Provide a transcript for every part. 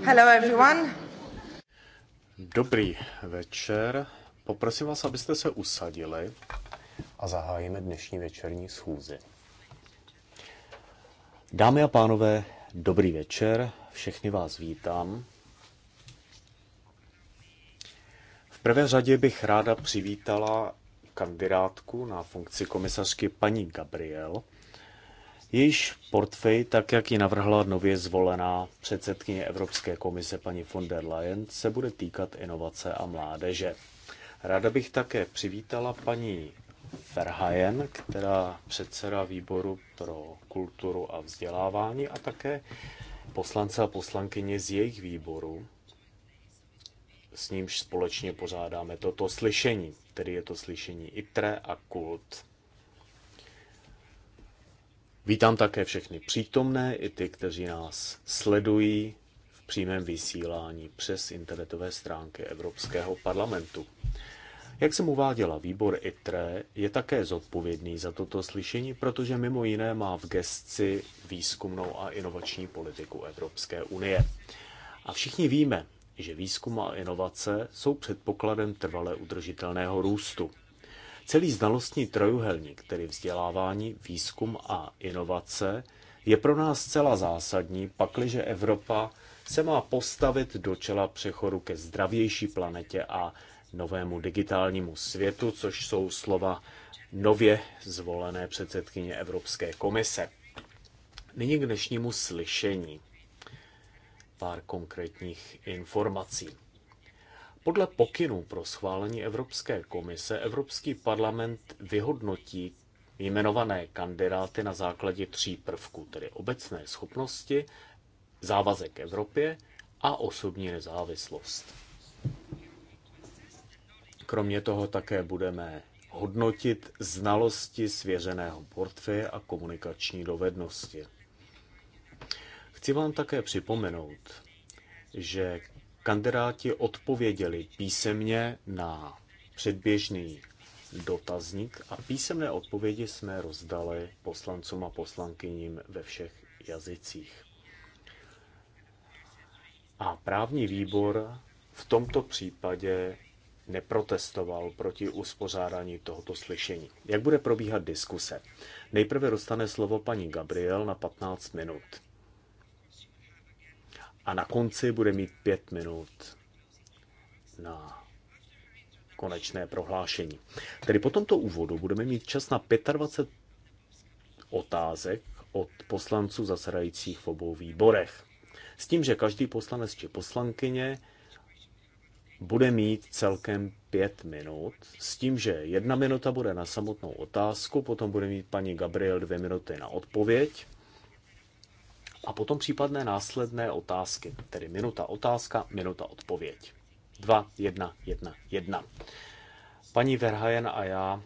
Hello everyone. Dobrý večer. Poprosím vás, abyste se usadili a zahájíme dnešní večerní schůzi. Dámy a pánové, dobrý večer. Všechny vás vítám. V prvé řadě bych ráda přivítala kandidátku na funkci komisařky paní Gabriel jejíž portfej, tak jak ji navrhla nově zvolená předsedkyně Evropské komise paní von der Leyen, se bude týkat inovace a mládeže. Ráda bych také přivítala paní Verhaen, která předseda výboru pro kulturu a vzdělávání a také poslance a poslankyně z jejich výboru, s nímž společně pořádáme toto slyšení, tedy je to slyšení ITRE a KULT. Vítám také všechny přítomné, i ty, kteří nás sledují v přímém vysílání přes internetové stránky Evropského parlamentu. Jak jsem uváděla, výbor ITRE je také zodpovědný za toto slyšení, protože mimo jiné má v gesci výzkumnou a inovační politiku Evropské unie. A všichni víme, že výzkum a inovace jsou předpokladem trvale udržitelného růstu. Celý znalostní trojuhelník, tedy vzdělávání, výzkum a inovace, je pro nás zcela zásadní, pakliže Evropa se má postavit do čela přechodu ke zdravější planetě a novému digitálnímu světu, což jsou slova nově zvolené předsedkyně Evropské komise. Nyní k dnešnímu slyšení. Pár konkrétních informací. Podle pokynů pro schválení Evropské komise Evropský parlament vyhodnotí jmenované kandidáty na základě tří prvků, tedy obecné schopnosti, závazek Evropě a osobní nezávislost. Kromě toho také budeme hodnotit znalosti svěřeného portfeje a komunikační dovednosti. Chci vám také připomenout, že Kandidáti odpověděli písemně na předběžný dotazník a písemné odpovědi jsme rozdali poslancům a poslankyním ve všech jazycích. A právní výbor v tomto případě neprotestoval proti uspořádání tohoto slyšení. Jak bude probíhat diskuse? Nejprve dostane slovo paní Gabriel na 15 minut a na konci bude mít pět minut na konečné prohlášení. Tedy po tomto úvodu budeme mít čas na 25 otázek od poslanců zasedajících v obou výborech. S tím, že každý poslanec či poslankyně bude mít celkem pět minut, s tím, že jedna minuta bude na samotnou otázku, potom bude mít paní Gabriel dvě minuty na odpověď a potom případné následné otázky, tedy minuta otázka, minuta odpověď. 2, 1, 1, 1. Paní Verhajen a já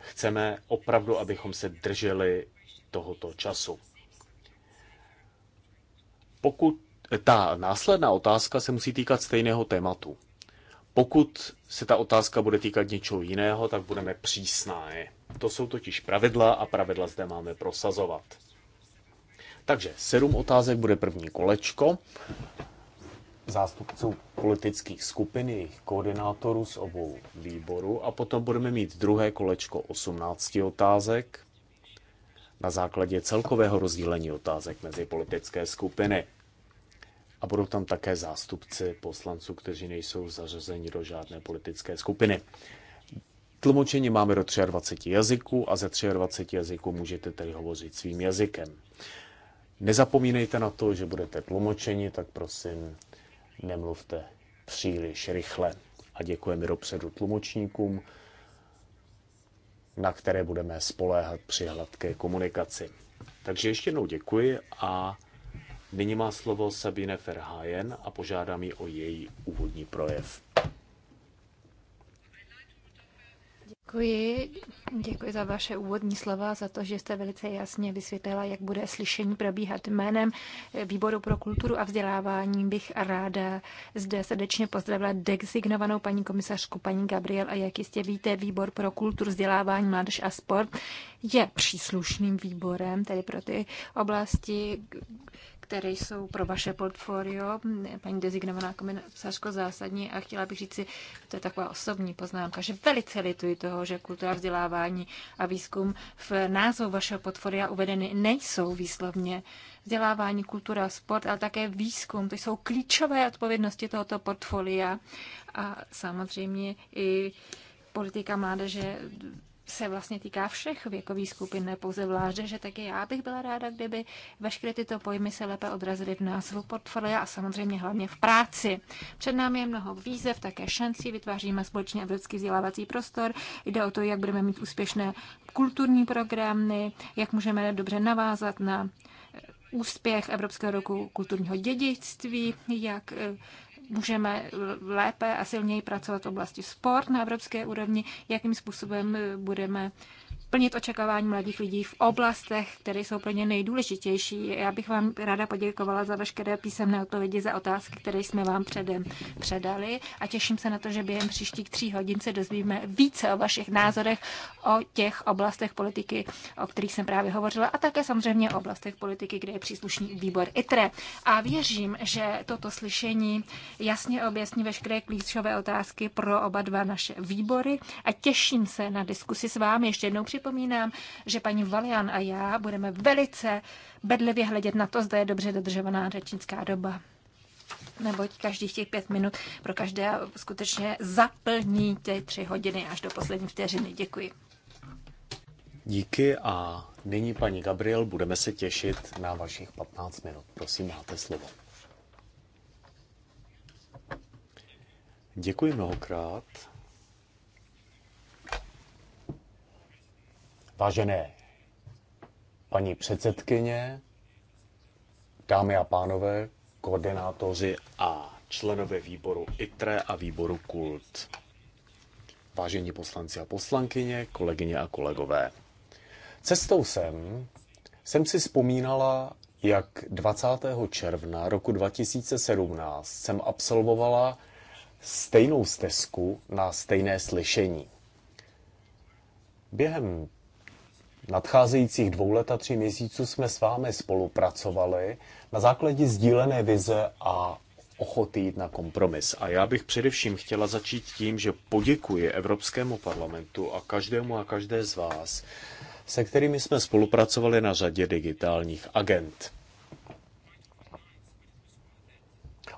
chceme opravdu, abychom se drželi tohoto času. Pokud ta následná otázka se musí týkat stejného tématu. Pokud se ta otázka bude týkat něčeho jiného, tak budeme přísná. To jsou totiž pravidla a pravidla zde máme prosazovat. Takže sedm otázek bude první kolečko zástupců politických skupin, jejich koordinátorů z obou výborů a potom budeme mít druhé kolečko 18 otázek na základě celkového rozdílení otázek mezi politické skupiny. A budou tam také zástupci poslanců, kteří nejsou zařazeni do žádné politické skupiny. Tlumočení máme do 23 jazyků a ze 23 jazyků můžete tedy hovořit svým jazykem. Nezapomínejte na to, že budete tlumočeni, tak prosím nemluvte příliš rychle. A děkujeme dopředu tlumočníkům, na které budeme spoléhat při hladké komunikaci. Takže ještě jednou děkuji a nyní má slovo Sabine Ferhajen a požádám ji o její úvodní projev. Děkuji. Děkuji za vaše úvodní slova, za to, že jste velice jasně vysvětlila, jak bude slyšení probíhat jménem Výboru pro kulturu a vzdělávání. Bych ráda zde srdečně pozdravila designovanou paní komisařku, paní Gabriel. A jak jistě víte, Výbor pro kulturu, vzdělávání, mládež a sport je příslušným výborem, tedy pro ty oblasti, které jsou pro vaše portfolio, paní dezignovaná komisařko, zásadní a chtěla bych říci, to je taková osobní poznámka, že velice lituji toho, že kultura vzdělávání a výzkum v názvu vašeho portfolia uvedeny nejsou výslovně vzdělávání, kultura, sport, ale také výzkum. To jsou klíčové odpovědnosti tohoto portfolia a samozřejmě i politika mládeže se vlastně týká všech věkových skupin, ne pouze vláže, že taky já bych byla ráda, kdyby veškeré tyto pojmy se lépe odrazily v názvu portfolia a samozřejmě hlavně v práci. Před námi je mnoho výzev, také šancí, vytváříme společně evropský vzdělávací prostor, jde o to, jak budeme mít úspěšné kulturní programy, jak můžeme dobře navázat na úspěch Evropského roku kulturního dědictví, jak eh, můžeme lépe a silněji pracovat v oblasti sport na evropské úrovni, jakým způsobem budeme plnit očekávání mladých lidí v oblastech, které jsou pro ně nejdůležitější. Já bych vám ráda poděkovala za veškeré písemné odpovědi, za otázky, které jsme vám předem předali a těším se na to, že během příštích tří hodin se dozvíme více o vašich názorech, o těch oblastech politiky, o kterých jsem právě hovořila a také samozřejmě o oblastech politiky, kde je příslušný výbor ITRE. A věřím, že toto slyšení jasně objasní veškeré klíčové otázky pro oba dva naše výbory a těším se na diskusi s vámi. Ještě jednou při připomínám, že paní Valian a já budeme velice bedlivě hledět na to, zda je dobře dodržovaná řečnická doba. Neboť každých těch pět minut pro každé skutečně zaplní ty tři hodiny až do poslední vteřiny. Děkuji. Díky a nyní, paní Gabriel, budeme se těšit na vašich 15 minut. Prosím, máte slovo. Děkuji mnohokrát. Vážené paní předsedkyně, dámy a pánové, koordinátoři a členové výboru ITRE a výboru KULT, vážení poslanci a poslankyně, kolegyně a kolegové. Cestou sem jsem si vzpomínala, jak 20. června roku 2017 jsem absolvovala stejnou stezku na stejné slyšení. Během Nadcházejících dvou let a tři měsíců jsme s vámi spolupracovali na základě sdílené vize a ochoty jít na kompromis. A já bych především chtěla začít tím, že poděkuji Evropskému parlamentu a každému a každé z vás, se kterými jsme spolupracovali na řadě digitálních agent.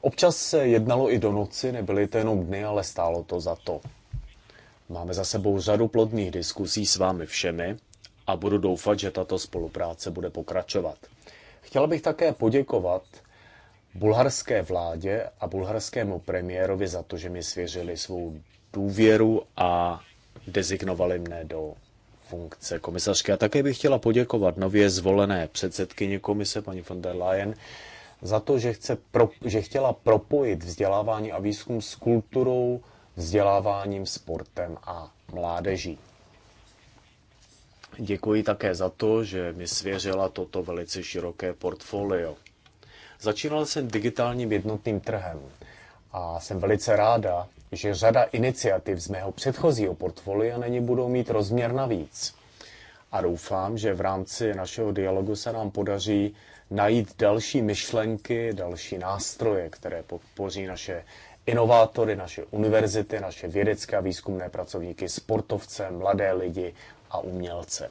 Občas se jednalo i do noci, nebyly to jenom dny, ale stálo to za to. Máme za sebou řadu plodných diskusí s vámi všemi a budu doufat, že tato spolupráce bude pokračovat. Chtěla bych také poděkovat bulharské vládě a bulharskému premiérovi za to, že mi svěřili svou důvěru a dezignovali mne do funkce komisařky. A také bych chtěla poděkovat nově zvolené předsedkyni komise, paní von der Leyen, za to, že, chce pro, že chtěla propojit vzdělávání a výzkum s kulturou, vzděláváním, sportem a mládeží. Děkuji také za to, že mi svěřila toto velice široké portfolio. Začínal jsem digitálním jednotným trhem a jsem velice ráda, že řada iniciativ z mého předchozího portfolia na ní budou mít rozměr navíc. A doufám, že v rámci našeho dialogu se nám podaří najít další myšlenky, další nástroje, které podpoří naše inovátory, naše univerzity, naše vědecké a výzkumné pracovníky, sportovce, mladé lidi a umělce.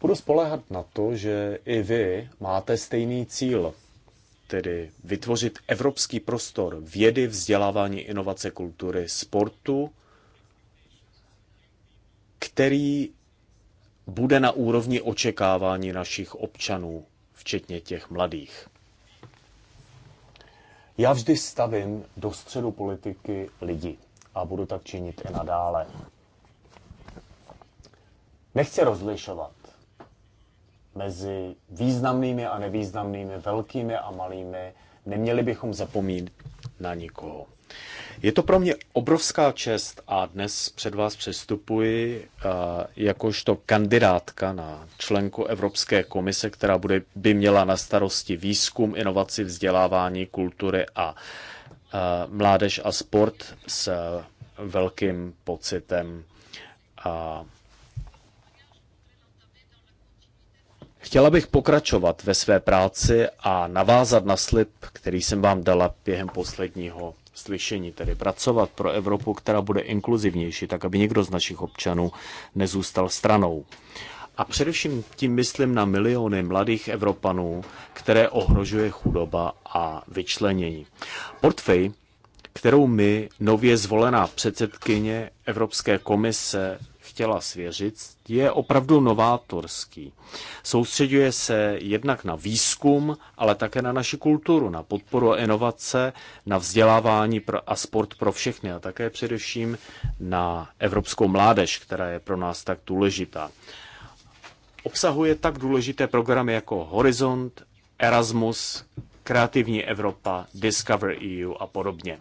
Budu spolehat na to, že i vy máte stejný cíl, tedy vytvořit evropský prostor vědy, vzdělávání, inovace, kultury, sportu, který bude na úrovni očekávání našich občanů, včetně těch mladých. Já vždy stavím do středu politiky lidi a budu tak činit i nadále. Nechci rozlišovat mezi významnými a nevýznamnými, velkými a malými. Neměli bychom zapomínat na nikoho. Je to pro mě obrovská čest a dnes před vás přestupuji eh, jakožto kandidátka na členku Evropské komise, která bude, by měla na starosti výzkum, inovaci, vzdělávání, kultury a mládež a sport s velkým pocitem. A Chtěla bych pokračovat ve své práci a navázat na slib, který jsem vám dala během posledního slyšení, tedy pracovat pro Evropu, která bude inkluzivnější, tak aby někdo z našich občanů nezůstal stranou. A především tím myslím na miliony mladých Evropanů, které ohrožuje chudoba a vyčlenění. Portfej, kterou mi nově zvolená předsedkyně Evropské komise chtěla svěřit, je opravdu novátorský. Soustředuje se jednak na výzkum, ale také na naši kulturu, na podporu a inovace, na vzdělávání a sport pro všechny a také především na evropskou mládež, která je pro nás tak důležitá obsahuje tak důležité programy jako Horizont, Erasmus, Kreativní Evropa, Discover EU a podobně.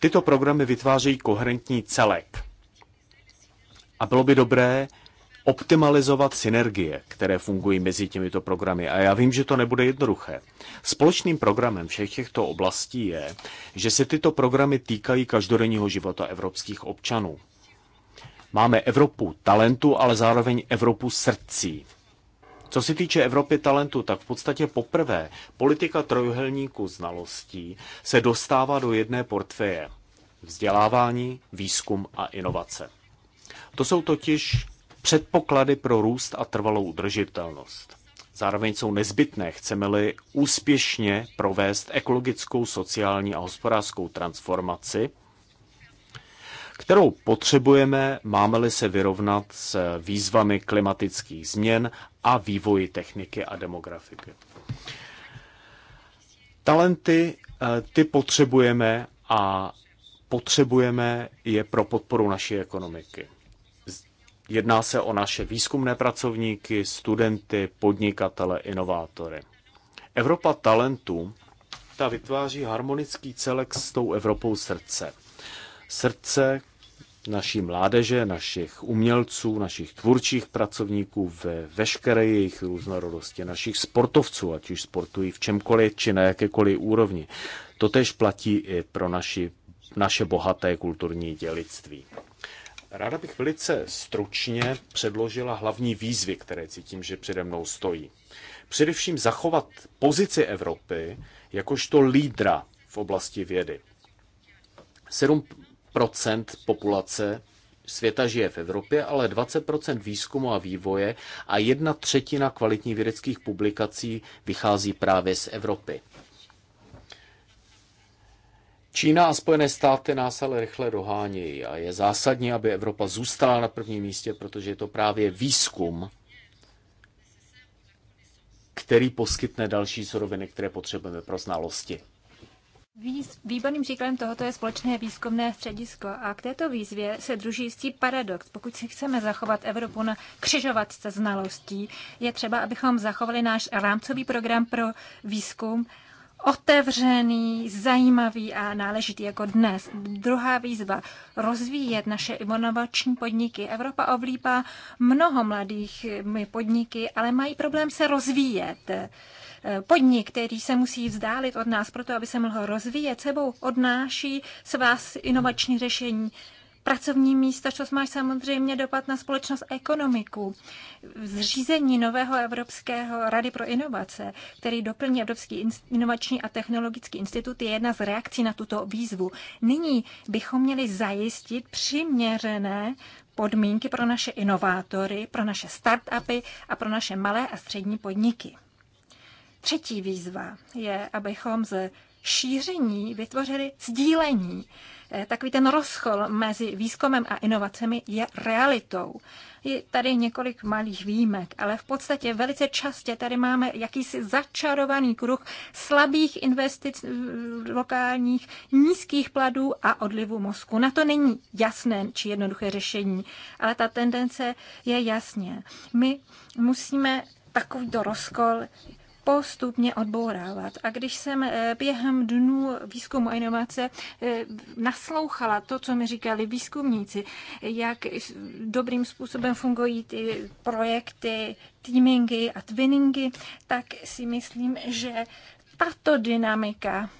Tyto programy vytvářejí koherentní celek. A bylo by dobré optimalizovat synergie, které fungují mezi těmito programy. A já vím, že to nebude jednoduché. Společným programem všech těchto oblastí je, že se tyto programy týkají každodenního života evropských občanů. Máme Evropu talentu, ale zároveň Evropu srdcí. Co se týče Evropy talentu, tak v podstatě poprvé politika trojuhelníku znalostí se dostává do jedné portfeje. Vzdělávání, výzkum a inovace. To jsou totiž předpoklady pro růst a trvalou udržitelnost. Zároveň jsou nezbytné, chceme-li úspěšně provést ekologickou, sociální a hospodářskou transformaci, kterou potřebujeme, máme-li se vyrovnat s výzvami klimatických změn a vývoji techniky a demografiky. Talenty eh, ty potřebujeme a potřebujeme je pro podporu naší ekonomiky. Jedná se o naše výzkumné pracovníky, studenty, podnikatele, inovátory. Evropa talentů ta vytváří harmonický celek s tou Evropou srdce srdce naší mládeže, našich umělců, našich tvůrčích pracovníků ve veškeré jejich různorodosti, našich sportovců, ať už sportují v čemkoliv či na jakékoliv úrovni. Totež platí i pro naši, naše bohaté kulturní dělictví. Ráda bych velice stručně předložila hlavní výzvy, které cítím, že přede mnou stojí. Především zachovat pozici Evropy jakožto lídra v oblasti vědy. Sedm procent populace světa žije v Evropě, ale 20 výzkumu a vývoje a jedna třetina kvalitních vědeckých publikací vychází právě z Evropy. Čína a Spojené státy nás ale rychle dohánějí a je zásadní, aby Evropa zůstala na prvním místě, protože je to právě výzkum, který poskytne další suroviny, které potřebujeme pro znalosti. Výborným příkladem tohoto je společné výzkumné středisko a k této výzvě se druží jistý paradox. Pokud si chceme zachovat Evropu na křižovatce znalostí, je třeba, abychom zachovali náš rámcový program pro výzkum otevřený, zajímavý a náležitý jako dnes. Druhá výzva, rozvíjet naše inovační podniky. Evropa ovlípá mnoho mladých podniky, ale mají problém se rozvíjet podnik, který se musí vzdálit od nás proto, aby se mohl rozvíjet, sebou odnáší s vás inovační řešení pracovní místa, což má samozřejmě dopad na společnost a ekonomiku. Zřízení nového Evropského rady pro inovace, který doplní Evropský inovační a technologický institut, je jedna z reakcí na tuto výzvu. Nyní bychom měli zajistit přiměřené podmínky pro naše inovátory, pro naše startupy a pro naše malé a střední podniky. Třetí výzva je, abychom ze šíření vytvořili sdílení. Eh, takový ten rozchol mezi výzkumem a inovacemi je realitou. Je tady několik malých výjimek, ale v podstatě velice častě tady máme jakýsi začarovaný kruh slabých investic lokálních, nízkých pladů a odlivu mozku. Na to není jasné či jednoduché řešení, ale ta tendence je jasně. My musíme takovýto rozkol postupně odbourávat. A když jsem eh, během dnů výzkumu a inovace eh, naslouchala to, co mi říkali výzkumníci, jak dobrým způsobem fungují ty projekty, teamingy a twinningy, tak si myslím, že tato dynamika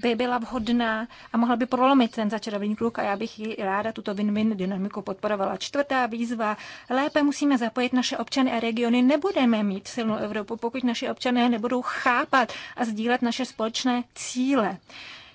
by byla vhodná a mohla by prolomit ten začarovný kruh a já bych ji ráda tuto win-win dynamiku podporovala. Čtvrtá výzva. Lépe musíme zapojit naše občany a regiony. Nebudeme mít silnou Evropu, pokud naši občané nebudou chápat a sdílet naše společné cíle.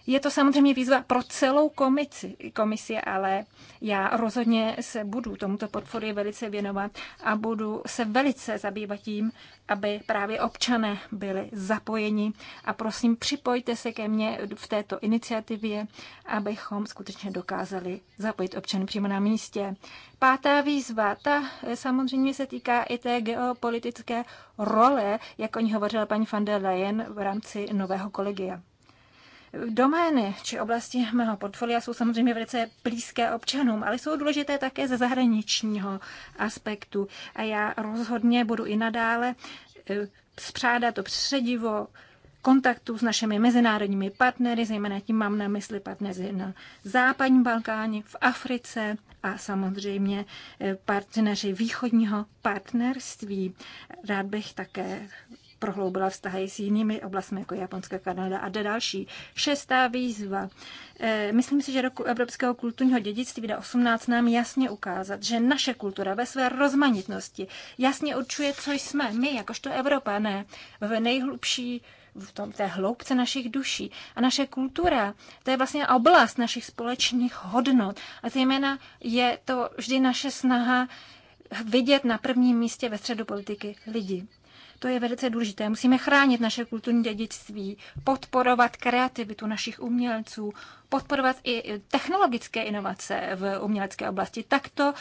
Je to samozřejmě výzva pro celou komici, komisi, ale já rozhodně se budu tomuto portfoliu velice věnovat a budu se velice zabývat tím, aby právě občané byli zapojeni. A prosím, připojte se ke mně v této iniciativě, abychom skutečně dokázali zapojit občany přímo na místě. Pátá výzva, ta samozřejmě se týká i té geopolitické role, jak o ní hovořila paní van der Leyen v rámci nového kolegia. Domény či oblasti mého portfolia jsou samozřejmě velice blízké občanům, ale jsou důležité také ze zahraničního aspektu. A já rozhodně budu i nadále eh, spřádat to předivo kontaktu s našimi mezinárodními partnery, zejména tím mám na mysli partnery na západní Balkáně, v Africe a samozřejmě eh, partneři východního partnerství. Rád bych také prohloubila vztahy s jinými oblastmi, jako Japonska, Kanada a další. Šestá výzva. Eh, myslím si, že roku Evropského kulturního dědictví 18 nám jasně ukázat, že naše kultura ve své rozmanitnosti jasně určuje, co jsme my, jakožto Evropané, v nejhlubší v tom, té hloubce našich duší. A naše kultura, to je vlastně oblast našich společných hodnot. A zejména je to vždy naše snaha vidět na prvním místě ve středu politiky lidi. To je velice důležité. Musíme chránit naše kulturní dědictví, podporovat kreativitu našich umělců, podporovat i technologické inovace v umělecké oblasti. Takto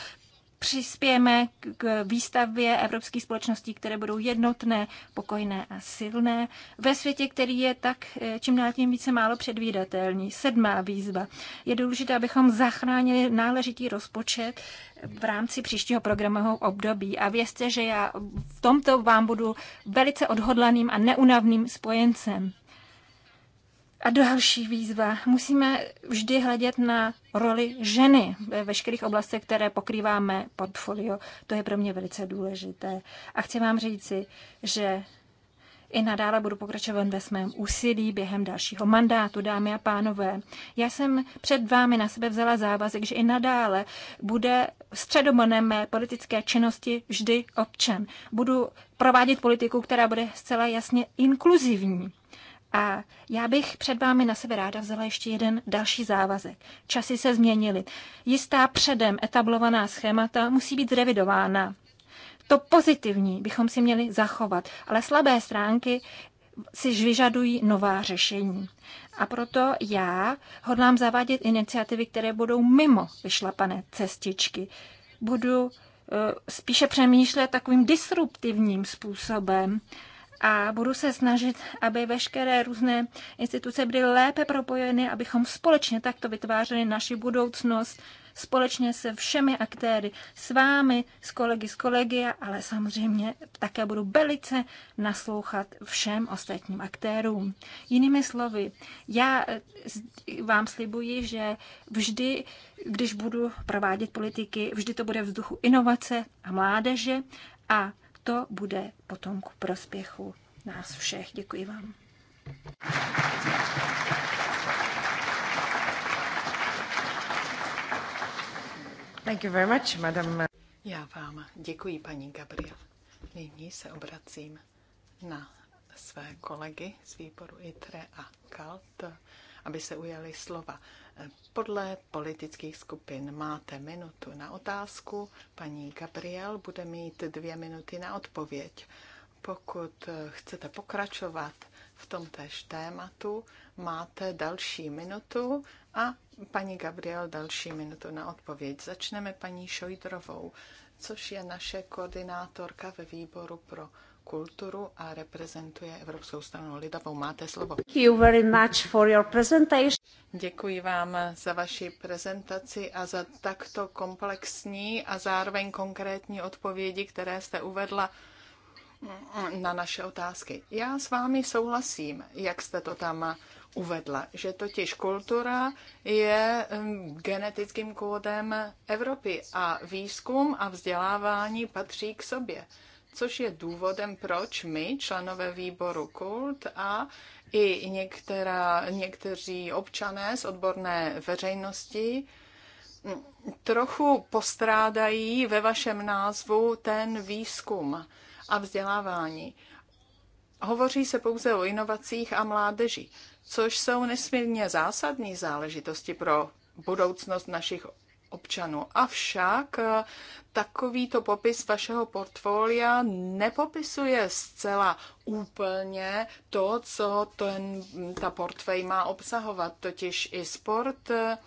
přispějeme k výstavbě evropských společností, které budou jednotné, pokojné a silné ve světě, který je tak eh, čím dál tím více málo předvídatelný. Sedmá výzva. Je důležité, abychom zachránili náležitý rozpočet v rámci příštího programového období. A vězte, že já v tomto vám budu velice odhodlaným a neunavným spojencem. A další výzva. Musíme vždy hledět na roli ženy ve veškerých oblastech, které pokrýváme portfolio. To je pro mě velice důležité. A chci vám říci, že i nadále budu pokračovat ve svém úsilí během dalšího mandátu, dámy a pánové. Já jsem před vámi na sebe vzala závazek, že i nadále bude středomonem mé politické činnosti vždy občan. Budu provádět politiku, která bude zcela jasně inkluzivní. A já bych před vámi na sebe ráda vzala ještě jeden další závazek. Časy se změnily. Jistá předem etablovaná schémata musí být zrevidována. To pozitivní bychom si měli zachovat, ale slabé stránky si vyžadují nová řešení. A proto já hodlám zavádět iniciativy, které budou mimo vyšlapané cestičky. Budu eh, spíše přemýšlet takovým disruptivním způsobem a budu se snažit, aby veškeré různé instituce byly lépe propojeny, abychom společně takto vytvářeli naši budoucnost, společně se všemi aktéry, s vámi, s kolegy s kolegy, ale samozřejmě také budu velice naslouchat všem ostatním aktérům. Jinými slovy, já eh, vám slibuji, že vždy, když budu provádět politiky, vždy to bude vzduchu inovace a mládeže a to bude potom ku prospěchu nás všech. Děkuji vám. Thank you very much, madam. Já vám děkuji, paní Gabriel. Nyní se obracím na své kolegy z výboru ITRE a KALT, aby se ujali slova. Podle politických skupin máte minutu na otázku, paní Gabriel bude mít dvě minuty na odpověď. Pokud chcete pokračovat v tom též tématu, máte další minutu a paní Gabriel další minutu na odpověď. Začneme paní Šojdrovou, což je naše koordinátorka ve výboru pro kulturu a reprezentuje Evropskou stranu lidovou. Máte slovo. Thank you very much for your presentation. Děkuji vám za vaši prezentaci a za takto komplexní a zároveň konkrétní odpovědi, které jste uvedla na naše otázky. Já s vámi souhlasím, jak jste to tam uvedla, že totiž kultura je um, genetickým kódem Evropy a výzkum a vzdělávání patří k sobě což je důvodem, proč my, členové výboru KULT a i některá, někteří občané z odborné veřejnosti trochu postrádají ve vašem názvu ten výzkum a vzdělávání. Hovoří se pouze o inovacích a mládeži, což jsou nesmírně zásadní záležitosti pro budoucnost našich občanů. Avšak eh, takovýto popis vašeho portfolia nepopisuje zcela úplně to, co ten, ta portfej má obsahovat, totiž i sport, eh,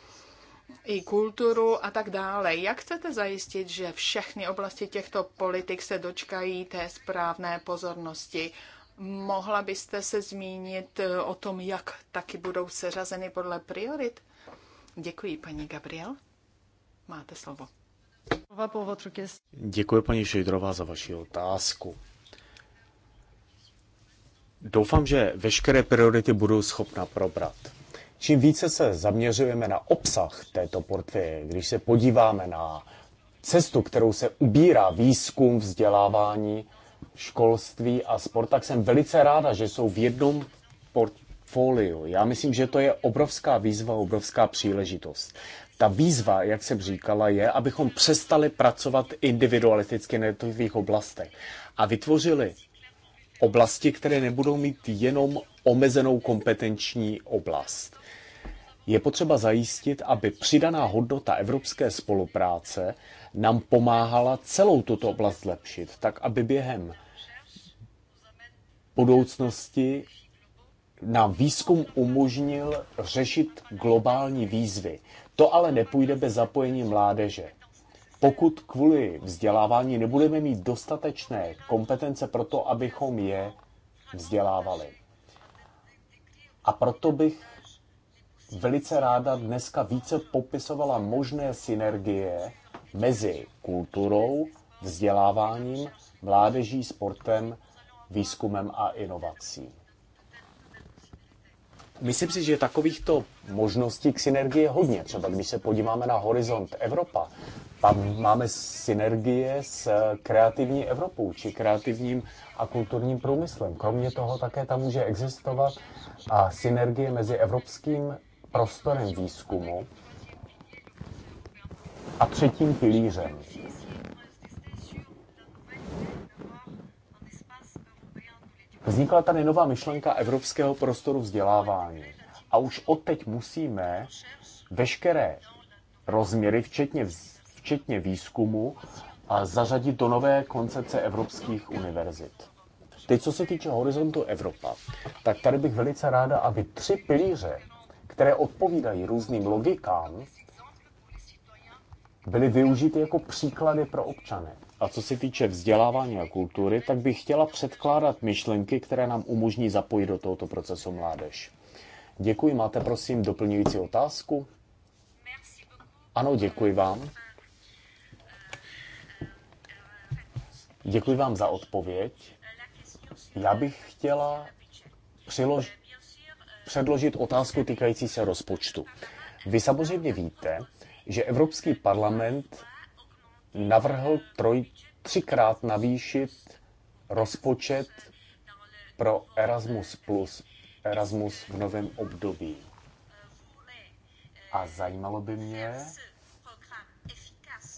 i kulturu a tak dále. Jak chcete zajistit, že všechny oblasti těchto politik se dočkají té správné pozornosti? Mohla byste se zmínit eh, o tom, jak taky budou seřazeny podle priorit? Děkuji, paní Gabriel. Máte slovo. Děkuji paní Šejdrová za vaši otázku. Doufám, že veškeré priority budou schopna probrat. Čím více se zaměřujeme na obsah této portfeje, když se podíváme na cestu, kterou se ubírá výzkum, vzdělávání, školství a sport, tak jsem velice ráda, že jsou v jednom portfoliu. Já myslím, že to je obrovská výzva, obrovská příležitost ta výzva, jak jsem říkala, je, abychom přestali pracovat individualisticky na jednotlivých oblastech a vytvořili oblasti, které nebudou mít jenom omezenou kompetenční oblast. Je potřeba zajistit, aby přidaná hodnota evropské spolupráce nám pomáhala celou tuto oblast zlepšit, tak aby během budoucnosti nám výzkum umožnil řešit globální výzvy. To ale nepůjde bez zapojení mládeže. Pokud kvůli vzdělávání nebudeme mít dostatečné kompetence pro to, abychom je vzdělávali. A proto bych velice ráda dneska více popisovala možné synergie mezi kulturou, vzděláváním, mládeží, sportem, výzkumem a inovací. Myslím si, že takovýchto možností k synergii je hodně. Třeba když se podíváme na horizont Evropa, tam máme synergie s kreativní Evropou či kreativním a kulturním průmyslem. Kromě toho také tam může existovat a synergie mezi evropským prostorem výzkumu a třetím pilířem, Vznikla tady nová myšlenka evropského prostoru vzdělávání. A už odteď musíme veškeré rozměry, včetně, včetně výzkumu, a zařadit do nové koncepce evropských univerzit. Teď, co se týče horizontu Evropa, tak tady bych velice ráda, aby tři pilíře, které odpovídají různým logikám, byly využity jako příklady pro občany. A co se týče vzdělávání a kultury, tak bych chtěla předkládat myšlenky, které nám umožní zapojit do tohoto procesu mládež. Děkuji, máte prosím doplňující otázku? Ano, děkuji vám. Děkuji vám za odpověď. Já bych chtěla přilož... předložit otázku týkající se rozpočtu. Vy samozřejmě víte, že Evropský parlament navrhl troj, třikrát navýšit rozpočet pro Erasmus+, plus, Erasmus v novém období. A zajímalo by mě,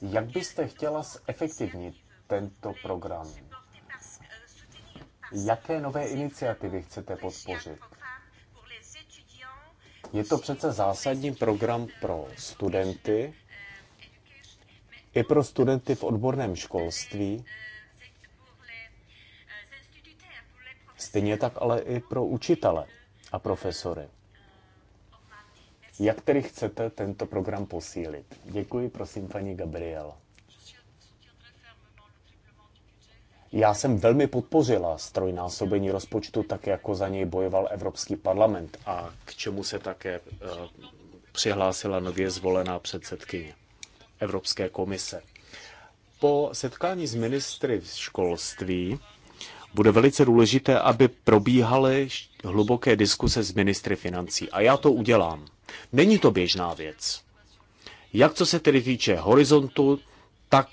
jak byste chtěla zefektivnit tento program? Jaké nové iniciativy chcete podpořit? Je to přece zásadní program pro studenty, i pro studenty v odborném školství, stejně tak ale i pro učitele a profesory. Jak tedy chcete tento program posílit? Děkuji, prosím, paní Gabriel. Já jsem velmi podpořila strojnásobení rozpočtu, tak jako za něj bojoval Evropský parlament a k čemu se také eh, přihlásila nově zvolená předsedkyně. Evropské komise. Po setkání s ministry v školství bude velice důležité, aby probíhaly hluboké diskuse s ministry financí. A já to udělám. Není to běžná věc. Jak co se tedy týče horizontu, tak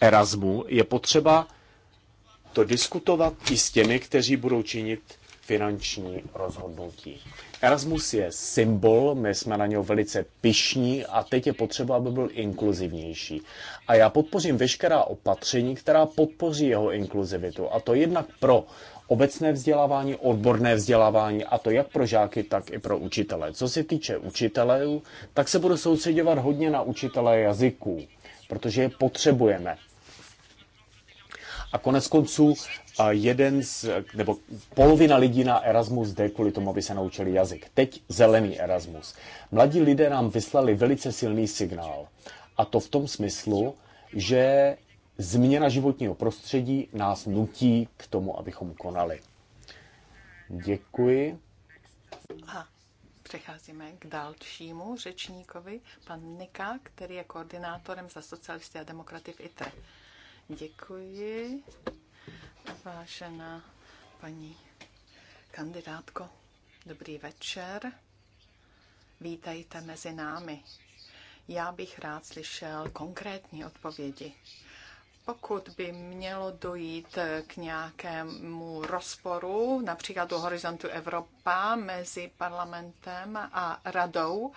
Erasmu je potřeba to diskutovat i s těmi, kteří budou činit finanční rozhodnutí. Erasmus je symbol, my jsme na něho velice pišní a teď je potřeba, aby byl inkluzivnější. A já podpořím veškerá opatření, která podpoří jeho inkluzivitu. A to jednak pro obecné vzdělávání, odborné vzdělávání, a to jak pro žáky, tak i pro učitele. Co se týče učitelů, tak se budu soustředovat hodně na učitele jazyků, protože je potřebujeme. A konec konců jeden z, nebo polovina lidí na Erasmus jde kvůli tomu, aby se naučili jazyk. Teď zelený Erasmus. Mladí lidé nám vyslali velice silný signál. A to v tom smyslu, že změna životního prostředí nás nutí k tomu, abychom konali. Děkuji. A přecházíme k dalšímu řečníkovi, pan Nika, který je koordinátorem za socialisty a demokraty v ITRE. Děkuji, vážená paní kandidátko. Dobrý večer. Vítejte mezi námi. Já bych rád slyšel konkrétní odpovědi pokud by mělo dojít k nějakému rozporu, například u Horizontu Evropa mezi parlamentem a radou,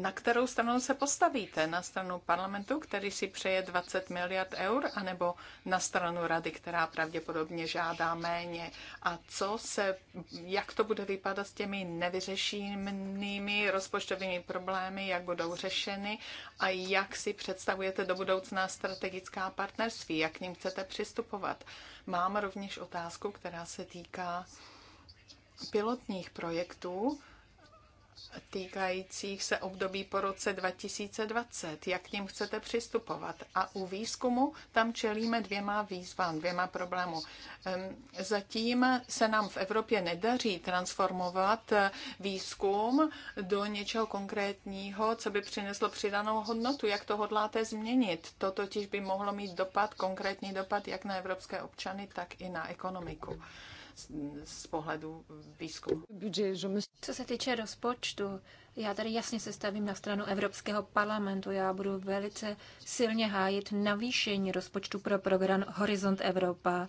na kterou stranu se postavíte? Na stranu parlamentu, který si přeje 20 miliard eur, anebo na stranu rady, která pravděpodobně žádá méně? A co se, jak to bude vypadat s těmi nevyřešenými rozpočtovými problémy, jak budou řešeny a jak si představujete do budoucna strategická partnerství, jak k ním chcete přistupovat? Mám rovněž otázku, která se týká pilotních projektů, týkajících se období po roce 2020, jak k ním chcete přistupovat. A u výzkumu tam čelíme dvěma výzvám, dvěma problému. Zatím se nám v Evropě nedaří transformovat výzkum do něčeho konkrétního, co by přineslo přidanou hodnotu. Jak to hodláte změnit? To totiž by mohlo mít dopad, konkrétní dopad, jak na evropské občany, tak i na ekonomiku z, pohledu výzkumu. Co se týče rozpočtu, já tady jasně se stavím na stranu Evropského parlamentu. Já budu velice silně hájit navýšení rozpočtu pro program Horizont Evropa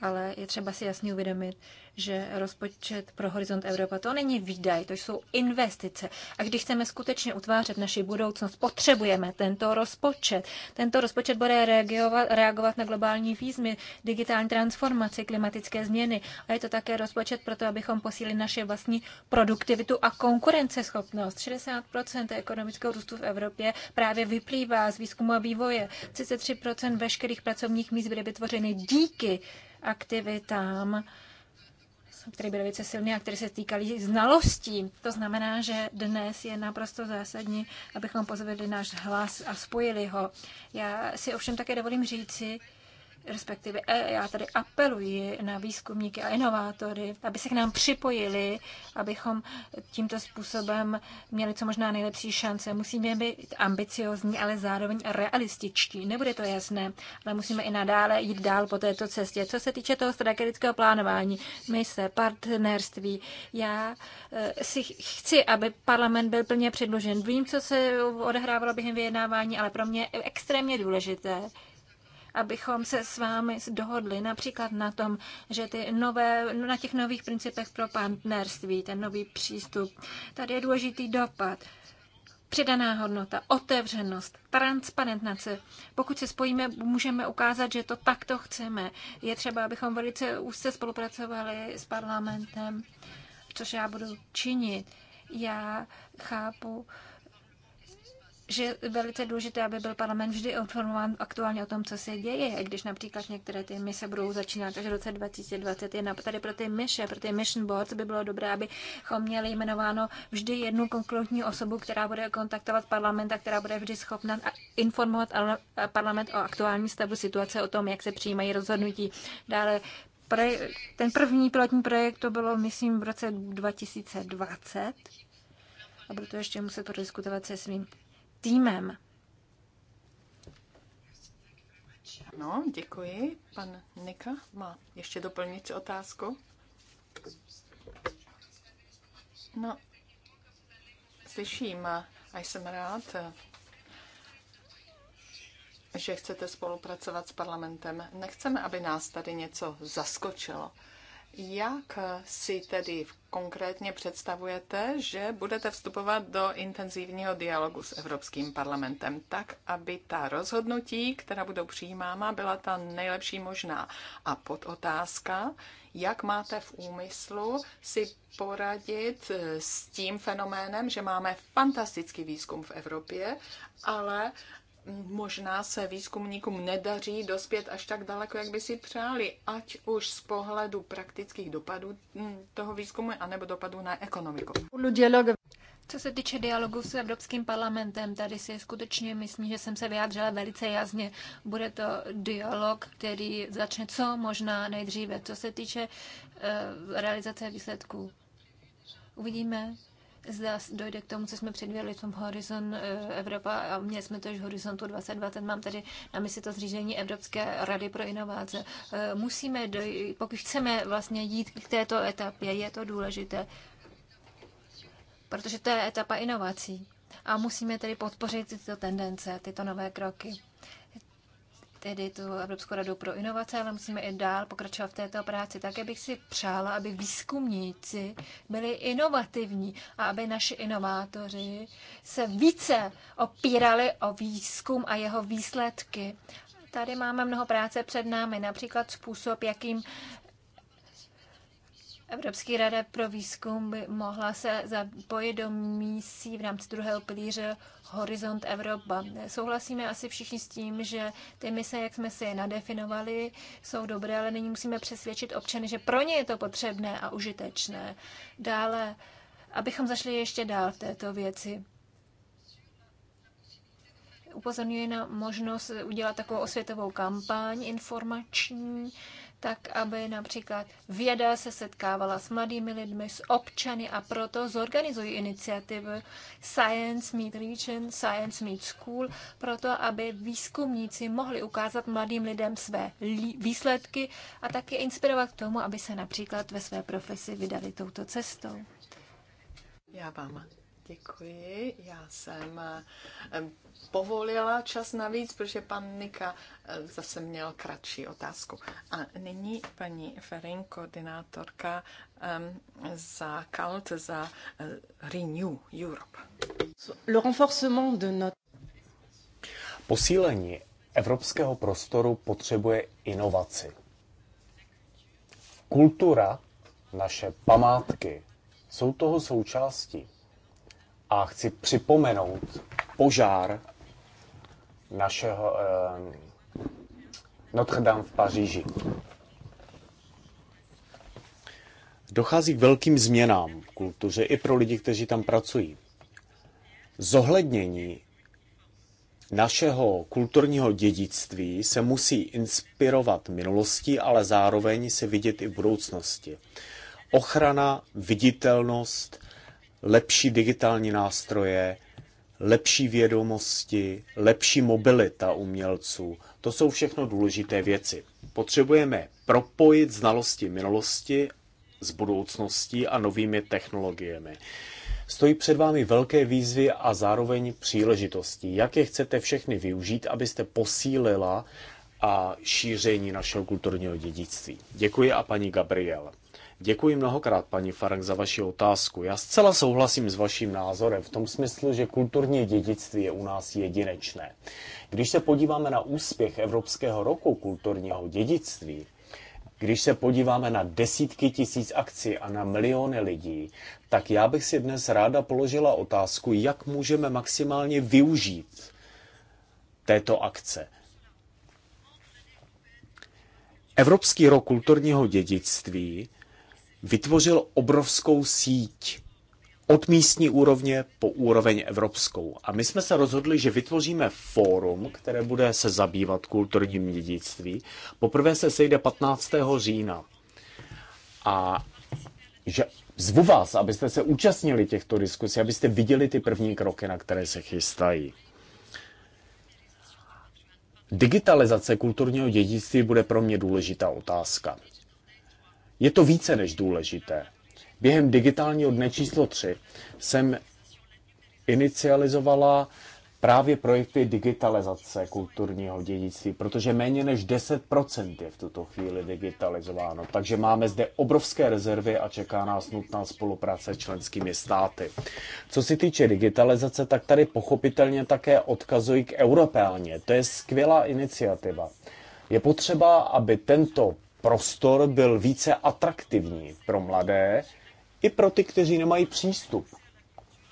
ale je třeba si jasně uvědomit, že rozpočet pro Horizont Evropa to není výdaj, to jsou investice. A když chceme skutečně utvářet naši budoucnost, potřebujeme tento rozpočet. Tento rozpočet bude reagovat, reagovat na globální výzmy, digitální transformaci, klimatické změny. A je to také rozpočet pro to, abychom posílili naše vlastní produktivitu a konkurenceschopnost. 60% ekonomického růstu v Evropě právě vyplývá z výzkumu a vývoje. 33% veškerých pracovních míst bude vytvořeny díky aktivitám, které byly více silné a které se týkaly znalostí. To znamená, že dnes je naprosto zásadní, abychom pozvedli náš hlas a spojili ho. Já si ovšem také dovolím říci, respektive e, já tady apeluji na výzkumníky a inovátory, aby se k nám připojili, abychom tímto způsobem měli co možná nejlepší šance. Musíme být ambiciozní, ale zároveň realističtí. Nebude to jasné, ale musíme i nadále jít dál po této cestě. Co se týče toho strategického plánování, mise, partnerství, já eh, si chci, aby parlament byl plně předložen. Vím, co se odehrávalo během vyjednávání, ale pro mě je extrémně důležité, abychom se s vámi dohodli například na tom, že ty nové, na těch nových principech pro partnerství, ten nový přístup, tady je důležitý dopad. Přidaná hodnota, otevřenost, transparentnace. Pokud se spojíme, můžeme ukázat, že to takto chceme. Je třeba, abychom velice úzce spolupracovali s parlamentem, což já budu činit. Já chápu, že je velice důležité, aby byl parlament vždy informován aktuálně o tom, co se děje, když například některé ty mise budou začínat až v roce 2021. Tady pro ty mise, pro ty mission boards by bylo dobré, abychom měli jmenováno vždy jednu konkrétní osobu, která bude kontaktovat parlament a která bude vždy schopna informovat parlament o aktuální stavu situace, o tom, jak se přijímají rozhodnutí. Dále ten první pilotní projekt to bylo, myslím, v roce 2020 a budu to ještě muset prodiskutovat se svým týmem. No, děkuji. Pan Nika má ještě doplňující otázku. No, slyším a jsem rád, že chcete spolupracovat s parlamentem. Nechceme, aby nás tady něco zaskočilo. Jak si tedy konkrétně představujete, že budete vstupovat do intenzivního dialogu s Evropským parlamentem, tak aby ta rozhodnutí, která budou přijímána, byla ta nejlepší možná? A pod otázka, jak máte v úmyslu si poradit s tím fenoménem, že máme fantastický výzkum v Evropě, ale možná se výzkumníkům nedaří dospět až tak daleko, jak by si přáli, ať už z pohledu praktických dopadů mm, toho výzkumu, anebo dopadů na ekonomiku. Co se týče dialogu s Evropským parlamentem, tady si skutečně myslím, že jsem se vyjádřila velice jasně. Bude to dialog, který začne co možná nejdříve. Co se týče eh, realizace výsledků, uvidíme, zda dojde k tomu, co jsme předvěděli v tom Horizon eh, Evropa a měli jsme to už v Horizontu 2020, mám tady na mysli to zřízení Evropské rady pro inovace. Eh, musíme dojít, pokud chceme vlastně jít k této etapě, je to důležité, protože to je etapa inovací a musíme tedy podpořit tyto tendence, tyto nové kroky tedy tu Evropskou radu pro inovace, ale musíme i dál pokračovat v této práci. Také bych si přála, aby výzkumníci byli inovativní a aby naši inovátoři se více opírali o výzkum a jeho výsledky. Tady máme mnoho práce před námi, například způsob, jakým Evropský rada pro výzkum by mohla se zapojit do misí v rámci druhého pilíře Horizont Evropa. Souhlasíme asi všichni s tím, že ty mise, jak jsme si je nadefinovali, jsou dobré, ale nyní musíme přesvědčit občany, že pro ně je to potřebné a užitečné. Dále, abychom zašli ještě dál v této věci Upozorňuji na možnost udělat takovou osvětovou kampaň informační tak aby například věda se setkávala s mladými lidmi, s občany a proto zorganizují iniciativu Science Meet Region, Science Meet School, proto aby výzkumníci mohli ukázat mladým lidem své výsledky a také inspirovat k tomu, aby se například ve své profesi vydali touto cestou. Já vám Děkuji. Já jsem eh, povolila čas navíc, protože pan Nika eh, zase měl kratší otázku. A nyní paní Ferin, koordinátorka za KALT, za eh, Renew Europe. Le renforcement de notre... Posílení evropského prostoru potřebuje inovaci. Kultura, naše památky, jsou toho součástí a chci připomenout požár našeho eh, Notre Dame v Paříži. Dochází k velkým změnám v kultuře i pro lidi, kteří tam pracují. Zohlednění našeho kulturního dědictví se musí inspirovat minulostí, ale zároveň se vidět i v budoucnosti. Ochrana, viditelnost, lepší digitální nástroje, lepší vědomosti, lepší mobilita umělců. To jsou všechno důležité věci. Potřebujeme propojit znalosti minulosti s budoucností a novými technologiemi. Stojí před vámi velké výzvy a zároveň příležitosti. Jak je chcete všechny využít, abyste posílila a šíření našeho kulturního dědictví? Děkuji a paní Gabriela. Děkuji mnohokrát, paní Fark, za vaši otázku. Já zcela souhlasím s vaším názorem v tom smyslu, že kulturní dědictví je u nás jedinečné. Když se podíváme na úspěch Evropského roku kulturního dědictví, když se podíváme na desítky tisíc akcí a na miliony lidí, tak já bych si dnes ráda položila otázku, jak můžeme maximálně využít této akce. Evropský rok kulturního dědictví vytvořil obrovskou síť od místní úrovně po úroveň evropskou. A my jsme se rozhodli, že vytvoříme fórum, které bude se zabývat kulturním dědictví. Poprvé se sejde 15. října. A že zvu vás, abyste se účastnili těchto diskusí, abyste viděli ty první kroky, na které se chystají. Digitalizace kulturního dědictví bude pro mě důležitá otázka. Je to více než důležité. Během digitálního dne číslo 3 jsem inicializovala právě projekty digitalizace kulturního dědictví, protože méně než 10% je v tuto chvíli digitalizováno. Takže máme zde obrovské rezervy a čeká nás nutná spolupráce s členskými státy. Co se týče digitalizace, tak tady pochopitelně také odkazují k europeálně. To je skvělá iniciativa. Je potřeba, aby tento prostor byl více atraktivní pro mladé i pro ty, kteří nemají přístup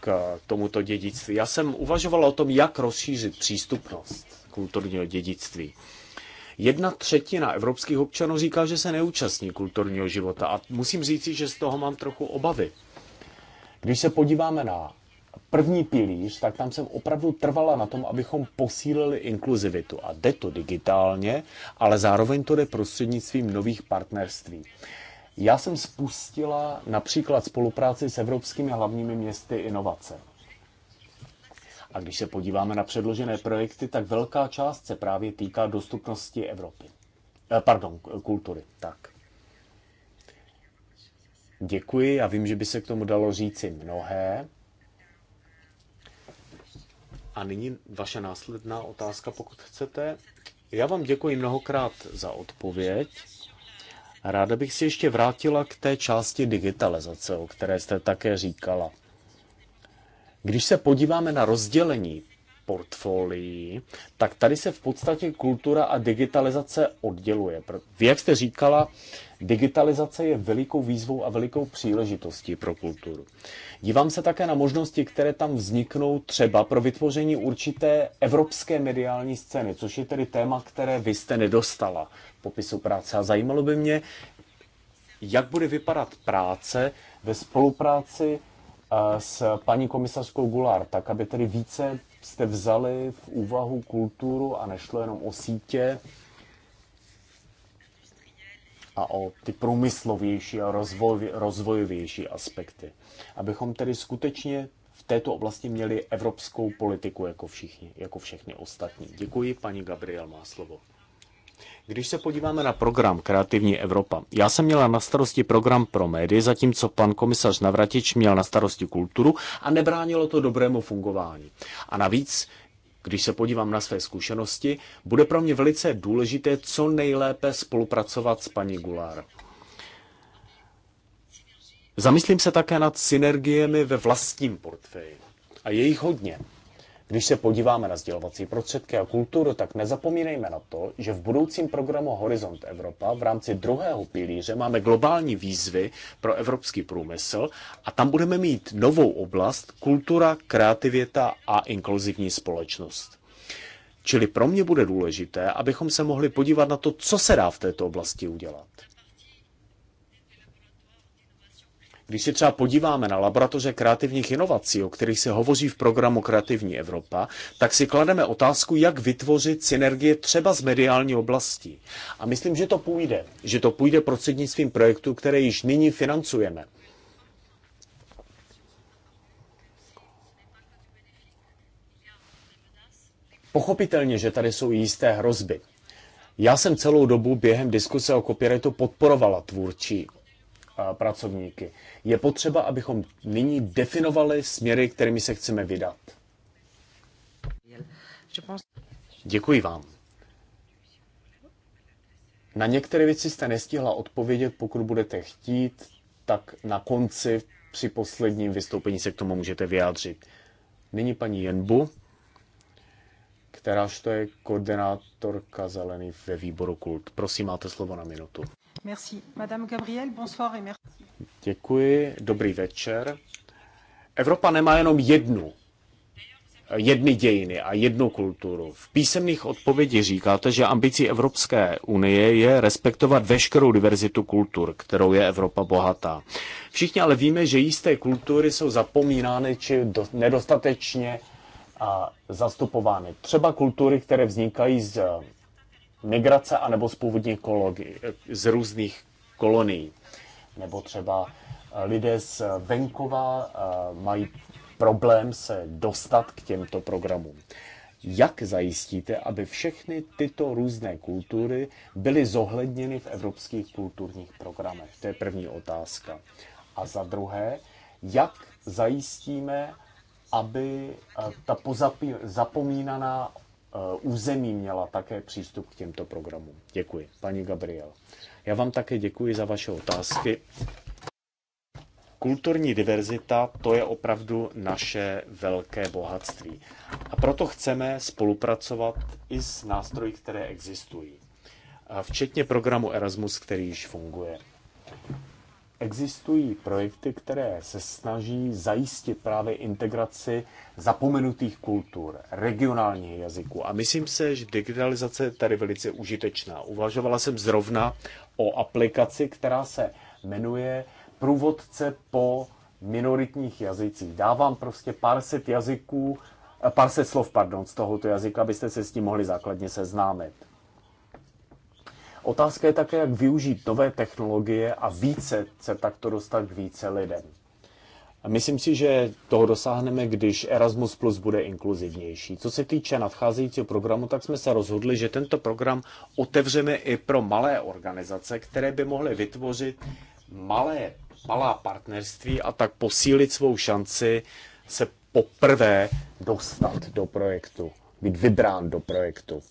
k tomuto dědictví. Já jsem uvažoval o tom, jak rozšířit přístupnost kulturního dědictví. Jedna třetina evropských občanů říká, že se neúčastní kulturního života a musím říct, že z toho mám trochu obavy. Když se podíváme na první pilíř, tak tam jsem opravdu trvala na tom, abychom posílili inkluzivitu. A jde to digitálně, ale zároveň to jde prostřednictvím nových partnerství. Já jsem spustila například spolupráci s evropskými hlavními městy inovace. A když se podíváme na předložené projekty, tak velká část se právě týká dostupnosti Evropy. Eh, pardon, kultury. Tak. Děkuji, já vím, že by se k tomu dalo říci mnohé. A nyní vaše následná otázka, pokud chcete. Já vám děkuji mnohokrát za odpověď. Ráda bych si ještě vrátila k té části digitalizace, o které jste také říkala. Když se podíváme na rozdělení portfolií, tak tady se v podstatě kultura a digitalizace odděluje. Jak jste říkala, Digitalizace je velikou výzvou a velikou příležitostí pro kulturu. Dívám se také na možnosti, které tam vzniknou třeba pro vytvoření určité evropské mediální scény, což je tedy téma, které vy jste nedostala popisu práce. A zajímalo by mě, jak bude vypadat práce ve spolupráci eh, s paní komisařkou Gulár, tak aby tedy více jste vzali v úvahu kulturu a nešlo jenom o sítě, a o ty průmyslovější a rozvoj, rozvojovější aspekty. Abychom tedy skutečně v této oblasti měli evropskou politiku jako všichni, jako všechny ostatní. Děkuji, paní Gabriel má slovo. Když se podíváme na program Kreativní Evropa, já jsem měla na starosti program pro médii, zatímco pan komisař Navratič měl na starosti kulturu a nebránilo to dobrému fungování. A navíc když se podívám na své zkušenosti, bude pro mě velice důležité co nejlépe spolupracovat s paní Gulár. Zamyslím se také nad synergiemi ve vlastním portfeji. A je jich hodně. Když se podíváme na sdělovací prostředky a kulturu, tak nezapomínejme na to, že v budoucím programu Horizont Evropa v rámci druhého pilíře máme globální výzvy pro evropský průmysl a tam budeme mít novou oblast kultura, kreativita a inkluzivní společnost. Čili pro mě bude důležité, abychom se mohli podívat na to, co se dá v této oblasti udělat. Když se třeba podíváme na laboratoře kreativních inovací, o kterých se hovoří v programu Kreativní Evropa, tak si klademe otázku, jak vytvořit synergie třeba z mediální oblasti. A myslím, že to půjde. Že to půjde prostřednictvím projektu, které již nyní financujeme. Pochopitelně, že tady jsou jisté hrozby. Já jsem celou dobu během diskuse o copyrightu podporovala tvůrčí pracovníky. Je potřeba, abychom nyní definovali směry, kterými se chceme vydat. Děkuji vám. Na některé věci jste nestihla odpovědět, pokud budete chtít, tak na konci při posledním vystoupení se k tomu můžete vyjádřit. Nyní paní Jenbu, kteráž to je koordinátorka zelených ve výboru Kult. Prosím, máte slovo na minutu. Děkuji, dobrý večer. Evropa nemá jenom jednu jedny dějiny a jednu kulturu. V písemných odpovědi říkáte, že ambicí Evropské unie je respektovat veškerou diverzitu kultur, kterou je Evropa bohatá. Všichni ale víme, že jisté kultury jsou zapomínány či do, nedostatečně a zastupovány. Třeba kultury, které vznikají z migrace anebo z původní ekologi, z různých kolonií. Nebo třeba eh, lidé z venkova eh, mají problém se dostat k těmto programům. Jak zajistíte, aby všechny tyto různé kultury byly zohledněny v evropských kulturních programech? To je první otázka. A za druhé, jak zajistíme, aby eh, ta pozapomínaná Eh, území měla také přístup k těmto programům. Děkuji, paní Gabriel. Já vám také děkuji za vaše otázky. Kulturní diverzita to je opravdu naše velké bohatství. A proto chceme spolupracovat i s nástroji, které existují, eh, včetně programu Erasmus, který již funguje existují projekty, které se snaží zajistit právě integraci zapomenutých kultur, regionálních jazyků. A myslím se, že digitalizace je tady velice užitečná. Uvažovala jsem zrovna o aplikaci, která se jmenuje Průvodce po minoritních jazycích. Dávám prostě pár set jazyků, eh, pár set slov, pardon, z tohoto jazyka, abyste se s tím mohli základně seznámit. Otázka je také, jak využít nové technologie a více se takto dostat k více lidem. Myslím si, že toho dosáhneme, když Erasmus Plus bude inkluzivnější. Co se týče nadcházejícího programu, tak jsme se rozhodli, že tento program otevřeme i pro malé organizace, které by mohly vytvořit malé, malá partnerství a tak posílit svou šanci se poprvé dostat do projektu, být vybrán do projektu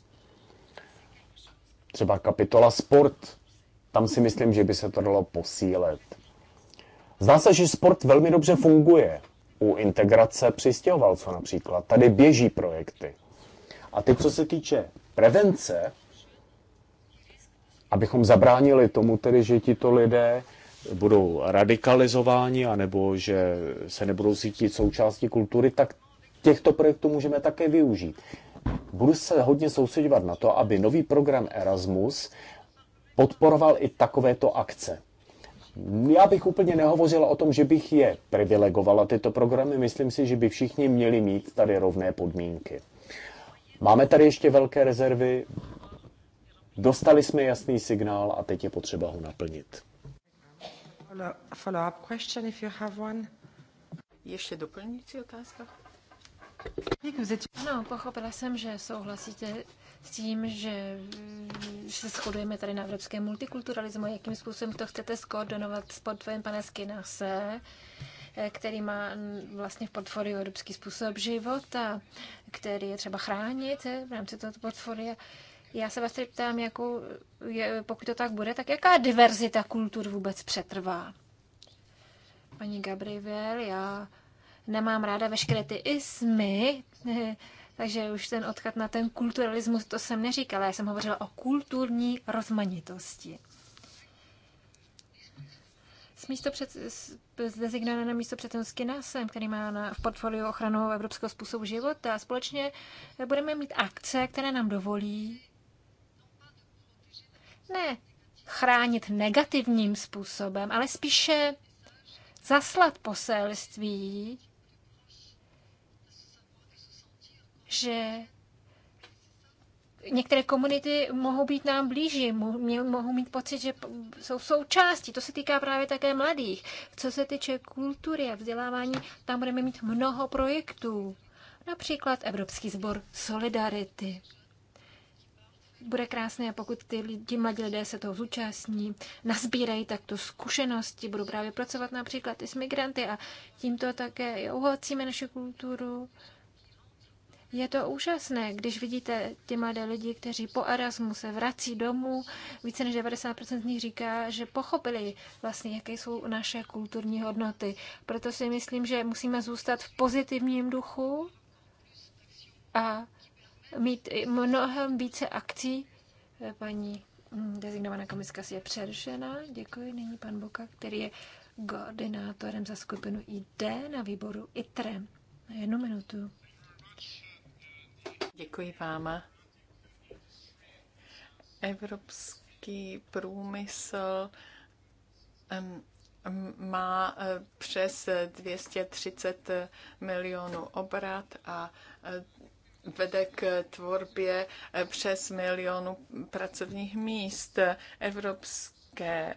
třeba kapitola sport, tam si myslím, že by se to dalo posílet. Zdá se, že sport velmi dobře funguje. U integrace přistěhovalců například. Tady běží projekty. A teď, co se týče prevence, abychom zabránili tomu tedy, že tito lidé budou radikalizováni, anebo že se nebudou cítit součástí kultury, tak těchto projektů můžeme také využít budu se hodně soustředovat na to, aby nový program Erasmus podporoval i takovéto akce. Já bych úplně nehovořila o tom, že bych je privilegovala, tyto programy. Myslím si, že by všichni měli mít tady rovné podmínky. Máme tady ještě velké rezervy, dostali jsme jasný signál a teď je potřeba ho naplnit. Ještě doplňující otázka? Ano, pochopila jsem, že souhlasíte s tím, že se shodujeme tady na evropském multikulturalismu, jakým způsobem to chcete skoordinovat s portfoliem pana Skinase, eh, který má vlastně v portfoliu evropský způsob života, který je třeba chránit eh, v rámci tohoto portfolia. Já se vás tedy ptám, jakou, je, pokud to tak bude, tak jaká diverzita kultur vůbec přetrvá? Paní Gabriel, já nemám ráda veškeré ty ismy, takže už ten odchod na ten kulturalismus, to jsem neříkala, já jsem hovořila o kulturní rozmanitosti. S, místo před, s, designána na místo před Skinasem, který má na, v portfoliu ochranu evropského způsobu života. A společně budeme mít akce, které nám dovolí ne chránit negativním způsobem, ale spíše zaslat poselství, že některé komunity mohou být nám blíži, mohou mít pocit, že jsou součástí. To se týká právě také mladých. Co se týče kultury a vzdělávání, tam budeme mít mnoho projektů. Například Evropský sbor Solidarity. Bude krásné, pokud ty lidi, mladí lidé se toho zúčastní, nazbírají takto zkušenosti, budou právě pracovat například i s migranty a tímto také obohacíme naši kulturu. Je to úžasné, když vidíte ty mladé lidi, kteří po Erasmu se vrací domů. Více než 90% z nich říká, že pochopili vlastně, jaké jsou naše kulturní hodnoty. Proto si myslím, že musíme zůstat v pozitivním duchu a mít mnohem více akcí. Paní mm, designovaná komiska si je přerušena. Děkuji. Nyní pan Boka, který je koordinátorem za skupinu ID na výboru ITRE. Na jednu minutu. Děkuji vám. Evropský průmysl má e, přes 230 milionů obrat a e, vede k tvorbě e, přes milionu pracovních míst. Evropské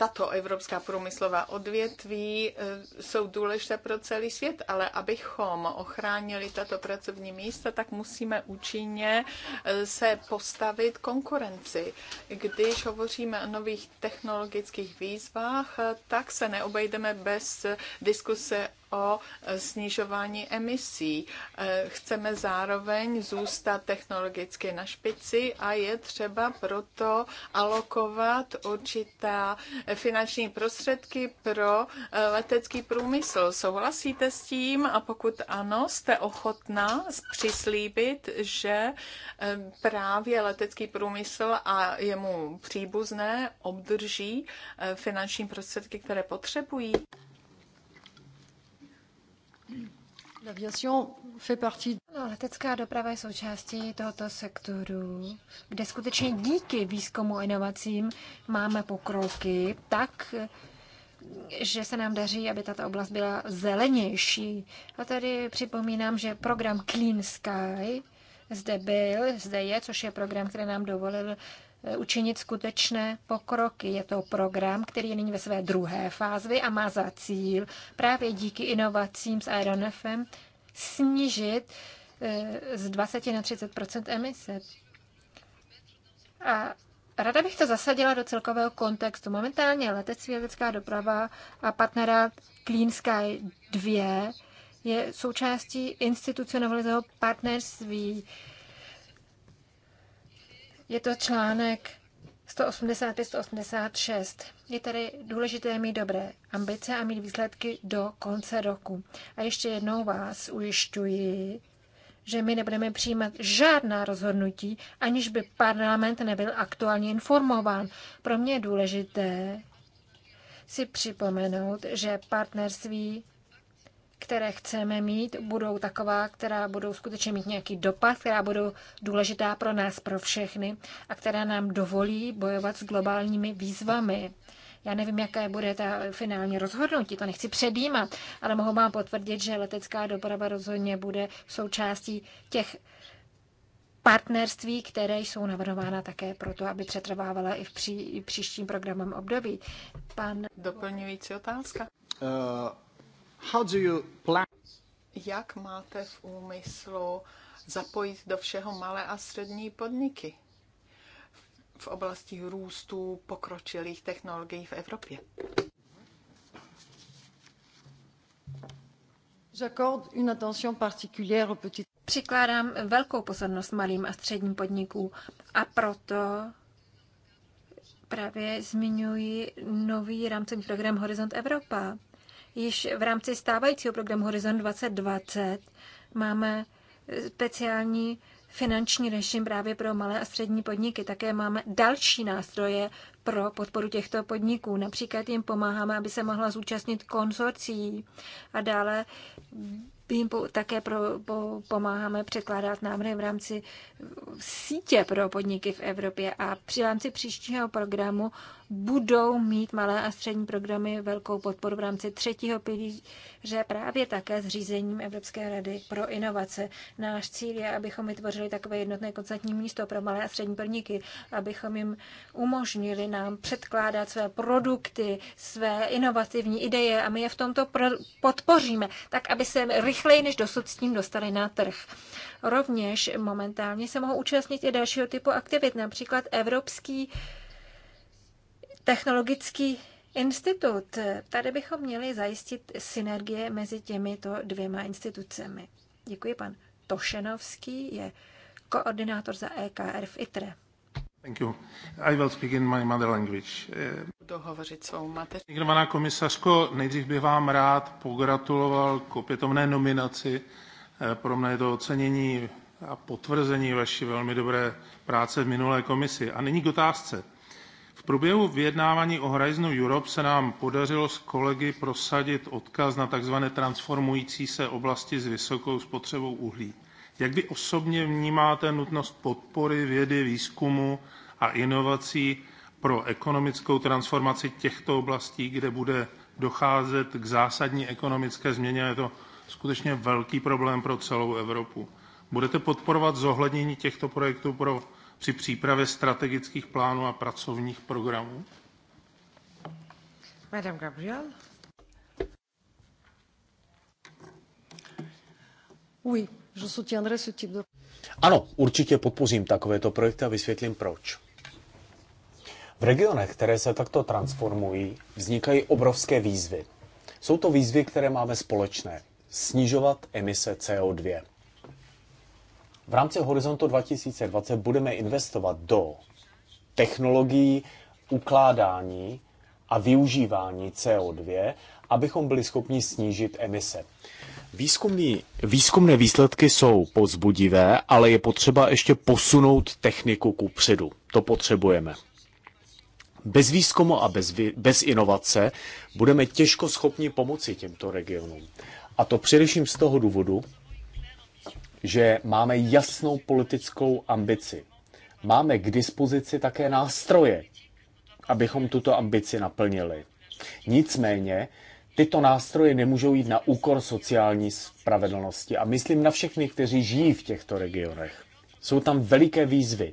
tato evropská průmyslová odvětví eh, jsou důležité pro celý svět, ale abychom ochránili tato pracovní místa, tak musíme účinně eh, se postavit konkurenci. Když hovoříme o nových technologických výzvách, eh, tak se neobejdeme bez diskuse o snižování emisí. Eh, chceme zároveň zůstat technologicky na špici a je třeba proto alokovat určitá finanční prostředky pro eh, letecký průmysl. Souhlasíte s tím a pokud ano, jste ochotná přislíbit, že eh, právě letecký průmysl a jemu příbuzné obdrží finanční prostředky, které potřebují? No, letecká doprava je součástí tohoto sektoru, kde skutečně díky výzkumu a inovacím máme pokroky tak, že se nám daří, aby tato oblast byla zelenější. A tady připomínám, že program Clean Sky zde byl, zde je, což je program, který nám dovolil Eh, učinit skutečné pokroky. Je to program, který je nyní ve své druhé fázi a má za cíl právě díky inovacím s aeronefem snížit eh, z 20 na 30 emise. A Rada bych to zasadila do celkového kontextu. Momentálně letectví, letecká doprava a partnera Clean Sky 2 je součástí institucionalizovaného partnerství je to článek 185-186. Je tady důležité mít dobré ambice a mít výsledky do konce roku. A ještě jednou vás ujišťuji, že my nebudeme přijímat žádná rozhodnutí, aniž by parlament nebyl aktuálně informován. Pro mě je důležité si připomenout, že partnerství které chceme mít, budou taková, která budou skutečně mít nějaký dopad, která budou důležitá pro nás, pro všechny a která nám dovolí bojovat s globálními výzvami. Já nevím, jaké bude ta finální rozhodnutí, to nechci předjímat, ale mohu vám potvrdit, že letecká doprava rozhodně bude součástí těch partnerství, které jsou navrhována také proto, aby přetrvávala i v pří, příštím programem období. Pan... Doplňující otázka. Uh... Jak máte v úmyslu zapojit do všeho malé a střední podniky v oblasti růstu pokročilých technologií v Evropě? Přikládám velkou pozornost malým a středním podnikům a proto právě zmiňuji nový rámcový program Horizont Evropa. Již v rámci stávajícího programu Horizon 2020 máme speciální finanční režim právě pro malé a střední podniky. Také máme další nástroje pro podporu těchto podniků. Například jim pomáháme, aby se mohla zúčastnit konzorcí a dále jim po, také pro, po, pomáháme překládat návrhy v rámci sítě pro podniky v Evropě a při rámci příštího programu budou mít malé a střední programy velkou podporu v rámci třetího pilíře právě také s zřízením Evropské rady pro inovace. Náš cíl je, abychom vytvořili takové jednotné koncertní místo pro malé a střední podniky, abychom jim umožnili nám předkládat své produkty, své inovativní ideje a my je v tomto podpoříme, tak aby se rychleji než dosud s tím dostali na trh. Rovněž momentálně se mohou účastnit i dalšího typu aktivit, například Evropský technologický institut. Tady bychom měli zajistit synergie mezi těmito dvěma institucemi. Děkuji, pan Tošenovský je koordinátor za EKR v ITRE. Thank you. I will speak in my mother language. Eh, Budu hovořit svou mateřinou. Jmenovaná komisařko, nejdřív bych vám rád pogratuloval k opětovné nominaci. Eh, Pro mě je to ocenění a potvrzení vaší velmi dobré práce v minulé komisi. A nyní k otázce. V průběhu vyjednávání o Horizonu Europe se nám podařilo s kolegy prosadit odkaz na tzv. transformující se oblasti s vysokou spotřebou uhlí. Jak vy osobně vnímáte nutnost podpory vědy, výzkumu a inovací pro ekonomickou transformaci těchto oblastí, kde bude docházet k zásadní ekonomické změně? Je to skutečně velký problém pro celou Evropu. Budete podporovat zohlednění těchto projektů pro při přípravě strategických plánů a pracovních programů? Madame Gabriel. Oui, je soutiendrai ce type de... Ano, určitě podpořím takovéto projekty a vysvětlím proč. V regionech, které se takto transformují, vznikají obrovské výzvy. Jsou to výzvy, které máme společné. Snižovat emise CO2. V rámci Horizontu 2020 budeme investovat do technologií ukládání a využívání CO2, abychom byli schopni snížit emise. Výzkumný, výzkumné výsledky jsou pozbudivé, ale je potřeba ještě posunout techniku ku předu. To potřebujeme. Bez výzkumu a bez, bez inovace budeme těžko schopni pomoci těmto regionům. A to především z toho důvodu, že máme jasnou politickou ambici. Máme k dispozici také nástroje, abychom tuto ambici naplnili. Nicméně tyto nástroje nemůžou jít na úkor sociální spravedlnosti. A myslím na všechny, kteří žijí v těchto regionech. Jsou tam veliké výzvy.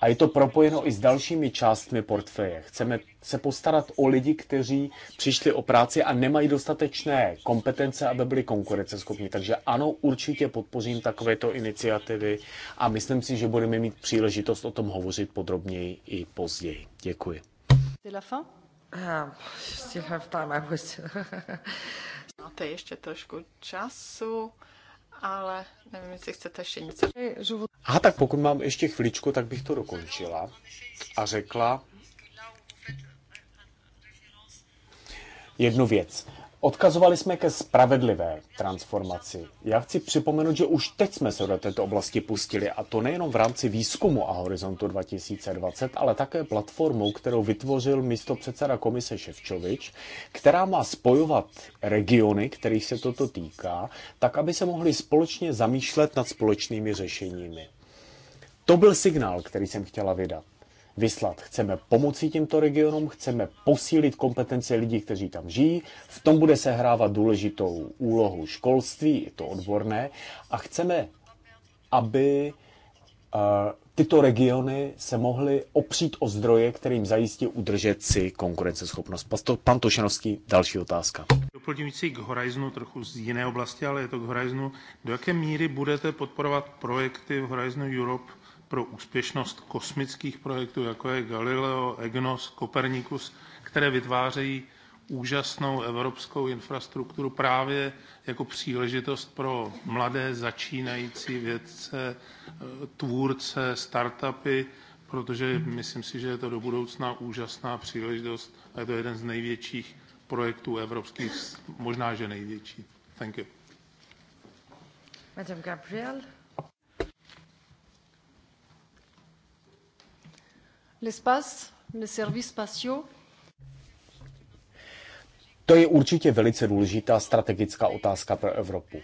A je to propojeno i s dalšími částmi portfeje. Chceme se postarat o lidi, kteří přišli o práci a nemají dostatečné kompetence, aby byli konkurenceschopní. Takže ano, určitě podpořím takovéto iniciativy a myslím si, že budeme mít příležitost o tom hovořit podrobněji i později. Děkuji. still have time, I Máte ještě trošku času ale nevím, jestli chcete ještě něco. Aha, tak pokud mám ještě chviličku, tak bych to dokončila a řekla jednu věc. Odkazovali jsme ke spravedlivé transformaci. Já chci připomenout, že už teď jsme se do této oblasti pustili, a to nejenom v rámci výzkumu a Horizontu 2020, ale také platformou, kterou vytvořil místo předseda komise Ševčovič, která má spojovat regiony, kterých se toto týká, tak, aby se mohli společně zamýšlet nad společnými řešeními. To byl signál, který jsem chtěla vydat vyslat. Chceme pomoci těmto regionům, chceme posílit kompetence lidí, kteří tam žijí, v tom bude se hrávat důležitou úlohu školství, je to odborné, a chceme, aby eh, tyto regiony se mohly opřít o zdroje, kterým zajistí udržet si konkurenceschopnost. Pan Tošenovský, další otázka. Doplňující k Horizonu trochu z jiné oblasti, ale je to k Horizonu. Do jaké míry budete podporovat projekty v Horizonu Europe pro úspěšnost kosmických projektů, jako je Galileo, EGNOS, Copernicus, které vytvářejí úžasnou evropskou infrastrukturu právě jako příležitost pro mladé začínající vědce, eh, tvůrce, startupy, protože myslím si, že je to do budoucna úžasná příležitost a je to jeden z největších projektů evropských, možná že největší. Thank you. Madame Gabriel. To je určitě velice důležitá strategická otázka pro Evropu.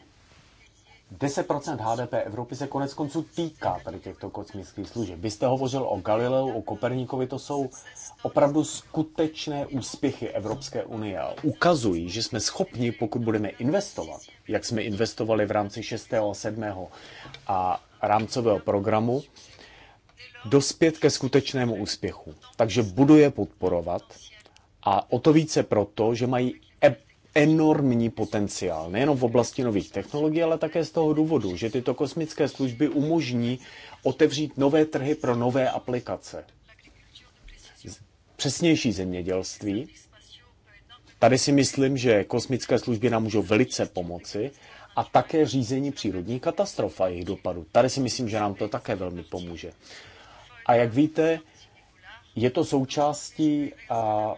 10% HDP Evropy se konec konců týká tady těchto kosmických služeb. Vy jste hovořil o Galileu, o Koperníkovi, to jsou opravdu skutečné úspěchy Evropské unie. Ukazují, že jsme schopni, pokud budeme investovat, jak jsme investovali v rámci 6. a 7. a rámcového programu, dospět ke skutečnému úspěchu. Takže budu je podporovat a o to více proto, že mají e enormní potenciál, nejenom v oblasti nových technologií, ale také z toho důvodu, že tyto kosmické služby umožní otevřít nové trhy pro nové aplikace. Přesnější zemědělství. Tady si myslím, že kosmické služby nám můžou velice pomoci a také řízení přírodní katastrofa a jejich dopadu. Tady si myslím, že nám to také velmi pomůže. A jak víte, je to součástí a,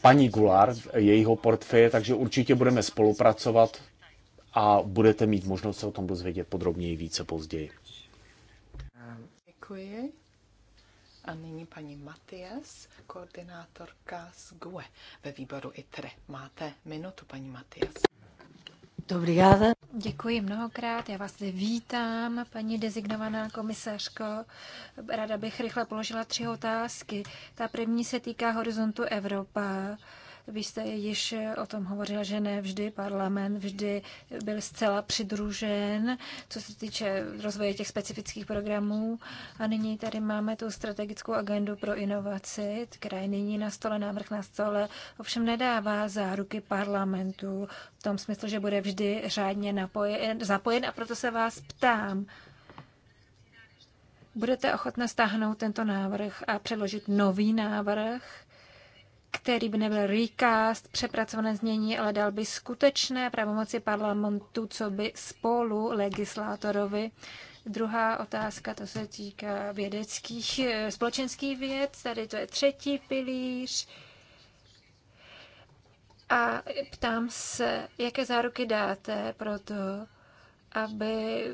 paní Goulart, jejího portfeje, takže určitě budeme spolupracovat a budete mít možnost se o tom dozvědět podrobněji více později. Děkuji. A nyní paní Matias, koordinátorka z GUE ve výboru ITRE. Máte minutu, paní Matias. Dobrý Děkuji mnohokrát, já vás vítám, paní dezignovaná komisařko. Ráda bych rychle položila tři otázky. Ta první se týká horizontu Evropa. Vy jste již o tom hovořil, že ne vždy parlament vždy byl zcela přidružen, co se týče rozvoje těch specifických programů. A nyní tady máme tu strategickou agendu pro inovaci, která je nyní na stole, návrh na stole, ovšem nedává záruky parlamentu v tom smyslu, že bude vždy řádně napojen, zapojen a proto se vás ptám, budete ochotna stáhnout tento návrh a předložit nový návrh? který by nebyl recast, přepracované znění, ale dal by skutečné pravomoci parlamentu, co by spolu legislátorovi. Druhá otázka, to se týká vědeckých, eh, společenských věd, tady to je třetí pilíř. A ptám se, jaké záruky dáte pro to, aby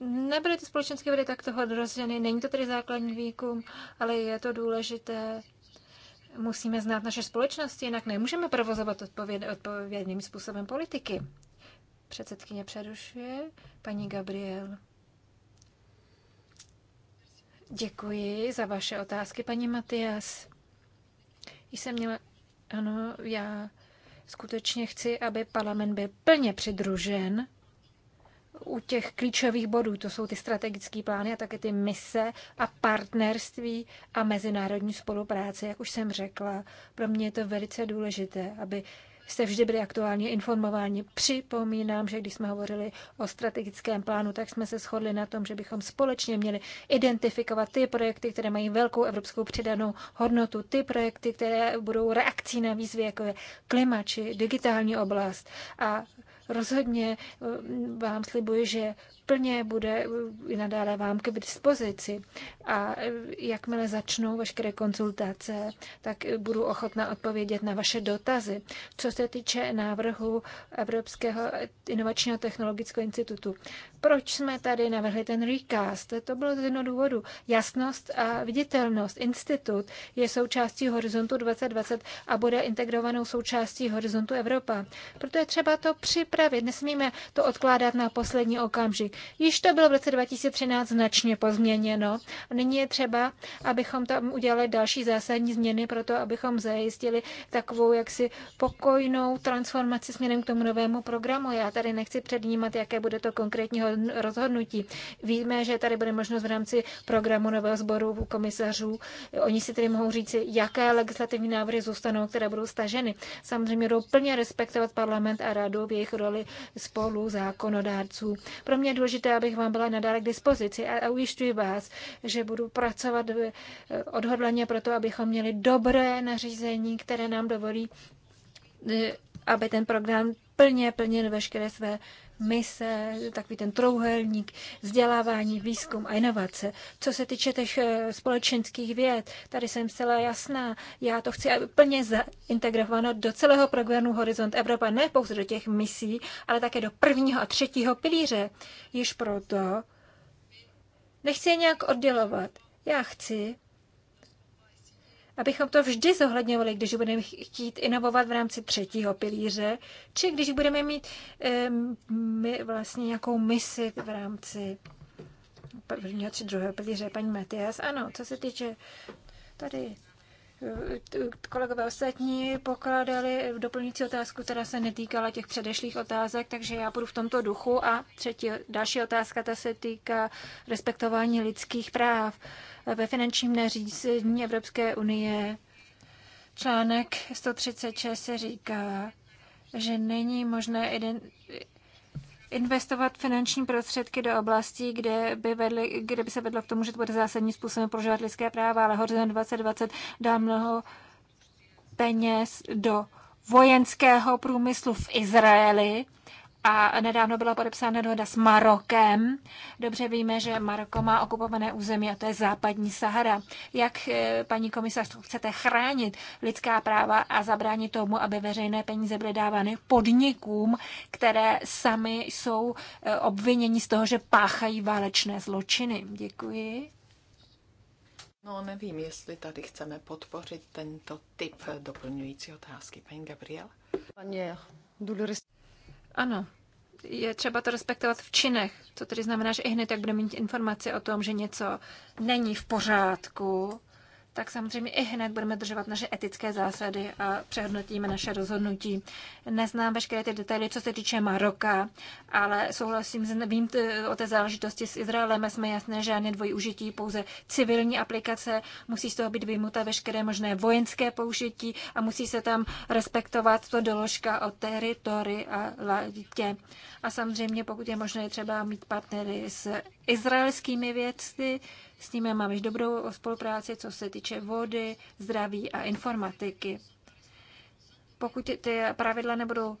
nebyly ty společenské vědy takto rozděleny. Není to tedy základní výkum, ale je to důležité musíme znát naše společnosti, jinak nemůžeme provozovat odpověd, odpovědným způsobem politiky. Předsedkyně přerušuje paní Gabriel. Děkuji za vaše otázky, paní Matias. Jsem měla, ano, já skutečně chci, aby parlament byl plně přidružen u těch klíčových bodů, to jsou ty strategické plány a také ty mise a partnerství a mezinárodní spolupráce. Jak už jsem řekla, pro mě je to velice důležité, aby jste vždy byli aktuálně informováni. Připomínám, že když jsme hovořili o strategickém plánu, tak jsme se shodli na tom, že bychom společně měli identifikovat ty projekty, které mají velkou evropskou přidanou hodnotu, ty projekty, které budou reakcí na výzvy, jako je klima či digitální oblast. A Rozhodně eh, vám slibuji, že plně bude eh, i nadále vám k dispozici. A eh, jakmile začnou veškeré konzultace, tak budu ochotná odpovědět na vaše dotazy. Co se týče návrhu Evropského inovačního technologického institutu, proč jsme tady navrhli ten recast? To bylo z jednoho důvodu. Jasnost a viditelnost. Institut je součástí Horizontu 2020 a bude integrovanou součástí Horizontu Evropa. Proto je třeba to připravit připravit, Nesmíme to odkládat na poslední okamžik. Již to bylo v roce 2013 značně pozměněno. Nyní je třeba, abychom tam udělali další zásadní změny pro to, abychom zajistili takovou jaksi pokojnou transformaci směrem k tomu novému programu. Já tady nechci předjímat, jaké bude to konkrétního rozhodnutí. Víme, že tady bude možnost v rámci programu nového sboru komisařů. Oni si tedy mohou říci, jaké legislativní návrhy zůstanou, které budou staženy. Samozřejmě budou plně respektovat parlament a radu v jejich roli spolu zákonodárců. Pro mě je důležité, abych vám byla nadále k dispozici a ujišťuji vás, že budu pracovat eh, odhodlaně pro to, abychom měli dobré nařízení, které nám dovolí, eh, aby ten program plně plnil veškeré své mise, takový ten trouhelník, vzdělávání, výzkum a inovace. Co se týče těch eh, společenských věd, tady jsem zcela jasná, já to chci aby plně zaintegrováno do celého programu Horizont Evropa, ne pouze do těch misí, ale také do prvního a třetího pilíře. Již proto nechci je nějak oddělovat. Já chci, abychom to vždy zohledňovali, když budeme chtít inovovat v rámci třetího pilíře, či když budeme mít um, my vlastně nějakou misi v rámci prvního či druhého pilíře. Paní Matias, ano, co se týče tady kolegové ostatní pokládali doplňující otázku, která se netýkala těch předešlých otázek, takže já půjdu v tomto duchu. A třetí, další otázka, ta se týká respektování lidských práv. Ve finančním nařízení Evropské unie článek 136 se říká, že není možné investovat finanční prostředky do oblastí, kde by, vedli, kde by se vedlo k tomu, že to bude zásadním způsobem prožívat lidské práva, ale Horizon 2020 dá mnoho peněz do vojenského průmyslu v Izraeli, a nedávno byla podepsána dohoda s Marokem. Dobře víme, že Maroko má okupované území a to je západní Sahara. Jak, eh, paní komisař, chcete chránit lidská práva a zabránit tomu, aby veřejné peníze byly dávány podnikům, které sami jsou eh, obviněni z toho, že páchají válečné zločiny? Děkuji. No, nevím, jestli tady chceme podpořit tento typ doplňující otázky. Paní Gabriel? Paní Ano, je třeba to respektovat v činech. To tedy znamená, že i hned, jak budeme mít informaci o tom, že něco není v pořádku, tak samozřejmě i hned budeme držovat naše etické zásady a přehodnotíme naše rozhodnutí. Neznám veškeré ty detaily, co se týče Maroka, ale souhlasím, s, vím o té záležitosti s Izraelem, jsme jasné, že ani dvojí užití, pouze civilní aplikace, musí z toho být vyjmuta veškeré možné vojenské použití a musí se tam respektovat to doložka o teritory A A samozřejmě, pokud je možné třeba mít partnery s izraelskými vědci, s nimi mám již dobrou spolupráci, co se týče vody, zdraví a informatiky. Pokud ty pravidla nebudou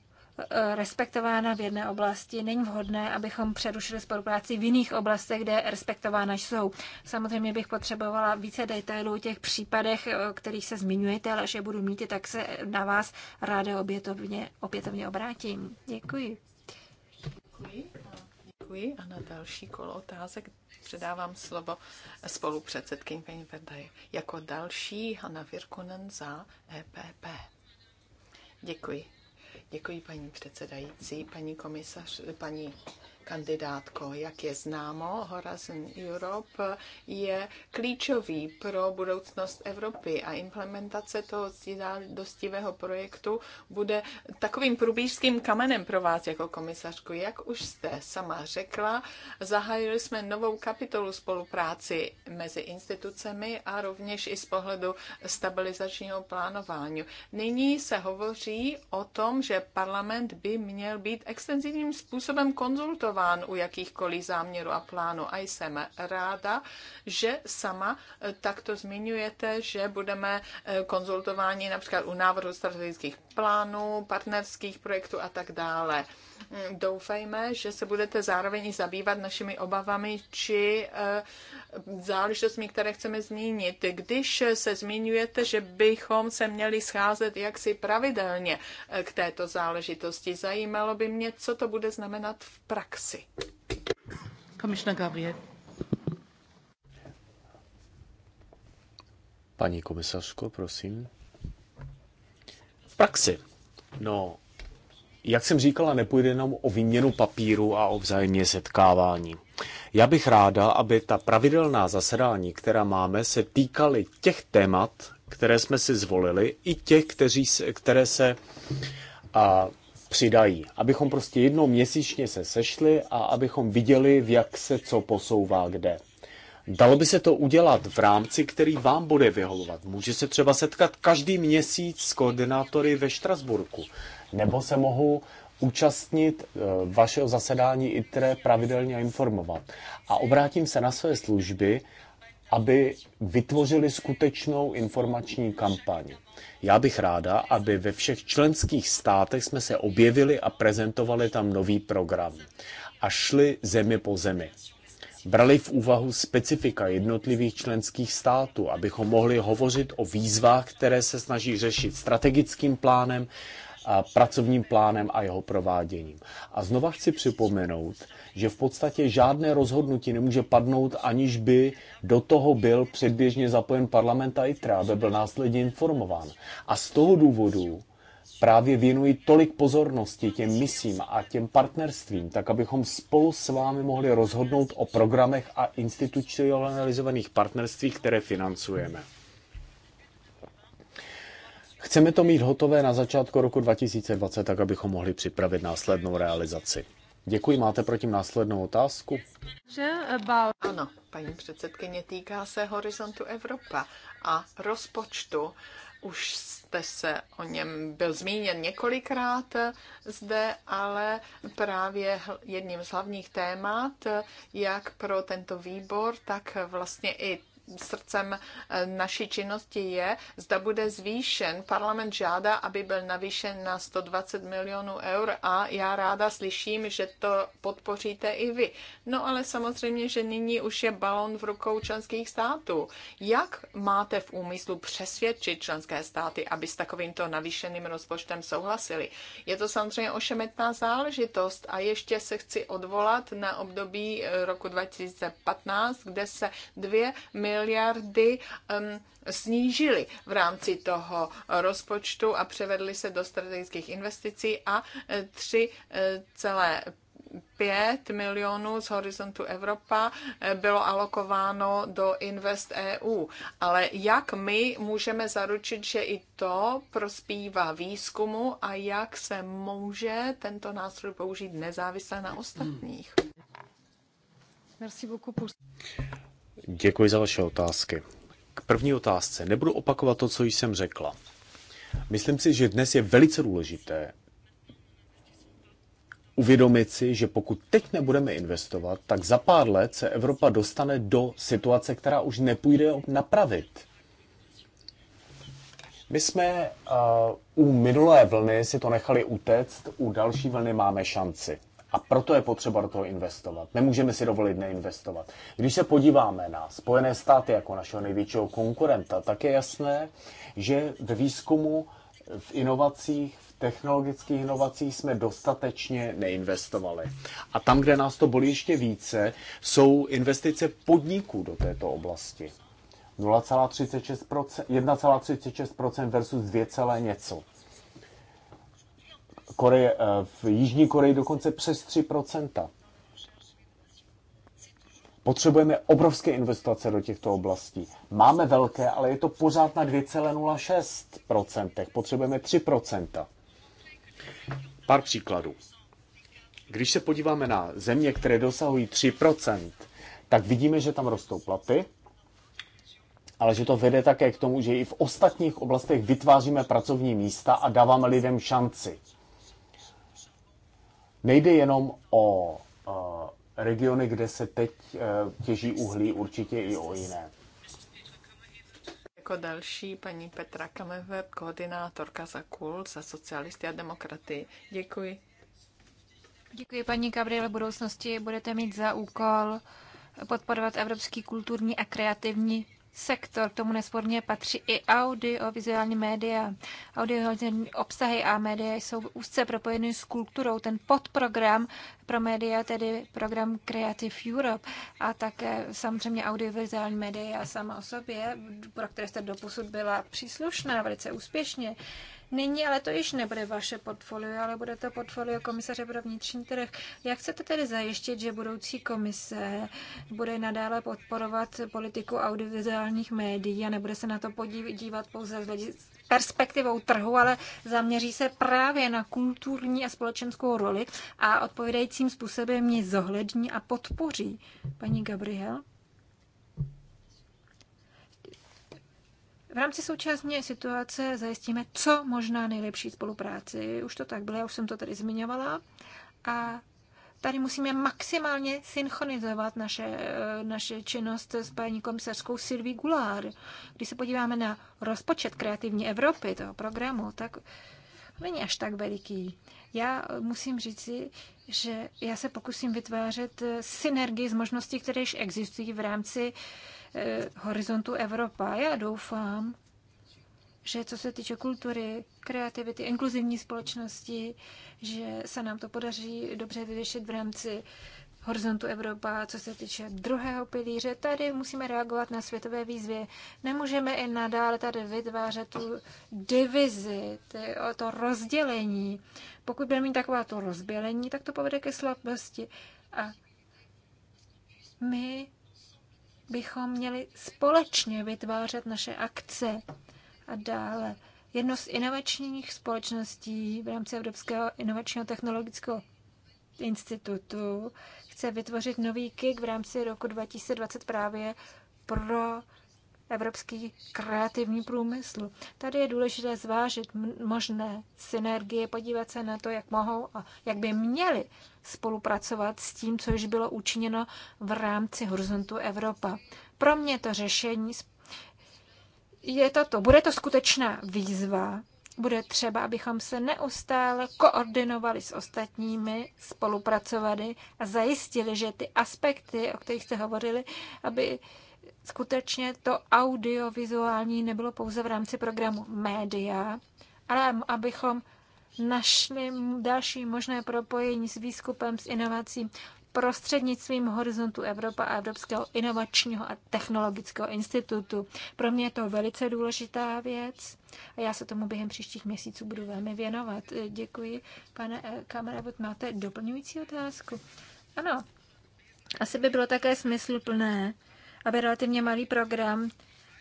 e, respektována v jedné oblasti, není vhodné, abychom přerušili spolupráci v jiných oblastech, kde respektována jsou. Samozřejmě bych potřebovala více detailů o těch případech, e, o kterých se zmiňujete, ale až je budu mít, tak se na vás ráda obětovně, opětovně obrátím. Děkuji. Děkuji. Děkuji a na další kolo otázek předávám slovo spolupředsedkyni paní Verdaj. Jako další Hanna Virkunen za EPP. Děkuji. Děkuji paní předsedající, paní komisař, paní kandidátko. Jak je známo, Horizon Europe je klíčový pro budoucnost Evropy a implementace toho dostivého projektu bude takovým průbířským kamenem pro vás jako komisařku. Jak už jste sama řekla, zahájili jsme novou kapitolu spolupráci mezi institucemi a rovněž i z pohledu stabilizačního plánování. Nyní se hovoří o tom, že parlament by měl být extenzivním způsobem konzultovat blokován u jakýchkoliv záměrů a plánů. A jsem ráda, že sama eh, takto zmiňujete, že budeme eh, konzultováni například u návrhu strategických plánů, partnerských projektů a tak dále. Mm, doufejme, že se budete zároveň i zabývat našimi obavami či eh, záležitostmi, které chceme zmínit. Když se zmiňujete, že bychom se měli scházet jaksi pravidelně eh, k této záležitosti, zajímalo by mě, co to bude znamenat v praxi. Komisna Gabriel. Paní komisařko, prosím. V praxi. No, jak jsem říkala, nepůjde jenom o výměnu papíru a o vzájemně setkávání. Já bych ráda, aby ta pravidelná zasedání, která máme, se týkaly těch témat, které jsme si zvolili, i těch, kteří, se, které se a, přidají. Abychom prostě jednou měsíčně se sešli a abychom viděli, jak se co posouvá kde. Dalo by se to udělat v rámci, který vám bude vyhovovat. Může se třeba setkat každý měsíc s koordinátory ve Štrasburku. Nebo se mohu účastnit eh, vašeho zasedání ITRE pravidelně informovat. A obrátím se na své služby, aby vytvořili skutečnou informační kampaň. Já bych ráda, aby ve všech členských státech jsme se objevili a prezentovali tam nový program a šli zemi po zemi brali v úvahu specifika jednotlivých členských států, abychom mohli hovořit o výzvách, které se snaží řešit strategickým plánem, a pracovním plánem a jeho prováděním. A znova chci připomenout, že v podstatě žádné rozhodnutí nemůže padnout, aniž by do toho byl předběžně zapojen parlament a ITRA, aby byl následně informován. A z toho důvodu právě věnuji tolik pozornosti těm misím a těm partnerstvím, tak abychom spolu s vámi mohli rozhodnout o programech a institucionalizovaných partnerstvích, které financujeme. Chceme to mít hotové na začátku roku 2020, tak abychom mohli připravit následnou realizaci. Děkuji, máte proti následnou otázku? Ano, paní předsedkyně, týká se horizontu Evropa a rozpočtu už jste se o něm byl zmíněn několikrát zde, ale právě jedním z hlavních témat, jak pro tento výbor, tak vlastně i srdcem eh, naší činnosti je, zda bude zvýšen. Parlament žádá, aby byl navýšen na 120 milionů eur a já ráda slyším, že to podpoříte i vy. No ale samozřejmě, že nyní už je balon v rukou členských států. Jak máte v úmyslu přesvědčit členské státy, aby s takovýmto navýšeným rozpočtem souhlasili? Je to samozřejmě ošemetná záležitost a ještě se chci odvolat na období eh, roku 2015, kde se dvě miliony miliardy um, snížily v rámci toho rozpočtu a převedly se do strategických investicí a 3,5 e, 5 e, milionů z Horizontu Evropa e, bylo alokováno do Invest EU. Ale jak my můžeme zaručit, že i to prospívá výzkumu a jak se může tento nástroj použít nezávisle na ostatních? Merci beaucoup. Děkuji za vaše otázky. K první otázce. Nebudu opakovat to, co jsem řekla. Myslím si, že dnes je velice důležité uvědomit si, že pokud teď nebudeme investovat, tak za pár let se Evropa dostane do situace, která už nepůjde napravit. My jsme uh, u minulé vlny si to nechali utéct, u další vlny máme šanci. A proto je potřeba do toho investovat. Nemůžeme si dovolit neinvestovat. Když se podíváme na Spojené státy jako našeho největšího konkurenta, tak je jasné, že ve výzkumu, v inovacích, v technologických inovacích jsme dostatečně neinvestovali. A tam, kde nás to bolí ještě více, jsou investice podniků do této oblasti. 0,36%, 1,36% versus 2, něco. Koreje, eh, v Jižní Koreji dokonce přes 3 Potřebujeme obrovské investice do těchto oblastí. Máme velké, ale je to pořád na 2,06 Potřebujeme 3 Pár příkladů. Když se podíváme na země, které dosahují 3 tak vidíme, že tam rostou platy, ale že to vede také k tomu, že i v ostatních oblastech vytváříme pracovní místa a dáváme lidem šanci. Nejde jenom o regiony, kde se teď eh, těží uhlí, určitě i o jiné. Jako další paní Petra Kameve, koordinátorka za KUL, za socialisty a demokraty. Děkuji. Děkuji, paní Gabriele. V budoucnosti budete mít za úkol podporovat evropský kulturní a kreativní sektor, k tomu nesporně patří i audiovizuální média. Audiovizuální obsahy a média jsou úzce propojeny s kulturou. Ten podprogram pro média, tedy program Creative Europe a také samozřejmě audiovizuální média sama o sobě, pro které jste doposud byla příslušná velice úspěšně. Nyní ale to již nebude vaše portfolio, ale bude to portfolio komisaře pro vnitřní trh. Jak chcete tedy zajištit, že budoucí komise bude nadále podporovat politiku audiovizuálních médií a nebude se na to podívat pouze z perspektivou trhu, ale zaměří se právě na kulturní a společenskou roli a odpovídajícím způsobem ji zohlední a podpoří. Paní Gabriel? V rámci současné situace zajistíme co možná nejlepší spolupráci. Už to tak bylo, já už jsem to tady zmiňovala. A tady musíme maximálně synchronizovat naše, naše činnost s paní komisařskou Silví Gulár. Když se podíváme na rozpočet Kreativní Evropy, toho programu, tak není až tak veliký. Já musím říci, že já se pokusím vytvářet eh, synergii z možností, které již existují v rámci eh, horizontu Evropa. Já doufám, že co se týče kultury, kreativity, inkluzivní společnosti, že se nám to podaří dobře vyřešit v rámci horizontu Evropa, co se týče druhého pilíře. Tady musíme reagovat na světové výzvy. Nemůžeme i nadále tady vytvářet tu divizi, ty, to rozdělení. Pokud budeme mít taková to rozdělení, tak to povede ke slabosti. A my bychom měli společně vytvářet naše akce. A dále jedno z inovačních společností v rámci Evropského inovačního technologického institutu chce vytvořit nový KIK v rámci roku 2020 právě pro evropský kreativní průmysl. Tady je důležité zvážit možné synergie, podívat se na to, jak mohou a jak by měli spolupracovat s tím, co již bylo učiněno v rámci horizontu Evropa. Pro mě to řešení je toto. Bude to skutečná výzva, bude třeba, abychom se neustále koordinovali s ostatními, spolupracovali a zajistili, že ty aspekty, o kterých jste hovorili, aby skutečně to audiovizuální nebylo pouze v rámci programu média, ale abychom našli další možné propojení s výzkupem, s inovací, prostřednictvím Horizontu Evropa a Evropského inovačního a technologického institutu. Pro mě je to velice důležitá věc a já se tomu během příštích měsíců budu velmi věnovat. Děkuji, pane eh, Kamerabot. Máte doplňující otázku? Ano, asi by bylo také smysluplné, aby relativně malý program,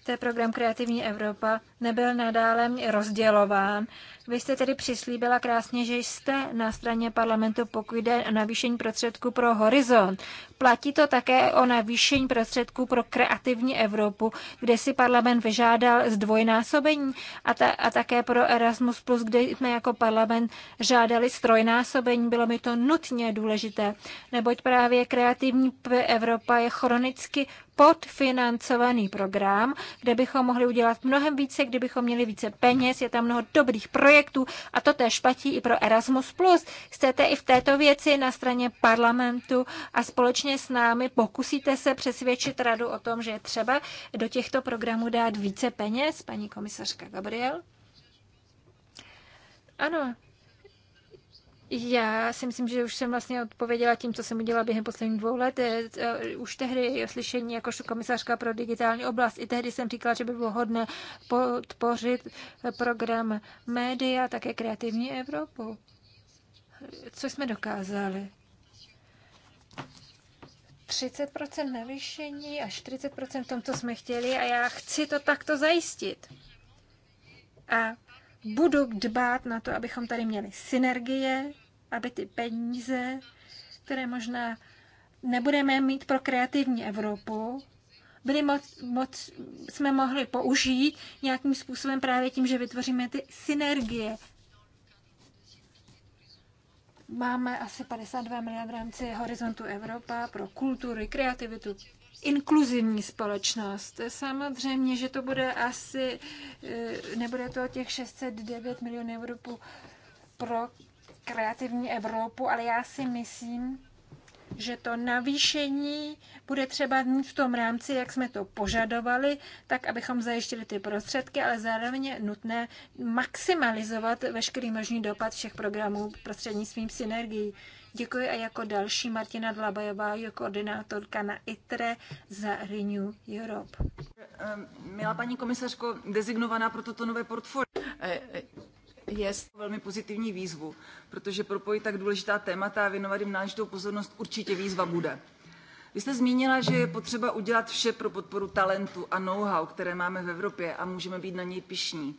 to je program Kreativní Evropa, nebyl nadále rozdělován. Vy jste tedy přislíbila krásně, že jste na straně parlamentu, pokud jde o navýšení prostředků pro Horizont. Platí to také o navýšení prostředků pro kreativní Evropu, kde si parlament vyžádal zdvojnásobení a, ta, a také pro Erasmus+, Plus, kde jsme jako parlament žádali strojnásobení. Bylo mi to nutně důležité, neboť právě kreativní Evropa je chronicky podfinancovaný program, kde bychom mohli udělat mnohem více kdybychom měli více peněz, je tam mnoho dobrých projektů a to též platí i pro Erasmus+. Chcete i v této věci na straně parlamentu a společně s námi pokusíte se přesvědčit radu o tom, že je třeba do těchto programů dát více peněz, paní komisařka Gabriel? Ano, já si myslím, že už jsem vlastně odpověděla tím, co jsem udělala během posledních dvou let. Eh, eh, už tehdy slyšení jako komisařka pro digitální oblast, i tehdy jsem říkala, že by bylo hodné podpořit program média, také kreativní Evropu. Co jsme dokázali? 30% navýšení a 40% v tom, co jsme chtěli a já chci to takto zajistit. A budu dbát na to, abychom tady měli synergie, aby ty peníze, které možná nebudeme mít pro kreativní Evropu, byli moc, moc, jsme mohli použít nějakým způsobem právě tím, že vytvoříme ty synergie. Máme asi 52 miliard v rámci Horizontu Evropa pro kulturu, kreativitu, inkluzivní společnost. Samozřejmě, že to bude asi, eh, nebude to těch 609 milionů Evropu pro kreativní Evropu, ale já si myslím, že to navýšení bude třeba mít v tom rámci, jak jsme to požadovali, tak abychom zajištili ty prostředky, ale zároveň je nutné maximalizovat veškerý možný dopad všech programů prostřednictvím synergií. Děkuji a jako další Martina Dlabajová, jako koordinátorka na ITRE za Renew Europe. Milá ehm, paní komisařko, dezignovaná pro toto nové portfolio. to eh, eh, Velmi pozitivní výzvu, protože propojit tak důležitá témata a věnovat jim náležitou pozornost určitě výzva bude. Vy jste zmínila, že je potřeba udělat vše pro podporu talentu a know-how, které máme v Evropě a můžeme být na něj pišní.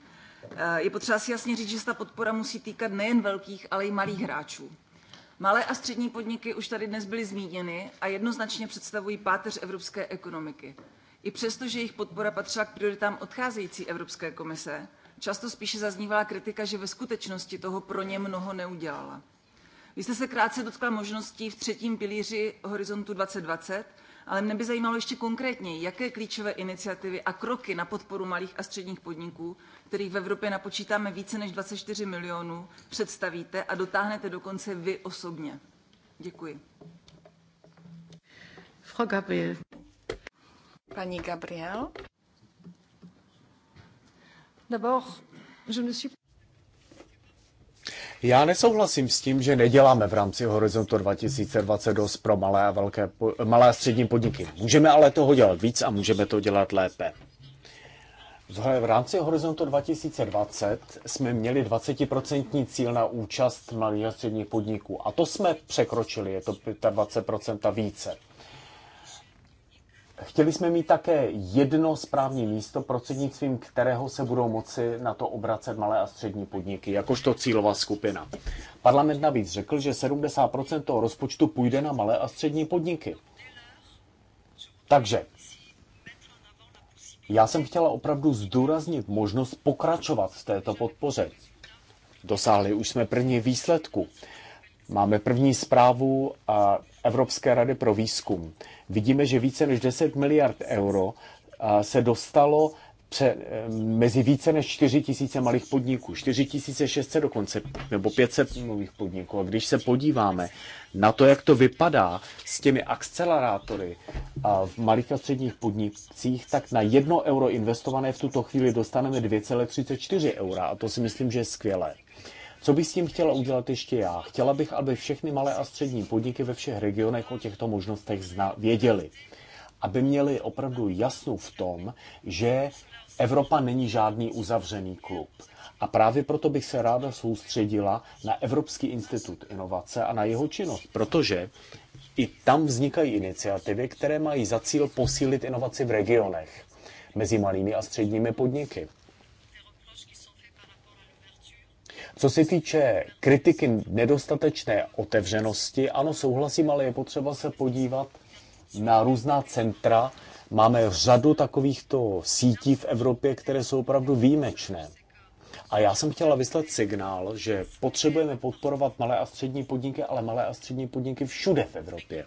Eh, je potřeba si jasně říct, že ta podpora musí týkat nejen velkých, ale i malých hráčů. Malé a střední podniky už tady dnes byly zmíněny a jednoznačně představují páteř evropské ekonomiky. I přesto, že jejich podpora patřila k prioritám odcházející Evropské komise, často spíše zaznívala kritika, že ve skutečnosti toho pro ně mnoho neudělala. Vy jste se krátce dotkla možností v třetím pilíři Horizontu 2020, ale mě by zajímalo ještě konkrétně, jaké klíčové iniciativy a kroky na podporu malých a středních podniků, kterých v Evropě napočítáme více než 24 milionů, představíte a dotáhnete dokonce vy osobně. Děkuji. Frau Gabriel. Paní Gabriel. D'abord, je ne suis já nesouhlasím s tím, že neděláme v rámci Horizontu 2020 pro malé a, velké, malé a střední podniky. Můžeme ale toho dělat víc a můžeme to dělat lépe. V rámci Horizontu 2020 jsme měli 20% cíl na účast malých a středních podniků a to jsme překročili, je to 25% a více. Chtěli jsme mít také jedno správní místo, prostřednictvím kterého se budou moci na to obracet malé a střední podniky, jakožto cílová skupina. Parlament navíc řekl, že 70% toho rozpočtu půjde na malé a střední podniky. Takže já jsem chtěla opravdu zdůraznit možnost pokračovat v této podpoře. Dosáhli už jsme první výsledku. Máme první zprávu a Evropské rady pro výzkum. Vidíme, že více než 10 miliard euro se dostalo pře, mezi více než 4 tisíce malých podniků, 4 600 dokonce, nebo 500 malých podniků. A když se podíváme na to, jak to vypadá s těmi akcelerátory v malých a středních podnicích, tak na jedno euro investované v tuto chvíli dostaneme 2,34 eura. A to si myslím, že je skvělé. Co bych s tím chtěla udělat ještě já? Chtěla bych, aby všechny malé a střední podniky ve všech regionech o těchto možnostech zna- věděli. Aby měli opravdu jasno v tom, že Evropa není žádný uzavřený klub. A právě proto bych se ráda soustředila na Evropský institut inovace a na jeho činnost, protože i tam vznikají iniciativy, které mají za cíl posílit inovaci v regionech mezi malými a středními podniky. Co se týče kritiky nedostatečné otevřenosti, ano, souhlasím, ale je potřeba se podívat na různá centra. Máme řadu takovýchto sítí v Evropě, které jsou opravdu výjimečné. A já jsem chtěla vyslat signál, že potřebujeme podporovat malé a střední podniky, ale malé a střední podniky všude v Evropě.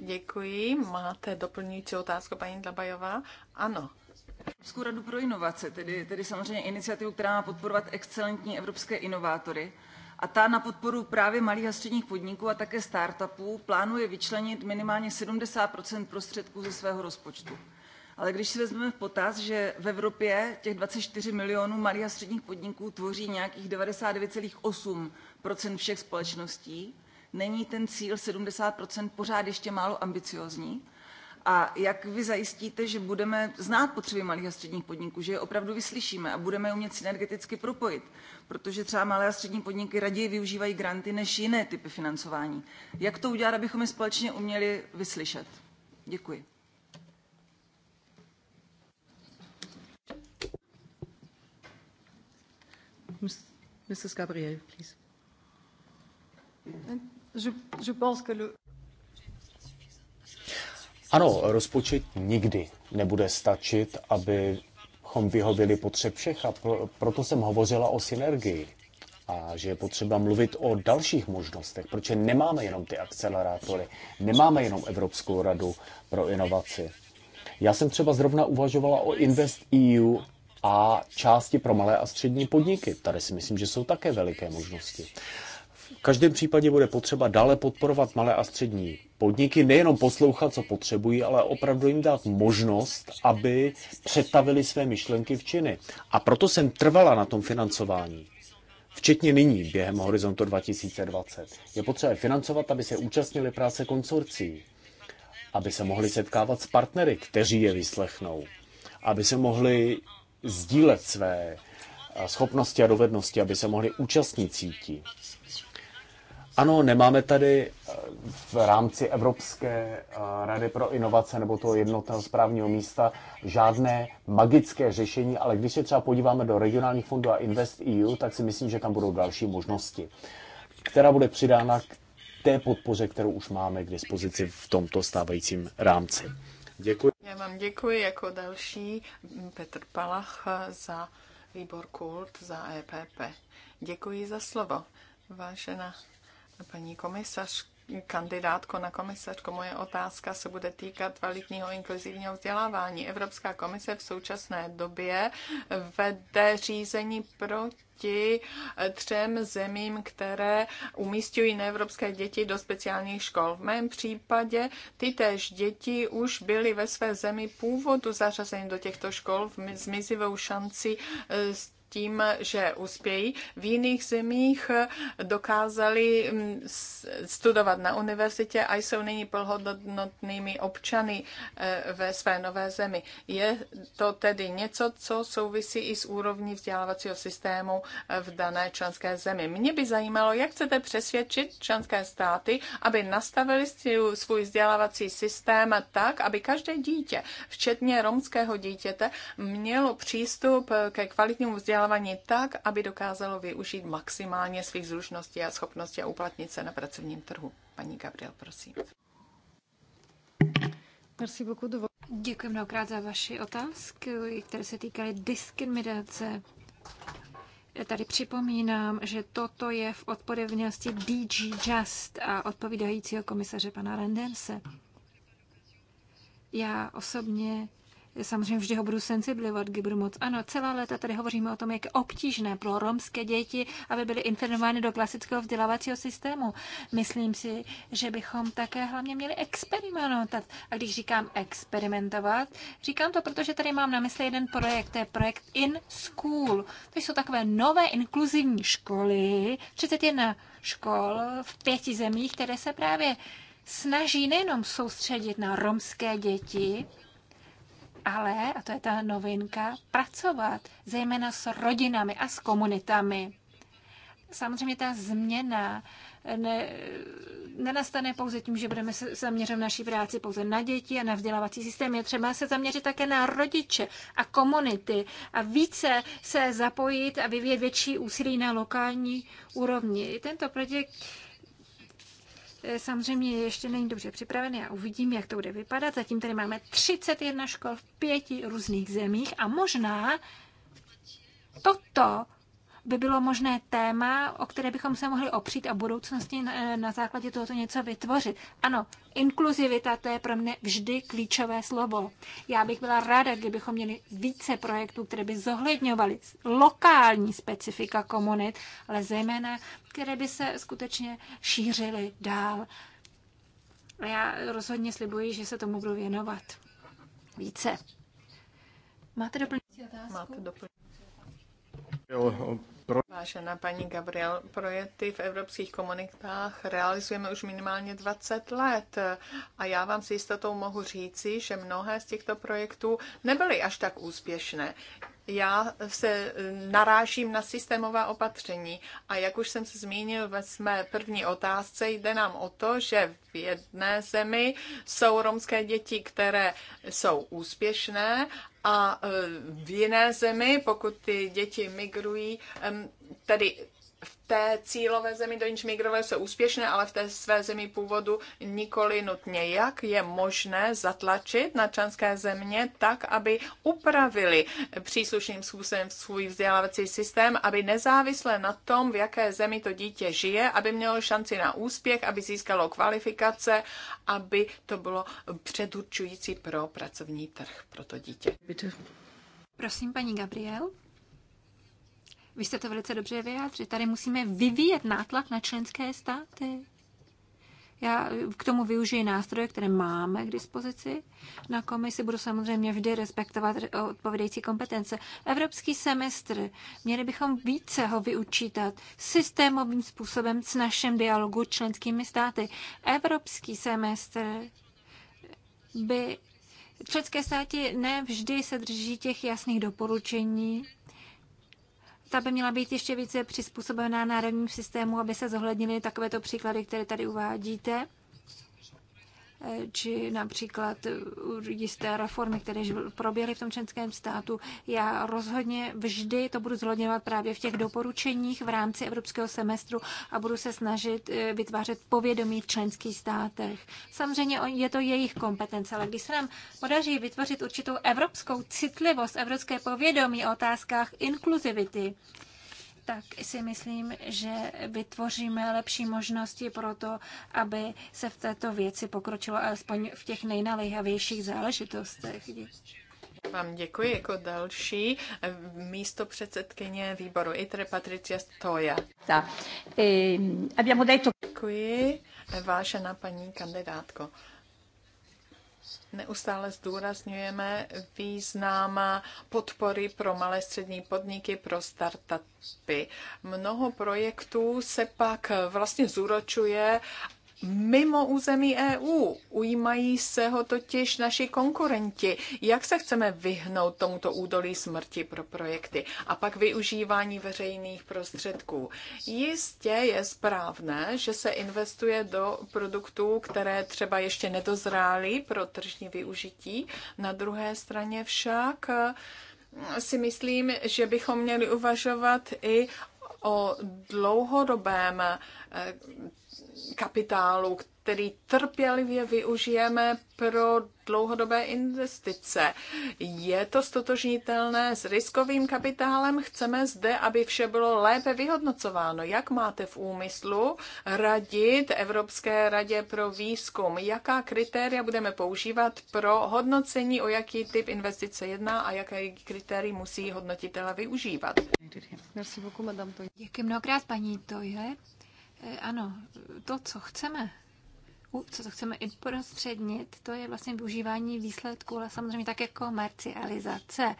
Děkuji. Máte doplňující otázku, paní Dlabajová? Ano, Evropskou radu pro inovace, tedy, tedy samozřejmě iniciativu, která má podporovat excelentní evropské inovátory. A ta na podporu právě malých a středních podniků a také startupů plánuje vyčlenit minimálně 70 prostředků ze svého rozpočtu. Ale když si vezmeme v potaz, že v Evropě těch 24 milionů malých a středních podniků tvoří nějakých 99,8 všech společností, není ten cíl 70 pořád ještě málo ambiciozní? a jak vy zajistíte, že budeme znát potřeby malých a středních podniků, že je opravdu vyslyšíme a budeme je umět synergeticky propojit, protože třeba malé a střední podniky raději využívají granty než jiné typy financování. Jak to udělat, abychom je společně uměli vyslyšet? Děkuji. Mrs. Gabriel, please. Je, je pense que le... Ano, rozpočet nikdy nebude stačit, abychom vyhověli potřeb všech a proto jsem hovořila o synergii a že je potřeba mluvit o dalších možnostech, protože nemáme jenom ty akcelerátory, nemáme jenom Evropskou radu pro inovaci. Já jsem třeba zrovna uvažovala o Invest EU a části pro malé a střední podniky. Tady si myslím, že jsou také veliké možnosti. V každém případě bude potřeba dále podporovat malé a střední podniky, nejenom poslouchat, co potřebují, ale opravdu jim dát možnost, aby přetavili své myšlenky v činy. A proto jsem trvala na tom financování včetně nyní během horizontu 2020. Je potřeba financovat, aby se účastnili práce konsorcí, aby se mohli setkávat s partnery, kteří je vyslechnou, aby se mohli sdílet své eh, schopnosti a dovednosti, aby se mohli účastnit cítit. Ano, nemáme tady eh, v rámci Evropské eh, rady pro inovace nebo toho jednotného správního místa žádné magické řešení, ale když se třeba podíváme do regionálních fondů a Invest EU, tak si myslím, že tam budou další možnosti, která bude přidána k té podpoře, kterou už máme k dispozici v tomto stávajícím rámci. Děkuji. Já vám děkuji jako další mm, Petr Palach za výbor Kult za EPP. Děkuji za slovo. Vážená Paní komisař, kandidátko na komisařko, moje otázka se bude týkat kvalitního inkluzivního vzdělávání. Evropská komise v současné době vede řízení proti třem zemím, které umístují neevropské děti do speciálních škol. V mém případě ty též děti už byly ve své zemi původu zařazeny do těchto škol v zmizivou šanci eh, tím, že uspějí. V jiných zemích dokázali mm, studovat na univerzitě a jsou nyní plnohodnotnými občany eh, ve své nové zemi. Je to tedy něco, co souvisí i s úrovní vzdělávacího systému eh, v dané členské zemi. Mě by zajímalo, jak chcete přesvědčit členské státy, aby nastavili svůj vzdělávací systém tak, aby každé dítě, včetně romského dítěte, mělo přístup ke kvalitnímu vzdělávání vzdělávání tak, aby dokázalo využít maximálně svých zručností a schopností a uplatnit se na pracovním trhu. Paní Gabriel, prosím. Merci beaucoup. Děkuji mnohokrát za vaši otázku, které se týkaly diskriminace. Tady připomínám, že toto je v odpovědnosti DG Just a odpovídajícího komisaře pana Rendense. Já osobně samozřejmě vždy ho budu sensibilizovat, kdy budu moc. Ano, celá léta tady hovoříme o tom, jak obtížné pro romské děti, aby byly informovány do klasického vzdělávacího systému. Myslím si, že bychom také hlavně měli experimentovat. A když říkám experimentovat, říkám to, protože tady mám na mysli jeden projekt, to je projekt In School. To jsou takové nové inkluzivní školy, 31 škol v pěti zemích, které se právě snaží nejenom soustředit na romské děti, ale, a to je ta novinka, pracovat zejména s rodinami a s komunitami. Samozřejmě ta změna ne, nenastane pouze tím, že budeme se zaměřit v naší práci pouze na děti a na vzdělávací systém. Je třeba se zaměřit také na rodiče a komunity a více se zapojit a vyvíjet větší úsilí na lokální úrovni. Tento projekt Eh, samozřejmě ještě není dobře připravený a uvidím, jak to bude vypadat. Zatím tady máme 31 škol v pěti různých zemích a možná toto by bylo možné téma, o které bychom se mohli opřít a budoucnosti eh, na základě tohoto něco vytvořit. Ano, inkluzivita to je pro mě vždy klíčové slovo. Já bych byla ráda, kdybychom měli více projektů, které by zohledňovaly lokální specifika komunit, ale zejména, které by se skutečně šířily dál. já rozhodně slibuji, že se tomu budu věnovat více. Máte doplňující otázku? Máte doplňující otázku pro... Vážená paní Gabriel, projekty v evropských komunitách realizujeme už minimálně 20 let a já vám s jistotou mohu říci, že mnohé z těchto projektů nebyly až tak úspěšné. Já se eh, narážím na systémová opatření a jak už jsem se zmínil ve své první otázce, jde nám o to, že v jedné zemi jsou romské děti, které jsou úspěšné a e, v jiné zemi, pokud ty děti migrují, tedy v té cílové zemi, do níž migrovali, jsou úspěšné, ale v té své zemi původu nikoli nutně. Jak je možné zatlačit na členské země tak, aby upravili příslušným způsobem svůj vzdělávací systém, aby nezávisle na tom, v jaké zemi to dítě žije, aby mělo šanci na úspěch, aby získalo kvalifikace, aby to bylo předurčující pro pracovní trh pro to dítě. Prosím, paní Gabriel. Vy jste to velice dobře vyjádřili. Tady musíme vyvíjet nátlak na členské státy. Já k tomu využiji nástroje, které máme k dispozici. Na komisi budu samozřejmě vždy respektovat odpovědející kompetence. Evropský semestr, měli bychom více ho vyučítat systémovým způsobem s našem dialogu členskými státy. Evropský semestr by Členské státy nevždy se drží těch jasných doporučení ta by měla být ještě více přizpůsobená národním systému, aby se zohlednily takovéto příklady, které tady uvádíte či například jisté reformy, které proběhly v tom členském státu. Já rozhodně vždy to budu zhodněvat právě v těch doporučeních v rámci evropského semestru a budu se snažit eh, vytvářet povědomí v členských státech. Samozřejmě je to jejich kompetence, ale když se nám podaří vytvořit určitou evropskou citlivost, evropské povědomí o otázkách inkluzivity, tak si myslím, že vytvoříme lepší možnosti pro to, aby se v této věci pokročilo alespoň v těch nejnaléhavějších záležitostech. Vám děkuji jako další místo předsedkyně výboru ITRE Patricia Stoja. Eh, děkuji, vážená paní kandidátko. Neustále zdůrazňujeme význam podpory pro malé střední podniky, pro startupy. Mnoho projektů se pak vlastně zúročuje mimo území EU. Ujímají se ho totiž naši konkurenti. Jak se chceme vyhnout tomuto údolí smrti pro projekty? A pak využívání veřejných prostředků. Jistě je správné, že se investuje do produktů, které třeba ještě nedozrály pro tržní využití. Na druhé straně však eh, si myslím, že bychom měli uvažovat i o dlouhodobém eh, kapitálu, který trpělivě využijeme pro dlouhodobé investice. Je to stotožnitelné s riskovým kapitálem? Chceme zde, aby vše bylo lépe vyhodnocováno. Jak máte v úmyslu radit Evropské radě pro výzkum? Jaká kritéria budeme používat pro hodnocení, o jaký typ investice jedná a jaké kritérii musí hodnotitele využívat? Děkuji mnohokrát, paní Toje. Eh, ano, to, co chceme, co to chceme i prostřednit, to je vlastně využívání výsledků, ale samozřejmě také jako komercializace.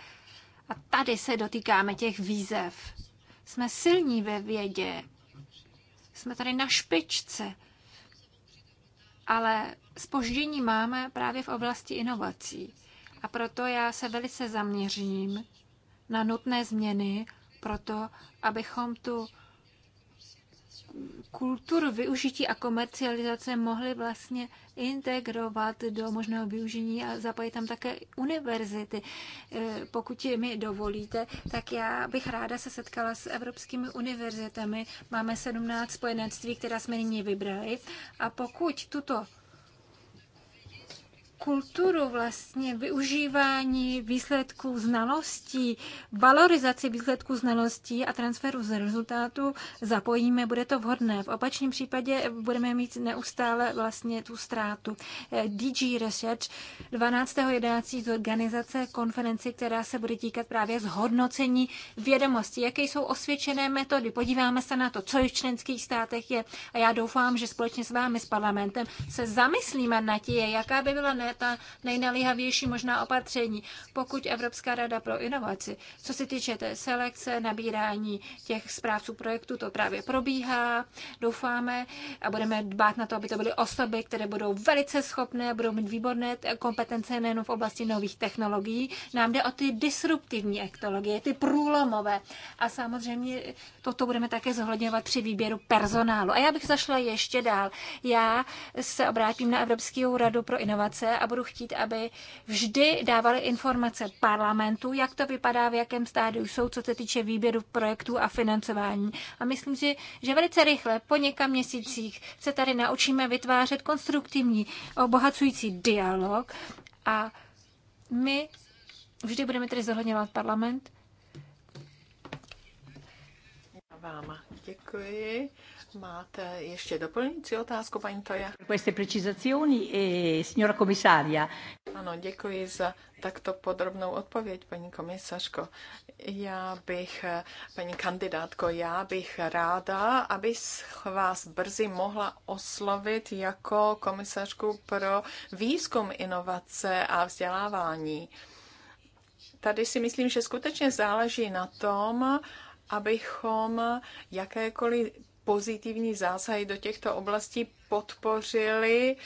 A tady se dotýkáme těch výzev. Jsme silní ve vědě. Jsme tady na špičce. Ale spoždění máme právě v oblasti inovací. A proto já se velice zaměřím na nutné změny, proto abychom tu kulturu využití a komercializace mohli vlastně integrovat do možného využití a zapojit tam také univerzity. E, pokud mi dovolíte, tak já bych ráda se setkala s evropskými univerzitami. Máme 17 spojenectví, která jsme nyní vybrali. A pokud tuto kulturu vlastně využívání výsledků znalostí, valorizaci výsledků znalostí a transferu z rezultátu zapojíme, bude to vhodné. V opačném případě budeme mít neustále vlastně tu ztrátu. Eh, DG Research 12. z organizace konferenci, která se bude týkat právě zhodnocení vědomostí. Jaké jsou osvědčené metody? Podíváme se na to, co je v členských státech je. A já doufám, že společně s vámi, s parlamentem, se zamyslíme na tě, jaká by byla ne ta nejnaléhavější možná opatření, pokud Evropská rada pro inovaci, co se týče té selekce, nabírání těch zprávců projektu, to právě probíhá, doufáme a budeme dbát na to, aby to byly osoby, které budou velice schopné, budou mít výborné kompetence nejen v oblasti nových technologií. Nám jde o ty disruptivní ekologie, ty průlomové. A samozřejmě toto budeme také zohledňovat při výběru personálu. A já bych zašla ještě dál. Já se obrátím na Evropskou radu pro inovace a budu chtít, aby vždy dávali informace parlamentu, jak to vypadá, v jakém stádiu jsou, co se týče výběru projektů a financování. A myslím si, že velice rychle, po něka měsících, se tady naučíme vytvářet konstruktivní, obohacující dialog a my vždy budeme tedy zohledňovat parlament vám děkuji. Máte ještě doplňující otázku, paní Toja? Queste precisazioni eh, signora commissaria. Ano, děkuji za takto podrobnou odpověď, paní komisařko. Já bych, paní kandidátko, já bych ráda, aby vás brzy mohla oslovit jako komisařku pro výzkum, inovace a vzdělávání. Tady si myslím, že skutečně záleží na tom, abychom jakékoliv pozitivní zásahy do těchto oblastí podpořili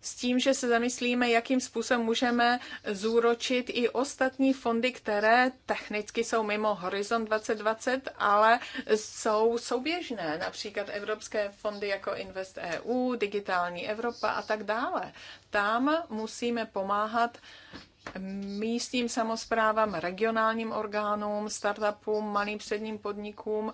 s tím, že se zamyslíme, jakým způsobem můžeme zúročit i ostatní fondy, které technicky jsou mimo Horizon 2020, ale jsou souběžné, například evropské fondy jako Invest EU, Digitální Evropa a tak dále. Tam musíme pomáhat místním samozprávám, regionálním orgánům, startupům, malým předním podnikům,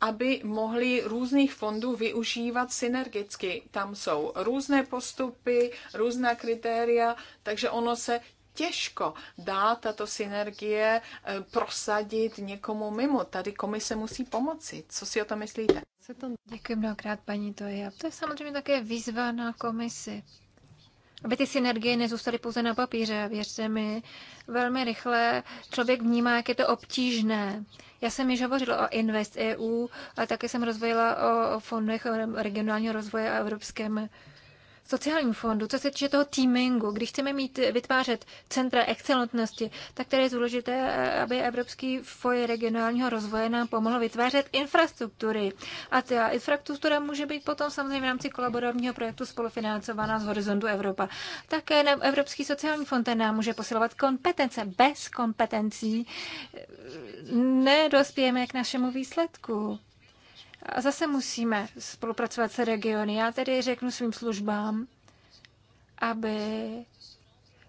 aby mohli různých fondů využívat synergicky. Tam jsou různé postupy, různá kritéria, takže ono se těžko dá tato synergie eh, prosadit někomu mimo. Tady komise musí pomoci. Co si o to myslíte? Děkuji mnohokrát, paní Toje. To je samozřejmě také výzva na komisi aby ty synergie nezůstaly pouze na papíře. A věřte mi, velmi rychle člověk vnímá, jak je to obtížné. Já jsem již hovořila o Invest EU, ale také jsem rozvojila o, fondech regionálního rozvoje a evropském sociálním fondu, co se týče toho teamingu, když chceme mít, vytvářet centra excelentnosti, tak tady je důležité, aby Evropský foj regionálního rozvoje nám pomohl vytvářet infrastruktury. A ta infrastruktura může být potom samozřejmě v rámci kolaborativního projektu spolufinancovaná z Horizontu Evropa. Také nám Evropský sociální fond nám může posilovat kompetence. Bez kompetencí nedospějeme k našemu výsledku. A zase musíme spolupracovat s regiony. Já tedy řeknu svým službám, aby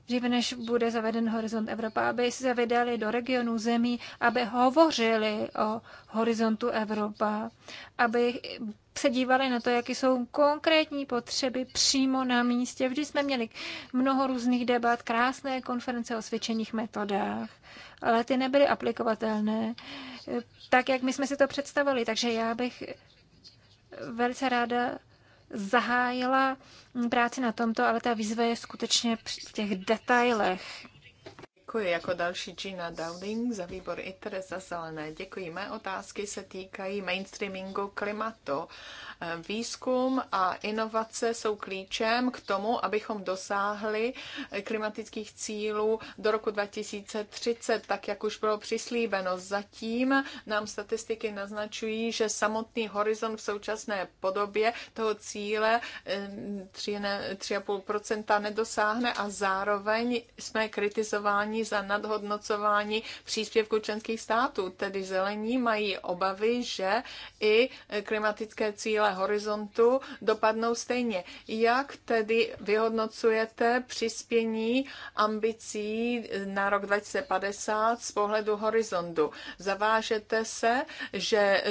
dříve než bude zaveden Horizont Evropa, aby se vydali do regionů zemí, aby hovořili o Horizontu Evropa, aby se dívali na to, jaké jsou konkrétní potřeby přímo na místě. Vždy jsme měli mnoho různých debat, krásné konference o svědčených metodách, ale ty nebyly aplikovatelné tak, jak my jsme si to představili. Takže já bych velice ráda zahájila práci na tomto, ale ta výzva je skutečně v těch detailech. Děkuji jako další Gina Dowding za výbor ITRE za zelené. Děkuji. Mé otázky se týkají mainstreamingu klimatu Výzkum a inovace jsou klíčem k tomu, abychom dosáhli klimatických cílů do roku 2030, tak jak už bylo přislíbeno. Zatím nám statistiky naznačují, že samotný horizont v současné podobě toho cíle 3,5% eh, nedosáhne a zároveň jsme kritizováni za nadhodnocování příspěvku členských států. Tedy zelení mají obavy, že i klimatické cíle celé horizontu dopadnou stejně. Jak tedy vyhodnocujete přispění ambicí na rok 2050 z pohledu horizontu? Zavážete se, že eh,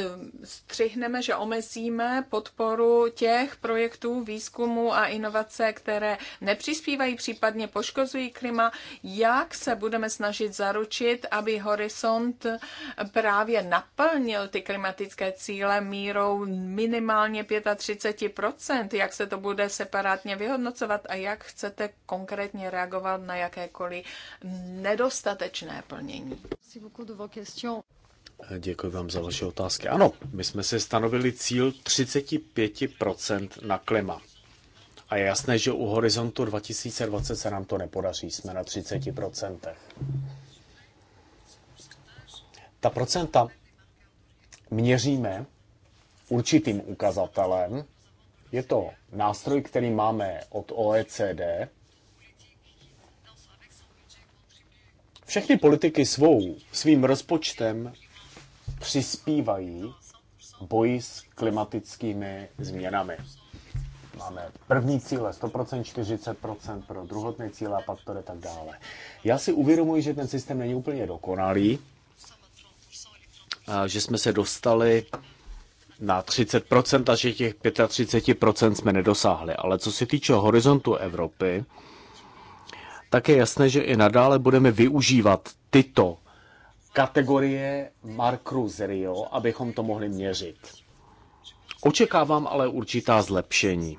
střihneme, že omezíme podporu těch projektů výzkumu a inovace, které nepřispívají, případně poškozují klima. Jak se budeme snažit zaručit, aby horizont právě naplnil ty klimatické cíle mírou minimální minimálně 35%, jak se to bude separátně vyhodnocovat a jak chcete konkrétně reagovat na jakékoliv nedostatečné plnění. Děkuji vám za vaše otázky. Ano, my jsme si stanovili cíl 35% na klima. A je jasné, že u horizontu 2020 se nám to nepodaří, jsme na 30%. Ta procenta měříme určitým ukazatelem. Je to nástroj, který máme od OECD. Všechny politiky svou, svým rozpočtem přispívají boji s klimatickými změnami. Máme první cíle 100%, 40% pro druhotné cíle a pak to tak dále. Já si uvědomuji, že ten systém není úplně dokonalý, že jsme se dostali na 30% a že těch 35% jsme nedosáhli. Ale co se týče horizontu Evropy, tak je jasné, že i nadále budeme využívat tyto kategorie markru z Rio, abychom to mohli měřit. Očekávám ale určitá zlepšení.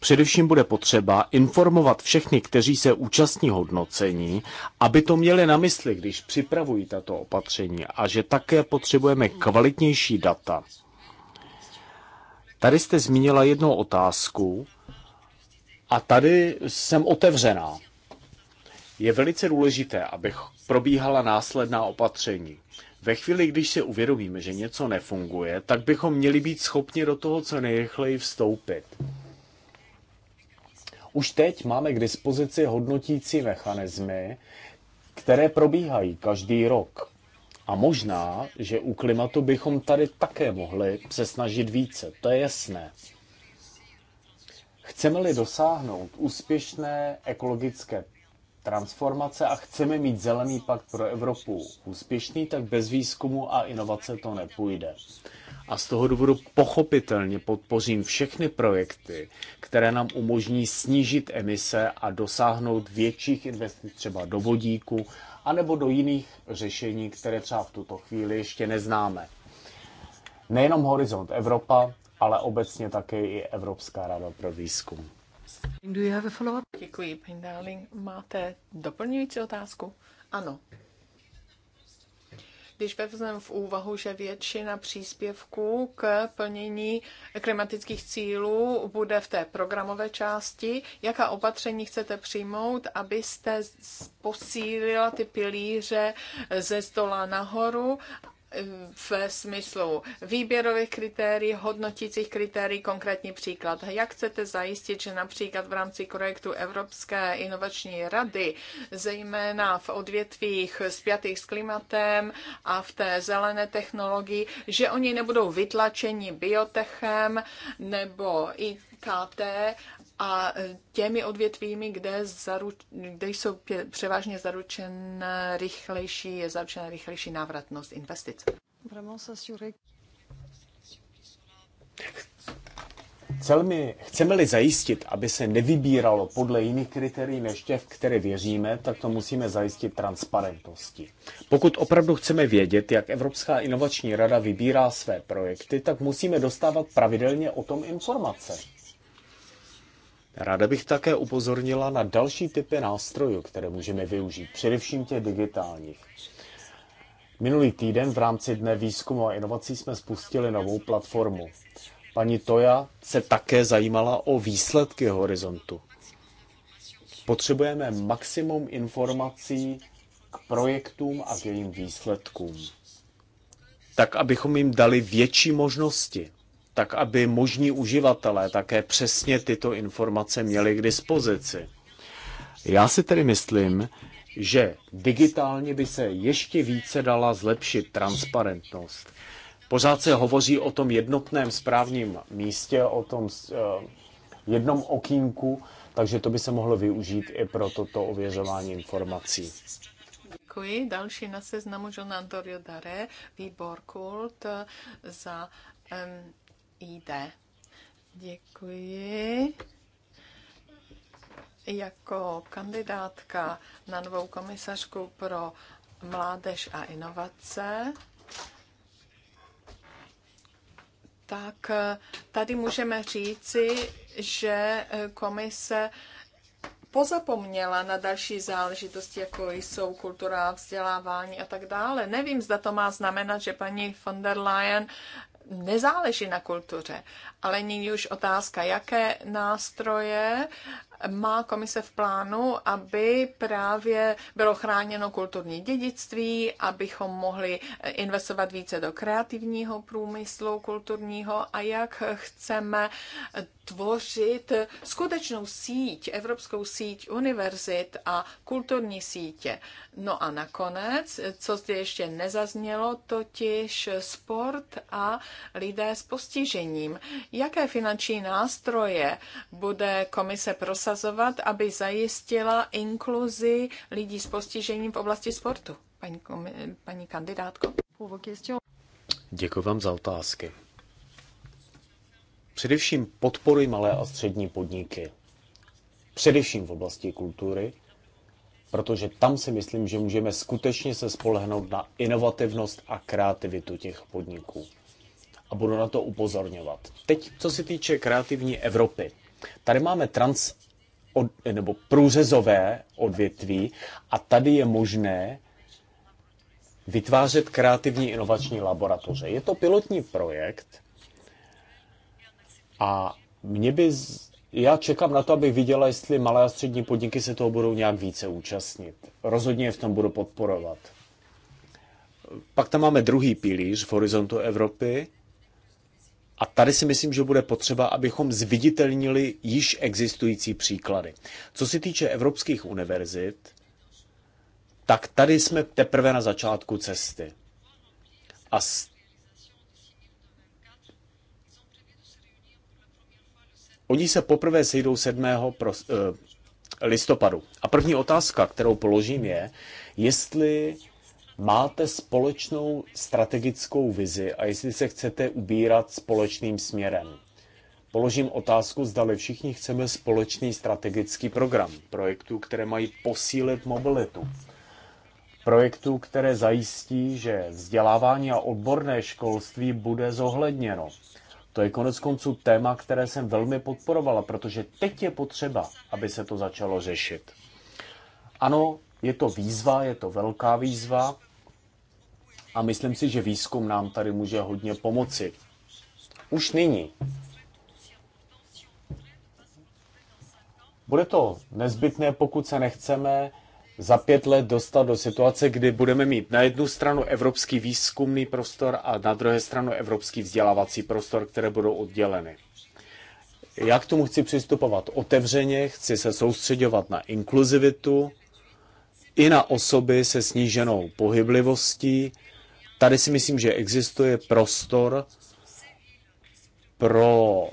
Především bude potřeba informovat všechny, kteří se účastní hodnocení, aby to měli na mysli, když připravují tato opatření a že také potřebujeme kvalitnější data. Tady jste zmínila jednu otázku a tady jsem otevřená. Je velice důležité, abych probíhala následná opatření. Ve chvíli, když si uvědomíme, že něco nefunguje, tak bychom měli být schopni do toho co nejrychleji vstoupit. Už teď máme k dispozici hodnotící mechanismy, které probíhají každý rok. A možná, že u klimatu bychom tady také mohli se snažit více, to je jasné. Chceme-li dosáhnout úspěšné ekologické transformace a chceme mít zelený pakt pro Evropu úspěšný, tak bez výzkumu a inovace to nepůjde. A z toho důvodu pochopitelně podpořím všechny projekty, které nám umožní snížit emise a dosáhnout větších investic třeba do vodíku anebo do jiných řešení, které třeba v tuto chvíli ještě neznáme. Nejenom Horizont Evropa, ale obecně také i Evropská rada pro výzkum. Do you have a follow-up? Děkuji, paní Darling. Máte doplňující otázku? Ano. Když vezmeme v úvahu, že většina příspěvků k plnění klimatických cílů bude v té programové části, jaká opatření chcete přijmout, abyste posílila ty pilíře ze stola nahoru v smyslu výběrových kritérií, hodnotících kritérií, konkrétní příklad. Jak chcete zajistit, že například v rámci projektu Evropské inovační rady, zejména v odvětvích spjatých s klimatem a v té zelené technologii, že oni nebudou vytlačeni biotechem nebo i KT a e, těmi odvětvími, kde, zaruč, kde jsou převážně zaručen rychlejší, je zaručena rychlejší návratnost investic. Chceme-li, chceme-li zajistit, aby se nevybíralo podle jiných kritérií než těch, které věříme, tak to musíme zajistit transparentnosti. Pokud opravdu chceme vědět, jak Evropská inovační rada vybírá své projekty, tak musíme dostávat pravidelně o tom informace. Ráda bych také upozornila na další typy nástrojů, které můžeme využít, především těch digitálních. Minulý týden v rámci Dne výzkumu a inovací jsme spustili novou platformu. Paní Toja se také zajímala o výsledky horizontu. Potřebujeme maximum informací k projektům a k jejím výsledkům, tak abychom jim dali větší možnosti tak aby možní uživatelé také přesně tyto informace měli k dispozici. Já si tedy myslím, že digitálně by se ještě více dala zlepšit transparentnost. Pořád se hovoří o tom jednotném správním místě, o tom eh, jednom okýnku, takže to by se mohlo využít i pro toto ověřování informací. Děkuji. Další na seznamu John Antonio Dare, výbor Kult eh, za um, jde. Děkuji. Jako kandidátka na novou komisařku pro mládež a inovace, tak tady můžeme říci, že komise pozapomněla na další záležitosti, jako jsou kultura, vzdělávání a tak dále. Nevím, zda to má znamenat, že paní von der Leyen nezáleží na kultuře, ale nyní už otázka, jaké nástroje má komise v plánu, aby právě bylo chráněno kulturní dědictví, abychom mohli investovat více do kreativního průmyslu kulturního a jak chceme tvořit skutečnou síť, evropskou síť univerzit a kulturní sítě. No a nakonec, co zde ještě nezaznělo, totiž sport a lidé s postižením. Jaké finanční nástroje bude komise prosadit prosazovat, aby zajistila inkluzi lidí s postižením v oblasti sportu? Paní, paní kandidátko. Děkuji vám za otázky. Především podporuji malé a střední podniky. Především v oblasti kultury, protože tam si myslím, že můžeme skutečně se spolehnout na inovativnost a kreativitu těch podniků. A budu na to upozorňovat. Teď, co se týče kreativní Evropy. Tady máme trans od, nebo průřezové odvětví a tady je možné vytvářet kreativní inovační laboratoře. Je to pilotní projekt a mě by, já čekám na to, abych viděla, jestli malé a střední podniky se toho budou nějak více účastnit. Rozhodně je v tom budu podporovat. Pak tam máme druhý pilíř v horizontu Evropy, a tady si myslím, že bude potřeba, abychom zviditelnili již existující příklady. Co se týče evropských univerzit, tak tady jsme teprve na začátku cesty. A Oni se poprvé sejdou 7. Eh, listopadu. A první otázka, kterou položím, je, jestli máte společnou strategickou vizi a jestli se chcete ubírat společným směrem. Položím otázku, zdali všichni chceme společný strategický program projektů, které mají posílit mobilitu. Projektů, které zajistí, že vzdělávání a odborné školství bude zohledněno. To je konec konců téma, které jsem velmi podporovala, protože teď je potřeba, aby se to začalo řešit. Ano, je to výzva, je to velká výzva, a myslím si, že výzkum nám tady může hodně pomoci. Už nyní. Bude to nezbytné, pokud se nechceme za pět let dostat do situace, kdy budeme mít na jednu stranu evropský výzkumný prostor a na druhé stranu evropský vzdělávací prostor, které budou odděleny. Já k tomu chci přistupovat otevřeně, chci se soustředovat na inkluzivitu i na osoby se sníženou pohyblivostí, Tady si myslím, že existuje prostor pro uh,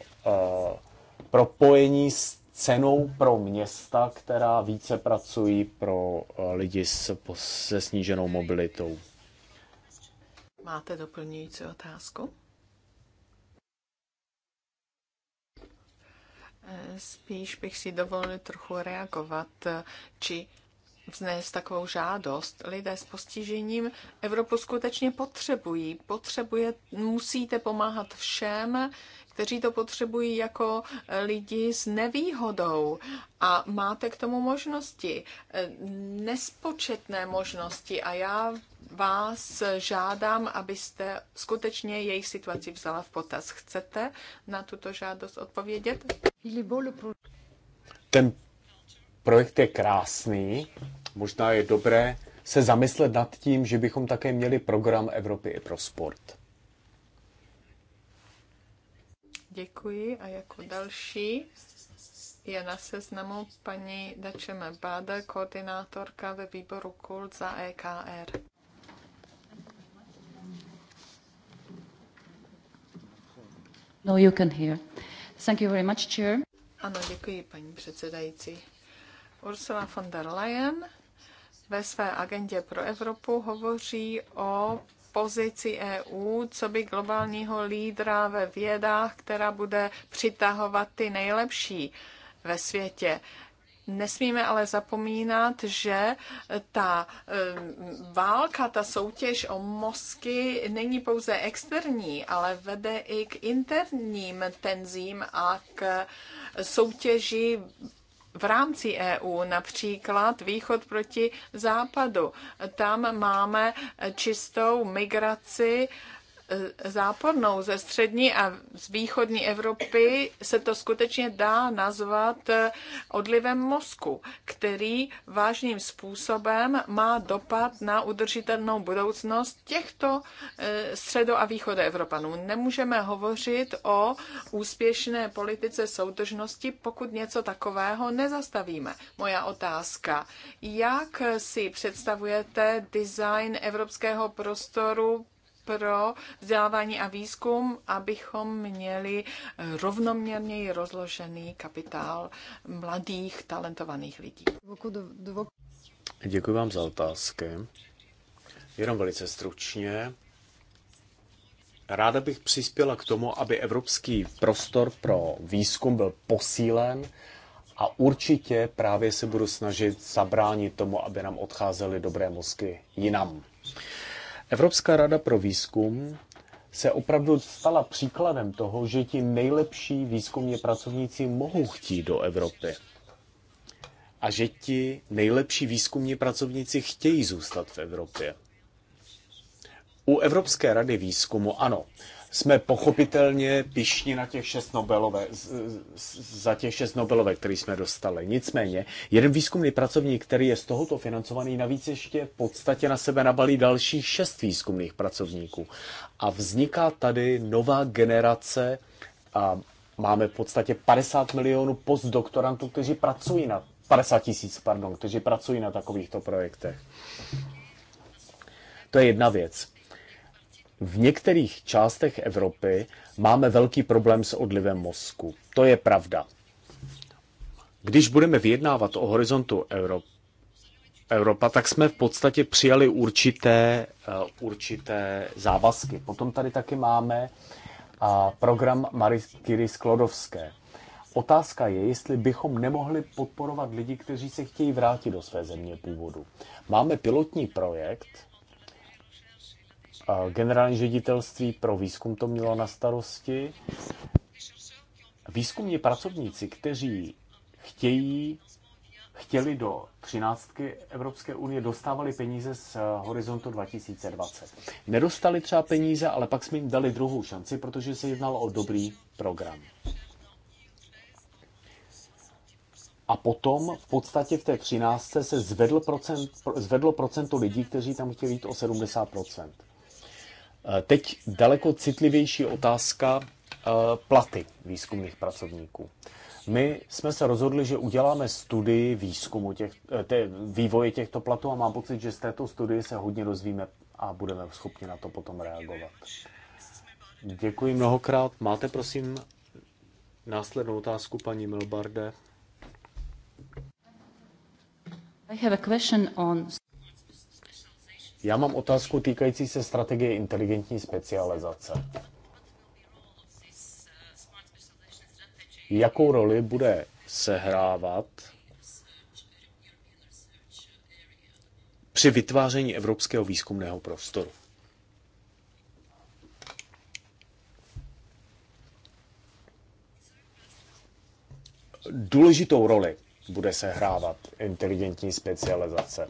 propojení s cenou pro města, která více pracují pro uh, lidi s, se sníženou mobilitou. Máte doplňující otázku? Eh, spíš bych si dovolil trochu reagovat, či dnes takovou žádost. Lidé s postižením Evropu skutečně potřebují. Potřebuje, musíte pomáhat všem, kteří to potřebují jako lidi s nevýhodou. A máte k tomu možnosti, eh, nespočetné možnosti. A já vás žádám, abyste skutečně jejich situaci vzala v potaz. Chcete na tuto žádost odpovědět? Ten Projekt je krásný, možná je dobré se zamyslet nad tím, že bychom také měli program Evropy i pro sport. Děkuji a jako další je na seznamu paní Dačeme Báda, koordinátorka ve výboru KULT za EKR. No, you can hear. Thank you very much, Chair. Ano, děkuji, paní předsedající. Ursula von der Leyen ve své agendě pro Evropu hovoří o pozici EU, co by globálního lídra ve vědách, která bude přitahovat ty nejlepší ve světě. Nesmíme ale zapomínat, že ta eh, válka, ta soutěž o mozky není pouze externí, ale vede i k interním tenzím a k soutěži v rámci EU, například východ proti západu. Tam máme čistou migraci E, západnou, ze střední a z východní Evropy se to skutečně dá nazvat e, odlivem mozku, který vážným způsobem má dopad na udržitelnou budoucnost těchto e, středo- a východ Evropanů. Nemůžeme hovořit o úspěšné politice soudržnosti, pokud něco takového nezastavíme. Moja otázka, jak si představujete design evropského prostoru pro vzdělávání a výzkum, abychom měli rovnoměrněji rozložený kapitál mladých, talentovaných lidí. Děkuji vám za otázky. Jenom velice stručně. Ráda bych přispěla k tomu, aby evropský prostor pro výzkum byl posílen a určitě právě se budu snažit zabránit tomu, aby nám odcházely dobré mozky jinam. Evropská rada pro výzkum se opravdu stala příkladem toho, že ti nejlepší výzkumní pracovníci mohou chtít do Evropy. A že ti nejlepší výzkumní pracovníci chtějí zůstat v Evropě. U Evropské rady výzkumu ano, jsme pochopitelně pišní na těch šest Nobelové, za těch šest Nobelové, který jsme dostali. Nicméně, jeden výzkumný pracovník, který je z tohoto financovaný, navíc ještě v podstatě na sebe nabalí dalších šest výzkumných pracovníků. A vzniká tady nová generace a máme v podstatě 50 milionů postdoktorantů, kteří pracují na 50 tisíc, pardon, kteří pracují na takovýchto projektech. To je jedna věc v některých částech Evropy máme velký problém s odlivem mozku. To je pravda. Když budeme vyjednávat o horizontu Evropy, Evropa, tak jsme v podstatě přijali určité, eh, určité závazky. Potom tady taky máme eh, program Marie Curie Sklodovské. Otázka je, jestli bychom nemohli podporovat lidi, kteří se chtějí vrátit do své země původu. Máme pilotní projekt, Generální ředitelství pro výzkum to mělo na starosti. Výzkumní pracovníci, kteří chtějí, chtěli do 13. Evropské unie, dostávali peníze z horizontu 2020. Nedostali třeba peníze, ale pak jsme jim dali druhou šanci, protože se jednalo o dobrý program. A potom v podstatě v té 13. se zvedl procent, zvedlo procento lidí, kteří tam chtěli jít o 70%. Teď daleko citlivější otázka e, platy výzkumných pracovníků. My jsme se rozhodli, že uděláme studii výzkumu těch, e, té, vývoje těchto platů a mám pocit, že z této studie se hodně dozvíme a budeme schopni na to potom reagovat. Děkuji mnohokrát. Máte prosím následnou otázku, paní Milbarde? I have a question on... Já mám otázku týkající se strategie inteligentní specializace. Jakou roli bude sehrávat při vytváření evropského výzkumného prostoru? Důležitou roli bude sehrávat inteligentní specializace.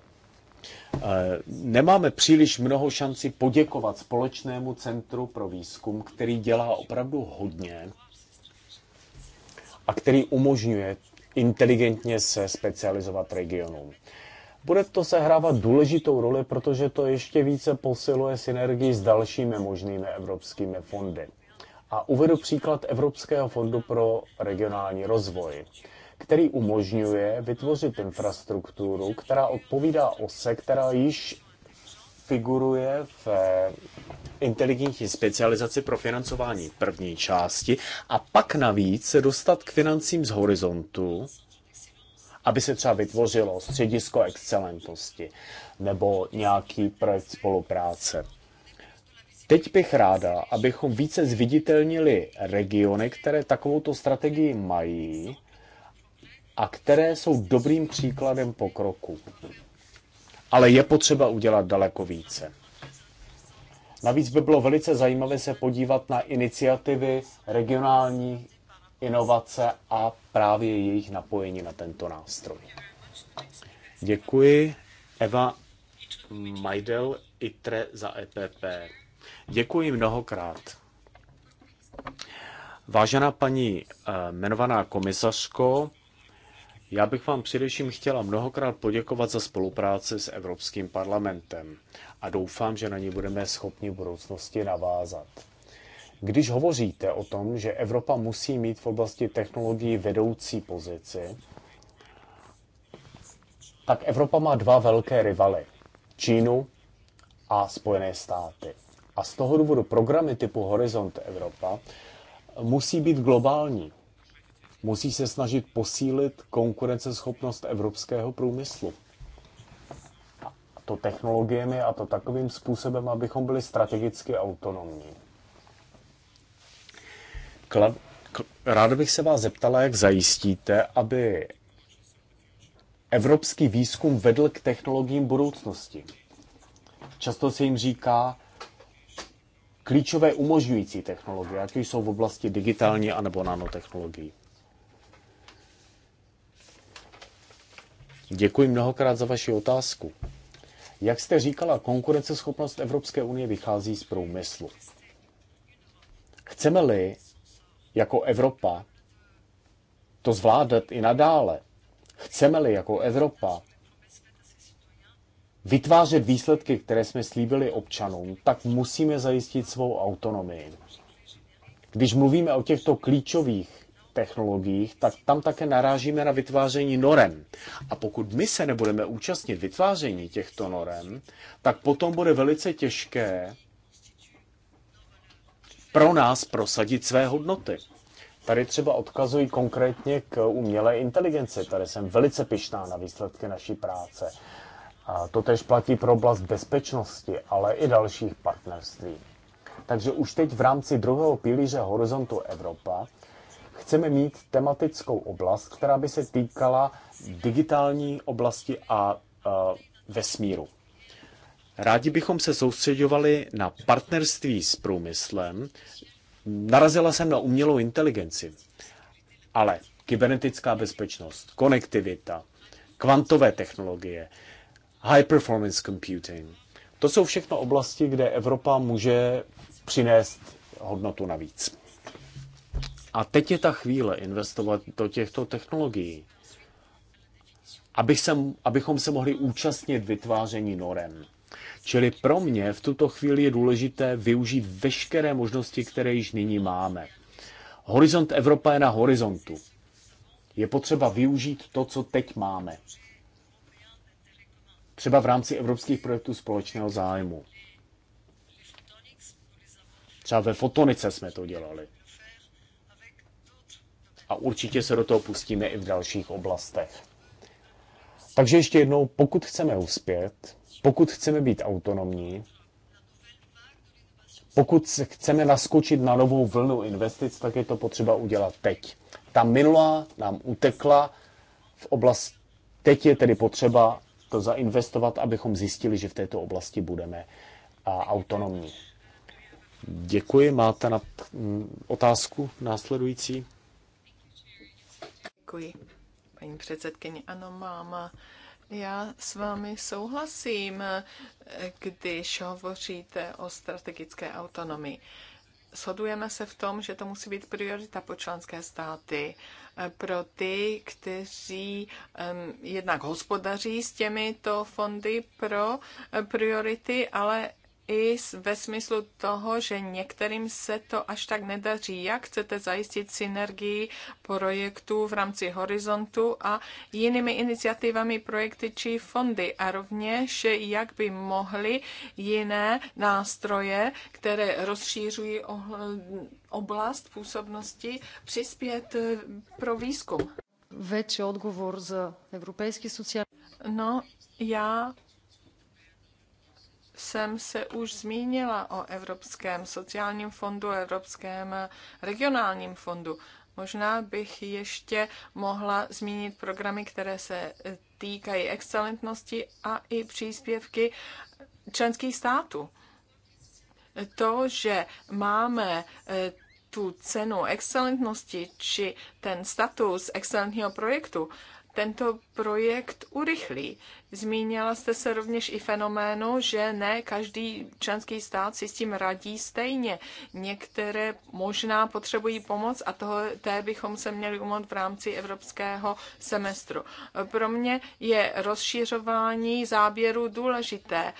Eh, nemáme příliš mnoho šanci poděkovat Společnému centru pro výzkum, který dělá opravdu hodně a který umožňuje inteligentně se specializovat regionům. Bude to sehrávat důležitou roli, protože to ještě více posiluje synergii s dalšími možnými evropskými fondy. A uvedu příklad Evropského fondu pro regionální rozvoj který umožňuje vytvořit infrastrukturu, která odpovídá ose, která již figuruje v eh, inteligentní specializaci pro financování první části a pak navíc se dostat k financím z horizontu, aby se třeba vytvořilo středisko excelentnosti nebo nějaký projekt spolupráce. Teď bych ráda, abychom více zviditelnili regiony, které takovouto strategii mají a které jsou dobrým příkladem pokroku. Ale je potřeba udělat daleko více. Navíc by bylo velice zajímavé se podívat na iniciativy regionální inovace a právě jejich napojení na tento nástroj. Děkuji Eva Majdel Itre za EPP. Děkuji mnohokrát. Vážená paní eh, jmenovaná komisařko, já bych vám především chtěla mnohokrát poděkovat za spolupráci s Evropským parlamentem a doufám, že na ní budeme schopni v budoucnosti navázat. Když hovoříte o tom, že Evropa musí mít v oblasti technologií vedoucí pozici, tak Evropa má dva velké rivaly. Čínu a Spojené státy. A z toho důvodu programy typu Horizont Evropa musí být globální. Musí se snažit posílit konkurenceschopnost evropského průmyslu. A to technologiemi a to takovým způsobem, abychom byli strategicky autonomní. Klad... rád bych se vás zeptala, jak zajistíte, aby evropský výzkum vedl k technologiím budoucnosti. Často se jim říká klíčové umožňující technologie, ať už jsou v oblasti digitální anebo nanotechnologií. Děkuji mnohokrát za vaši otázku. Jak jste říkala, konkurenceschopnost Evropské unie vychází z průmyslu. Chceme-li jako Evropa to zvládat i nadále, chceme-li jako Evropa vytvářet výsledky, které jsme slíbili občanům, tak musíme zajistit svou autonomii. Když mluvíme o těchto klíčových technologiích, tak tam také narážíme na vytváření norem. A pokud my se nebudeme účastnit vytváření těchto norem, tak potom bude velice těžké pro nás prosadit své hodnoty. Tady třeba odkazují konkrétně k umělé inteligenci. Tady jsem velice pišná na výsledky naší práce. A to tež platí pro oblast bezpečnosti, ale i dalších partnerství. Takže už teď v rámci druhého pilíře Horizontu Evropa chceme mít tematickou oblast, která by se týkala digitální oblasti a vesmíru. Rádi bychom se soustředovali na partnerství s průmyslem. Narazila jsem na umělou inteligenci, ale kybernetická bezpečnost, konektivita, kvantové technologie, high performance computing. To jsou všechno oblasti, kde Evropa může přinést hodnotu navíc. A teď je ta chvíle investovat do těchto technologií, abych se, abychom se mohli účastnit vytváření norem. Čili pro mě v tuto chvíli je důležité využít veškeré možnosti, které již nyní máme. Horizont Evropa je na horizontu. Je potřeba využít to, co teď máme. Třeba v rámci evropských projektů společného zájmu. Třeba ve fotonice jsme to dělali a určitě se do toho pustíme i v dalších oblastech. Takže ještě jednou, pokud chceme uspět, pokud chceme být autonomní, pokud chceme naskočit na novou vlnu investic, tak je to potřeba udělat teď. Ta minulá nám utekla v oblasti teď je tedy potřeba to zainvestovat, abychom zjistili, že v této oblasti budeme autonomní. Děkuji, máte na mm, otázku následující? Děkuji, paní předsedkyně. Ano, máma. Já s vámi souhlasím, když hovoříte o strategické autonomii. Shodujeme se v tom, že to musí být priorita po členské státy, pro ty, kteří um, jednak hospodaří s těmito fondy pro priority, ale i ve smyslu toho, že některým se to až tak nedaří. Jak chcete zajistit synergii projektů v rámci Horizontu a jinými iniciativami projekty či fondy a rovněž jak by mohly jiné nástroje, které rozšířují oblast působnosti, přispět eh, pro výzkum. Větší odgovor za Evropský sociální. No, já jsem se už zmínila o Evropském sociálním fondu, Evropském regionálním fondu. Možná bych ještě mohla zmínit programy, které se týkají excelentnosti a i příspěvky členských států. To, že máme eh, tu cenu excelentnosti či ten status excelentního projektu, tento projekt urychlí. Zmínila jste se rovněž i fenoménu, že ne každý členský stát si s tím radí stejně. Některé možná potřebují pomoc a toho, té bychom se měli umout v rámci evropského semestru. Pro mě je rozšířování záběru důležité.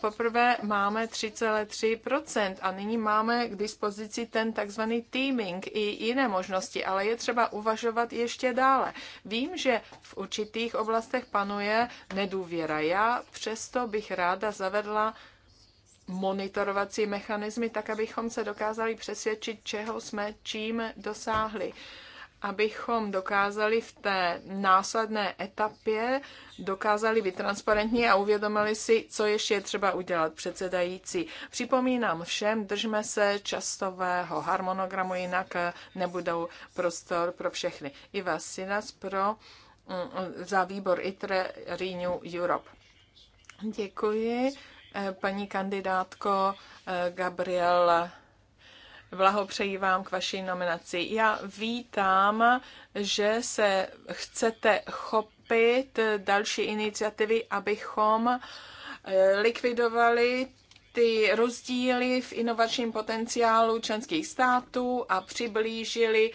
Poprvé máme 3,3% a nyní máme k dispozici ten takzvaný teaming i jiné možnosti, ale je třeba uvažovat ještě dále. Vím, že v určitých oblastech panuje ne nedůvěra. Já přesto bych ráda zavedla monitorovací mechanismy, tak abychom se dokázali přesvědčit, čeho jsme čím dosáhli. Abychom dokázali v té následné etapě, dokázali být transparentní a uvědomili si, co ještě je třeba udělat předsedající. Připomínám všem, držme se častového harmonogramu, jinak nebudou prostor pro všechny. I vás si nás pro Mm, za výbor ITRE Renew Europe. Děkuji, eh, paní kandidátko eh, Gabriel. Blahopřeji vám k vaší nominaci. Já vítám, že se chcete chopit další iniciativy, abychom eh, likvidovali ty rozdíly v inovačním potenciálu členských států a přiblížili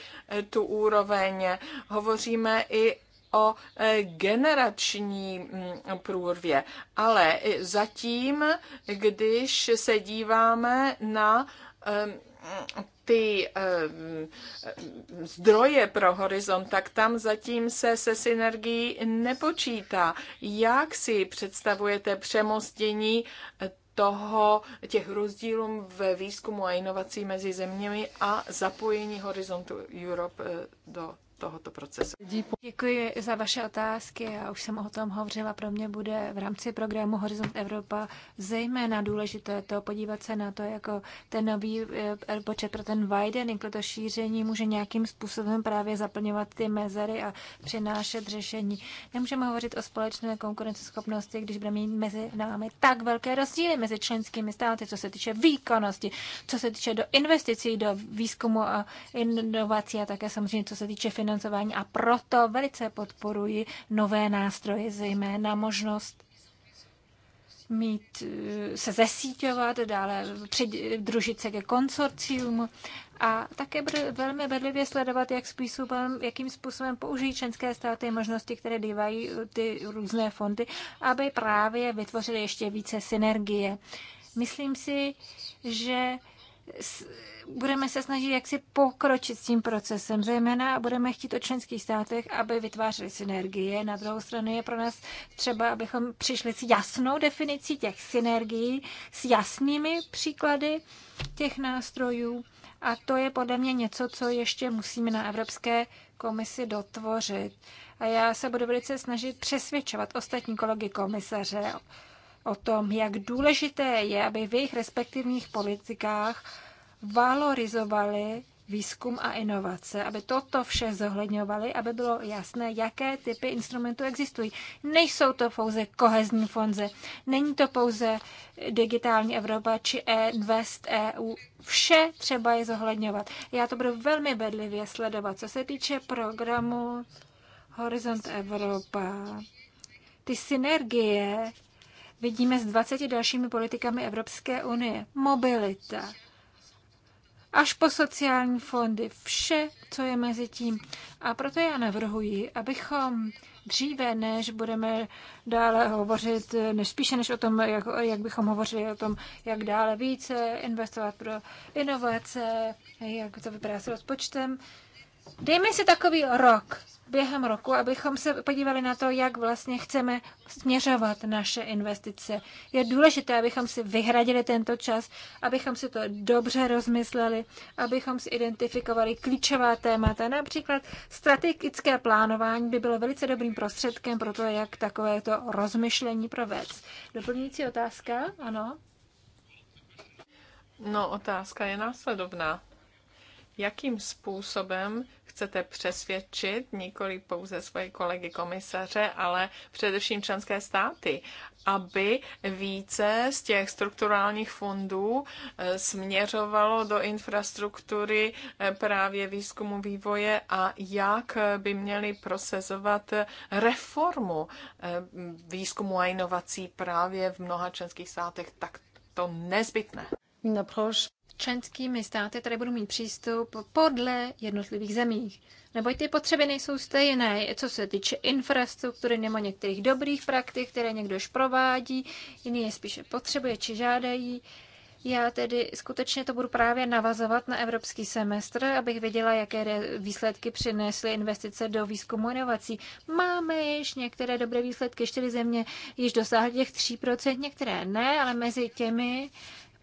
tu úroveň. Hovoříme i o e, generační mm, průrvě. Ale zatím, když se díváme na ty zdroje pro horizont, tak tam zatím se se synergií nepočítá. Jak si představujete přemostění toho, těch rozdílů ve výzkumu a inovací mezi zeměmi a zapojení Horizontu Europe e, do tohoto procesu. Děkuji za vaše otázky. Já už jsem o tom hovořila. Pro mě bude v rámci programu Horizont Evropa zejména důležité to podívat se na to, jako ten nový eh, počet pro ten widening, to šíření může nějakým způsobem právě zaplňovat ty mezery a přinášet řešení. Nemůžeme hovořit o společné konkurenceschopnosti, když budeme mít mezi námi tak velké rozdíly mezi členskými státy, co se týče výkonnosti, co se týče do investicí, do výzkumu a inovací a také samozřejmě co se týče financí financování a proto velice podporuji nové nástroje, zejména možnost mít, eh, se zesíťovat, dále přidružit se ke konsorcium a také bude velmi bedlivě sledovat, jak způsobem, jakým způsobem použijí členské státy možnosti, které dívají eh, ty různé fondy, aby právě vytvořily ještě více synergie. Myslím si, že budeme se snažit jaksi pokročit s tím procesem, zejména budeme chtít o členských státech, aby vytvářely synergie. Na druhou stranu je pro nás třeba, abychom přišli s jasnou definicí těch synergií, s jasnými příklady těch nástrojů. A to je podle mě něco, co ještě musíme na Evropské komisi dotvořit. A já se budu velice snažit přesvědčovat ostatní kolegy komisaře o tom, jak důležité je, aby v jejich respektivních politikách valorizovali výzkum a inovace, aby toto vše zohledňovali, aby bylo jasné, jaké typy instrumentů existují. Nejsou to pouze kohezní fonze, není to pouze digitální Evropa či Invest EU. Vše třeba je zohledňovat. Já to budu velmi bedlivě sledovat. Co se týče programu Horizont Evropa, ty synergie vidíme s 20 dalšími politikami Evropské unie. Mobilita, až po sociální fondy, vše, co je mezi tím. A proto já navrhuji, abychom dříve, než budeme dále hovořit, než spíše než o tom, jak, jak bychom hovořili o tom, jak dále více investovat pro inovace, jak to vypadá s rozpočtem, dejme si takový rok, během roku, abychom se podívali na to, jak vlastně chceme směřovat naše investice. Je důležité, abychom si vyhradili tento čas, abychom si to dobře rozmysleli, abychom si identifikovali klíčová témata. Například strategické plánování by bylo velice dobrým prostředkem pro to, jak takovéto rozmyšlení provést. Doplňující otázka? Ano. No, otázka je následovná jakým způsobem chcete přesvědčit nikoli pouze svoje kolegy komisaře, ale především členské státy, aby více z těch strukturálních fondů eh, směřovalo do infrastruktury eh, právě výzkumu vývoje a jak eh, by měli prosazovat reformu výzkumu a inovací právě v mnoha členských státech tak to nezbytné. Členskými státy tady budou mít přístup podle jednotlivých zemích. Neboť ty potřeby nejsou stejné, co se týče infrastruktury nebo některých dobrých praktik, které někdož provádí, jiný je spíše potřebuje či žádají. Já tedy skutečně to budu právě navazovat na evropský semestr, abych věděla, jaké výsledky přinesly investice do výzkumu inovací. Máme již některé dobré výsledky, čtyři země již dosáhly těch 3%, některé ne, ale mezi těmi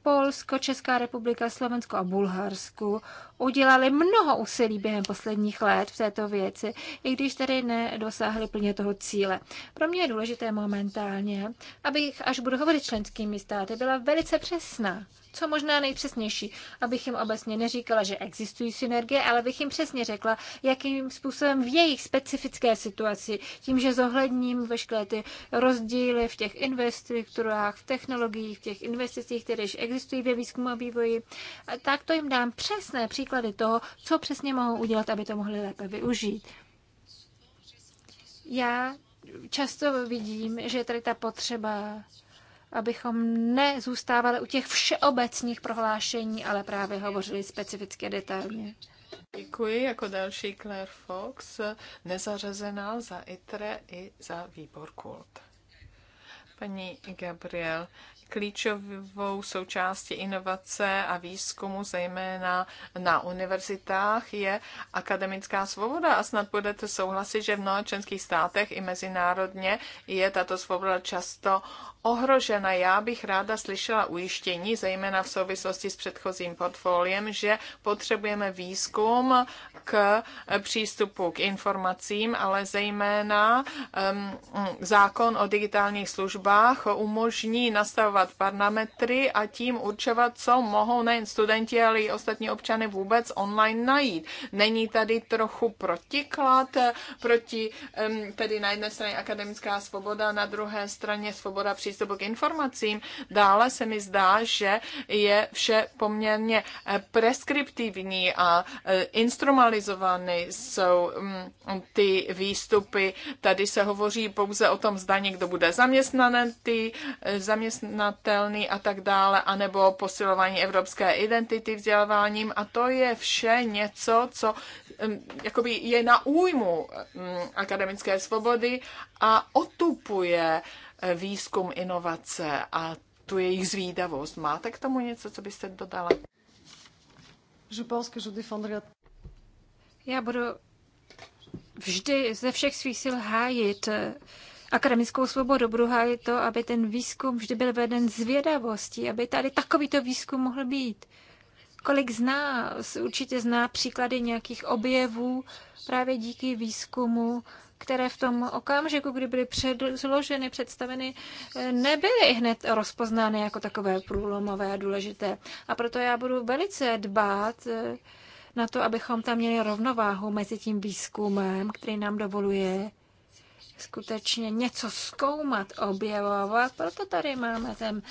Polsko, Česká republika, Slovensko a Bulharsku udělali mnoho úsilí během posledních let v této věci, i když tedy nedosáhli plně toho cíle. Pro mě je důležité momentálně, abych, až budu hovořit členskými státy, byla velice přesná co možná nejpřesnější, abych jim obecně neříkala, že existují synergie, ale bych jim přesně řekla, jakým způsobem v jejich specifické situaci, tím, že zohledním veškeré ty rozdíly v těch investicích, v technologiích, v těch investicích, které existují ve výzkumu a vývoji, tak to jim dám přesné příklady příklady toho, co přesně mohou udělat, aby to mohli lépe využít. Já často vidím, že je tady ta potřeba abychom nezůstávali u těch všeobecných prohlášení, ale právě hovořili specificky detailně. Děkuji jako další Claire Fox, nezařazená za ITRE i za výbor KULT. Paní Gabriel, Klíčovou součástí inovace a výzkumu, zejména na univerzitách, je akademická svoboda. A snad budete souhlasit, že v mnoha členských státech i mezinárodně je tato svoboda často ohrožena. Já bych ráda slyšela ujištění, zejména v souvislosti s předchozím portfoliem, že potřebujeme výzkum k přístupu k informacím, ale zejména um, zákon o digitálních službách umožní nastavovat parametry a tím určovat, co mohou nejen studenti, ale i ostatní občany vůbec online najít. Není tady trochu protiklad proti, um, tedy na jedné straně akademická svoboda, na druhé straně svoboda přístupu přístup k informacím. Dále se mi zdá, že je vše poměrně eh, preskriptivní a eh, instrumentalizovány jsou mm, ty výstupy. Tady se hovoří pouze o tom, zda někdo bude zaměstnaný, eh, zaměstnatelný a tak dále, anebo posilování evropské identity vzděláváním a to je vše něco, co mm, jakoby je na újmu mm, akademické svobody a otupuje výzkum, inovace a tu jejich zvídavost. Máte k tomu něco, co byste dodala? Já budu vždy ze všech svých sil hájit eh, akademickou svobodu. Budu hájit to, aby ten výzkum vždy byl veden zvědavostí, aby tady takovýto výzkum mohl být. Kolik zná, určitě zná příklady nějakých objevů právě díky výzkumu, které v tom okamžiku, kdy byly předloženy, představeny, eh, nebyly hned rozpoznány jako takové průlomové a důležité. A proto já budu velice dbát eh, na to, abychom tam měli rovnováhu mezi tím výzkumem, který nám dovoluje skutečně něco zkoumat, objevovat. Proto tady máme ten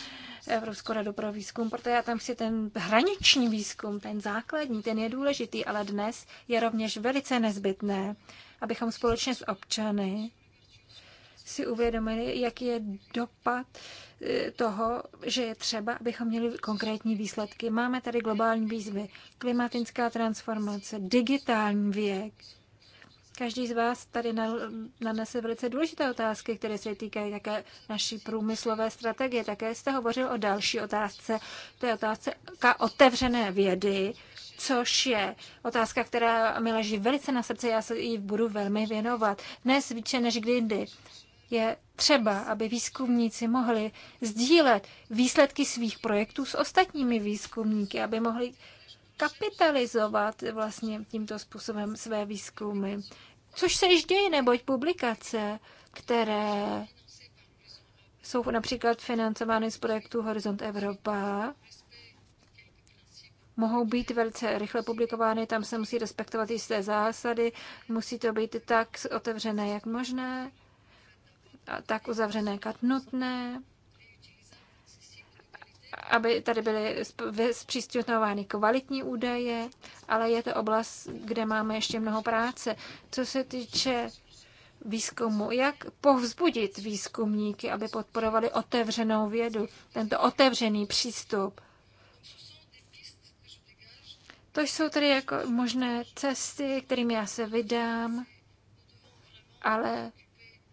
Evropskou radu pro výzkum, proto já tam chci ten hraniční výzkum, ten základní, ten je důležitý, ale dnes je rovněž velice nezbytné, abychom společně s občany si uvědomili, jaký je dopad eh, toho, že je třeba, abychom měli konkrétní výsledky. Máme tady globální výzvy, klimatická transformace, digitální věk, Každý z vás tady nanese velice důležité otázky, které se týkají také naší průmyslové strategie. Také jste hovořil o další otázce, to je otázka otevřené vědy, což je otázka, která mi leží velice na srdci, já se jí budu velmi věnovat. Dnes více než kdy jindy je třeba, aby výzkumníci mohli sdílet výsledky svých projektů s ostatními výzkumníky, aby mohli kapitalizovat vlastně tímto způsobem své výzkumy. Což se již děje, neboť publikace, které jsou například financovány z projektu Horizont Evropa, mohou být velice rychle publikovány, tam se musí respektovat jisté zásady, musí to být tak otevřené, jak možné, a tak uzavřené, jak nutné aby tady byly zpřístupňovány kvalitní údaje, ale je to oblast, kde máme ještě mnoho práce. Co se týče výzkumu, jak povzbudit výzkumníky, aby podporovali otevřenou vědu, tento otevřený přístup. To jsou tedy jako možné cesty, kterými já se vydám, ale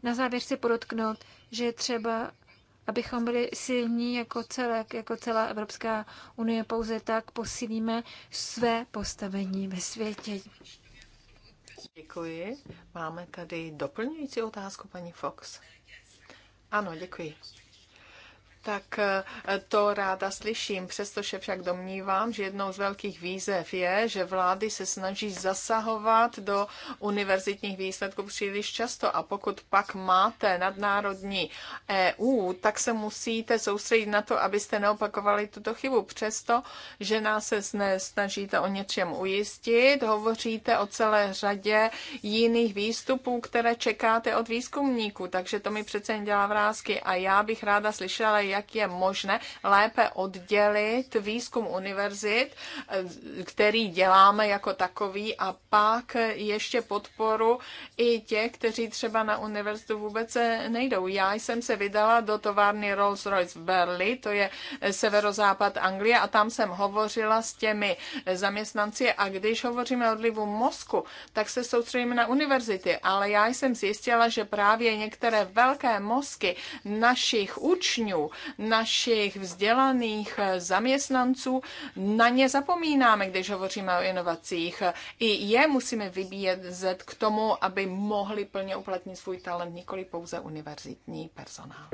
na závěr chci podotknout, že je třeba abychom byli silní jako celek, jako celá Evropská unie. Pouze tak posílíme své postavení ve světě. Děkuji. Máme tady doplňující otázku, paní Fox. Ano, děkuji tak eh, to ráda slyším. Přesto se však domnívám, že jednou z velkých výzev je, že vlády se snaží zasahovat do univerzitních výsledků příliš často a pokud pak máte nadnárodní EU, tak se musíte soustředit na to, abyste neopakovali tuto chybu. Přesto, že nás se snažíte o něčem ujistit, hovoříte o celé řadě jiných výstupů, které čekáte od výzkumníků, takže to mi přece dělá vrázky a já bych ráda slyšela, jak je možné lépe oddělit výzkum univerzit, který děláme jako takový a pak ještě podporu i těch, kteří třeba na univerzitu vůbec nejdou. Já jsem se vydala do továrny Rolls-Royce v Berli, to je severozápad Anglie a tam jsem hovořila s těmi zaměstnanci a když hovoříme o odlivu mozku, tak se soustředíme na univerzity, ale já jsem zjistila, že právě některé velké mozky našich učňů našich vzdělaných eh, zaměstnanců, na ně zapomínáme, když hovoříme o inovacích. I je musíme vybíjet k tomu, aby mohli plně uplatnit svůj talent, nikoli pouze univerzitní personál.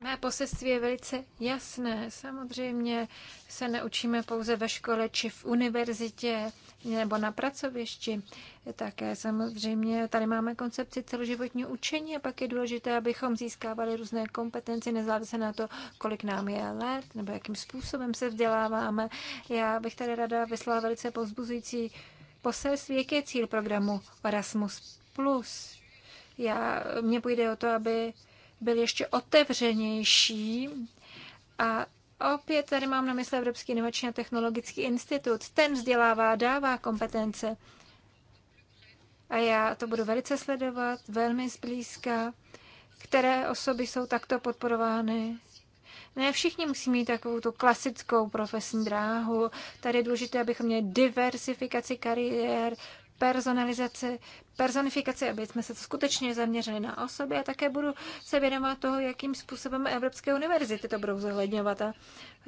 Mé poselství je velice jasné. Samozřejmě se neučíme pouze ve škole či v univerzitě nebo na pracovišti. Také samozřejmě tady máme koncepci celoživotního učení a pak je důležité, abychom získávali různé kompetence nezávisle na to, kolik nám je let nebo jakým způsobem se vzděláváme. Já bych tady rada vyslala velice povzbuzující poselství, jaký je cíl programu Erasmus+. Plus já, mně půjde o to, aby byl ještě otevřenější a opět tady mám na mysli Evropský inovační a technologický institut. Ten vzdělává, dává kompetence. A já to budu velice sledovat, velmi zblízka, které osoby jsou takto podporovány. Ne všichni musí mít takovou tu klasickou profesní dráhu. Tady je důležité, abychom měli diversifikaci kariér, personalizaci, personifikaci, aby jsme se skutečně zaměřili na osoby a také budu se věnovat toho, jakým způsobem Evropské univerzity to budou zohledňovat. A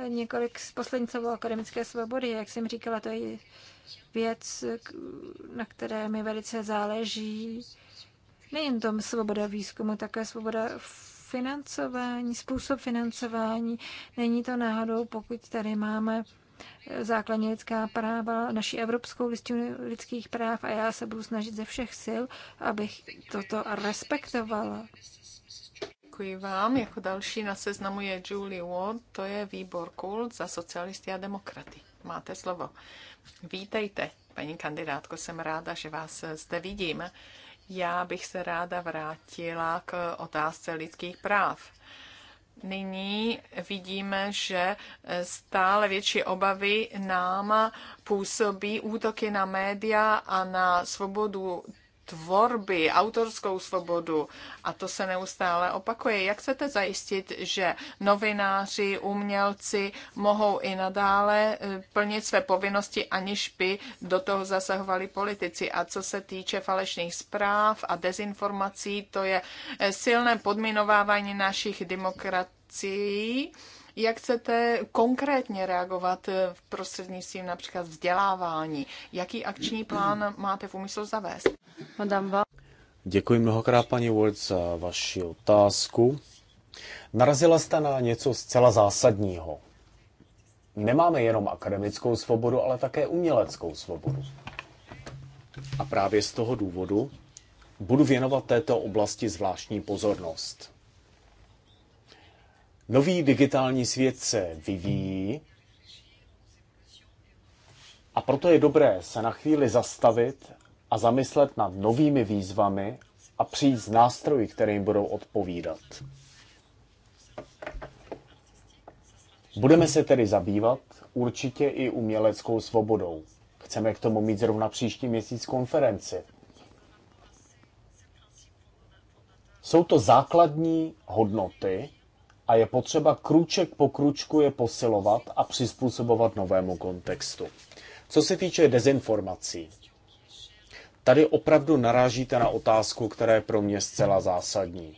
několik z posledních akademické svobody, jak jsem říkala, to je věc, na které mi velice záleží. Nejen tom svoboda výzkumu, také svoboda financování, způsob financování. Není to náhodou, pokud tady máme základní lidská práva, naší Evropskou listinu lidských práv a já se budu snažit ze všech sil, abych toto respektovala. Děkuji vám. Jako další na seznamu je Julie Ward, to je výbor KULT za socialisty a demokraty. Máte slovo. Vítejte, paní kandidátko, jsem ráda, že vás zde vidím. Já bych se ráda vrátila k otázce lidských práv nyní vidíme, že stále větší obavy nám působí útoky na média a na svobodu tvorby, autorskou svobodu a to se neustále opakuje. Jak chcete zajistit, že novináři, umělci mohou i nadále eh, plnit své povinnosti, aniž by do toho zasahovali politici? A co se týče falešných zpráv a dezinformací, to je eh, silné podminovávání našich demokracií jak chcete konkrétně reagovat v eh, prostřednictvím například vzdělávání? Jaký akční plán máte v úmyslu zavést? Děkuji mnohokrát, paní Ward, za vaši otázku. Narazila jste na něco zcela zásadního. Nemáme jenom akademickou svobodu, ale také uměleckou svobodu. A právě z toho důvodu budu věnovat této oblasti zvláštní pozornost. Nový digitální svět se vyvíjí a proto je dobré se na chvíli zastavit a zamyslet nad novými výzvami a přijít s nástroji, které jim budou odpovídat. Budeme se tedy zabývat určitě i uměleckou svobodou. Chceme k tomu mít zrovna příští měsíc konferenci. Jsou to základní hodnoty, a je potřeba krůček po krůčku je posilovat a přizpůsobovat novému kontextu. Co se týče dezinformací, tady opravdu narážíte na otázku, která je pro mě zcela zásadní.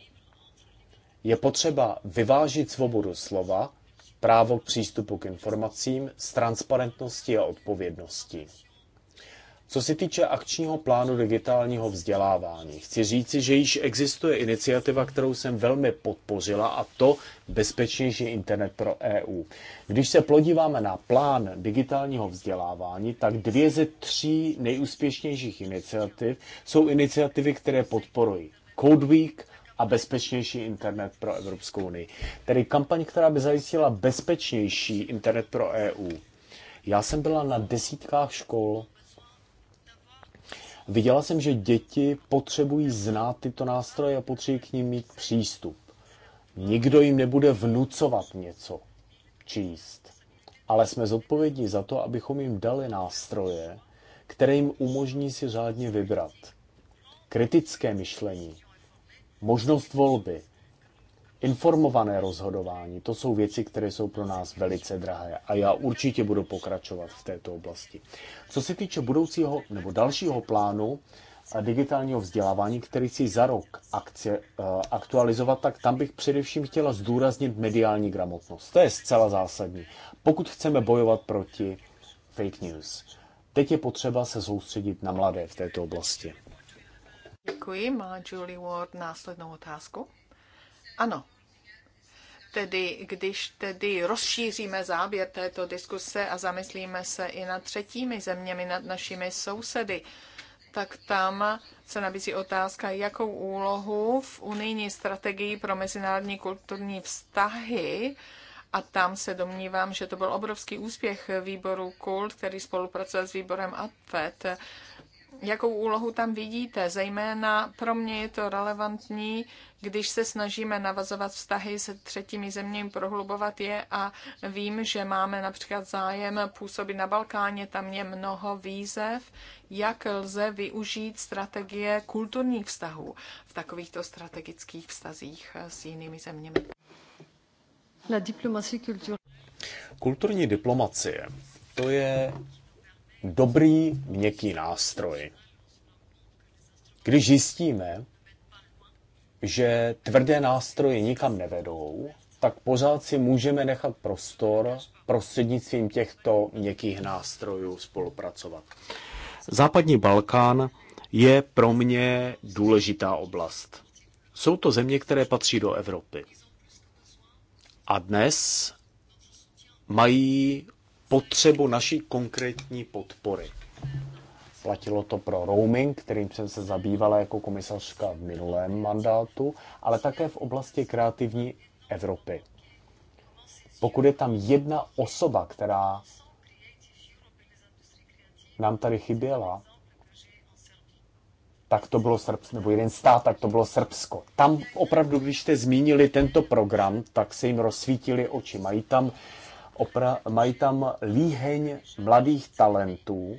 Je potřeba vyvážit svobodu slova, právo k přístupu k informacím s transparentností a odpovědností. Co se týče akčního plánu digitálního vzdělávání, chci říci, že již existuje iniciativa, kterou jsem velmi podpořila, a to bezpečnější internet pro EU. Když se podíváme na plán digitálního vzdělávání, tak dvě ze tří nejúspěšnějších iniciativ jsou iniciativy, které podporují Code Week, a bezpečnější internet pro Evropskou unii. Tedy kampaň, která by zajistila bezpečnější internet pro EU. Já jsem byla na desítkách škol Viděla jsem, že děti potřebují znát tyto nástroje a potřebují k ním mít přístup. Nikdo jim nebude vnucovat něco číst, ale jsme zodpovědní za to, abychom jim dali nástroje, které jim umožní si řádně vybrat. Kritické myšlení, možnost volby, informované rozhodování, to jsou věci, které jsou pro nás velice drahé a já určitě budu pokračovat v této oblasti. Co se týče budoucího nebo dalšího plánu eh, digitálního vzdělávání, který si za rok akce, eh, aktualizovat, tak tam bych především chtěla zdůraznit mediální gramotnost. To je zcela zásadní. Pokud chceme bojovat proti fake news, teď je potřeba se soustředit na mladé v této oblasti. Děkuji. Má Julie Ward následnou otázku? Ano, tedy, když tedy rozšíříme záběr této diskuse a zamyslíme se i nad třetími zeměmi, nad našimi sousedy, tak tam se nabízí otázka, jakou úlohu v unijní strategii pro mezinárodní kulturní vztahy a tam se domnívám, že to byl obrovský úspěch výboru KULT, který spolupracuje s výborem ATFET, jakou úlohu tam vidíte. Zejména pro mě je to relevantní, když se snažíme navazovat vztahy se třetími zeměmi, prohlubovat je a vím, že máme například zájem působit na Balkáně, tam je mnoho výzev, jak lze využít strategie kulturních vztahů v takovýchto strategických vztazích s jinými zeměmi. La diplomatie Kulturní diplomacie, to je dobrý měkký nástroj. Když zjistíme, že tvrdé nástroje nikam nevedou, tak pořád si můžeme nechat prostor prostřednictvím těchto měkkých nástrojů spolupracovat. Západní Balkán je pro mě důležitá oblast. Jsou to země, které patří do Evropy. A dnes mají potřebu naší konkrétní podpory. Platilo to pro roaming, kterým jsem se zabývala jako komisařka v minulém mandátu, ale také v oblasti kreativní Evropy. Pokud je tam jedna osoba, která nám tady chyběla, tak to bylo Srbsko, nebo jeden stát, tak to bylo Srbsko. Tam opravdu, když jste zmínili tento program, tak se jim rozsvítili oči. Mají tam opra, mají tam líheň mladých talentů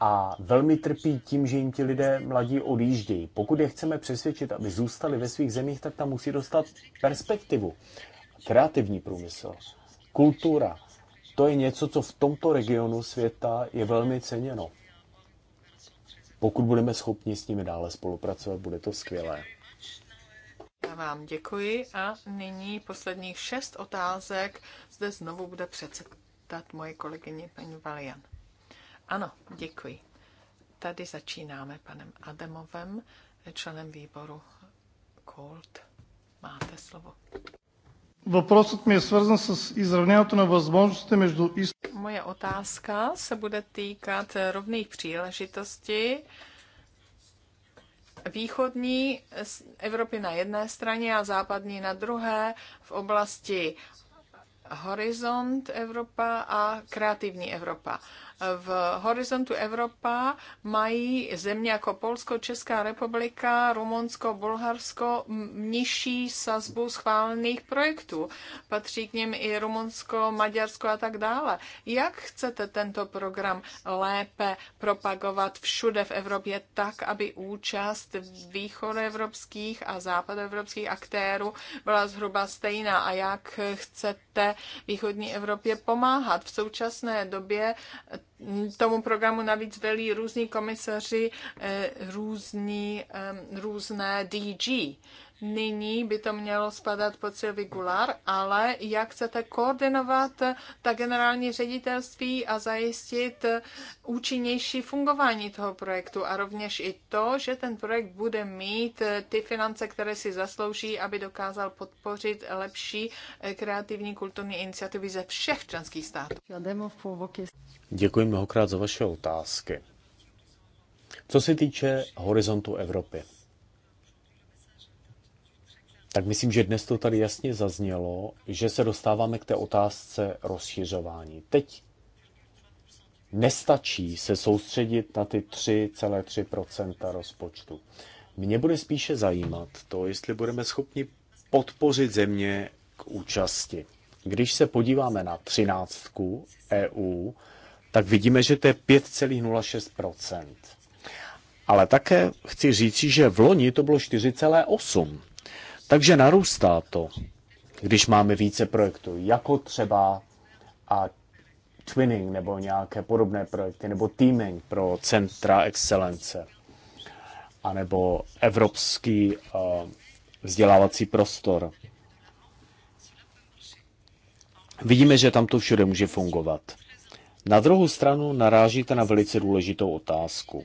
a velmi trpí tím, že jim ti lidé mladí odjíždějí. Pokud je chceme přesvědčit, aby zůstali ve svých zemích, tak tam musí dostat perspektivu. Kreativní průmysl, kultura, to je něco, co v tomto regionu světa je velmi ceněno. Pokud budeme schopni s nimi dále spolupracovat, bude to skvělé. Já vám děkuji a nyní posledních šest otázek. Zde znovu bude předsedat moje kolegyně paní Valian. Ano, děkuji. Tady začínáme panem Adamovem, členem výboru Kolt Máte slovo. Въпросът mi je свързан s изравняването na възможностите mezi. Moje otázka se bude týkat rovných příležitostí východní Evropy na jedné straně a západní na druhé v oblasti Horizont Evropa a Kreativní Evropa. V horizontu Evropa mají země jako Polsko, Česká republika, Rumunsko, Bulharsko nižší sazbu schválených projektů. Patří k něm i Rumunsko, Maďarsko a tak dále. Jak chcete tento program lépe propagovat všude v Evropě tak, aby účast východoevropských a západoevropských aktérů byla zhruba stejná a jak chcete východní Evropě pomáhat. V současné době tomu programu navíc velí různí komisaři, eh, různí, eh, různé DG. Nyní by to mělo spadat pod Silvi Gular, ale jak chcete koordinovat ta generální ředitelství a zajistit účinnější fungování toho projektu a rovněž i to, že ten projekt bude mít ty finance, které si zaslouží, aby dokázal podpořit lepší eh, kreativní kulturní iniciativy ze všech členských států. Děkuji mnohokrát za vaše otázky. Co se týče horizontu Evropy, tak myslím, že dnes to tady jasně zaznělo, že se dostáváme k té otázce rozšiřování. Teď nestačí se soustředit na ty 3,3 rozpočtu. Mě bude spíše zajímat to, jestli budeme schopni podpořit země k účasti. Když se podíváme na třináctku EU, tak vidíme, že to je 5,06 Ale také chci říci, že v loni to bylo 4,8 takže narůstá to, když máme více projektů, jako třeba a twinning nebo nějaké podobné projekty, nebo teaming pro centra excelence, anebo evropský uh, vzdělávací prostor. Vidíme, že tam to všude může fungovat. Na druhou stranu narážíte na velice důležitou otázku.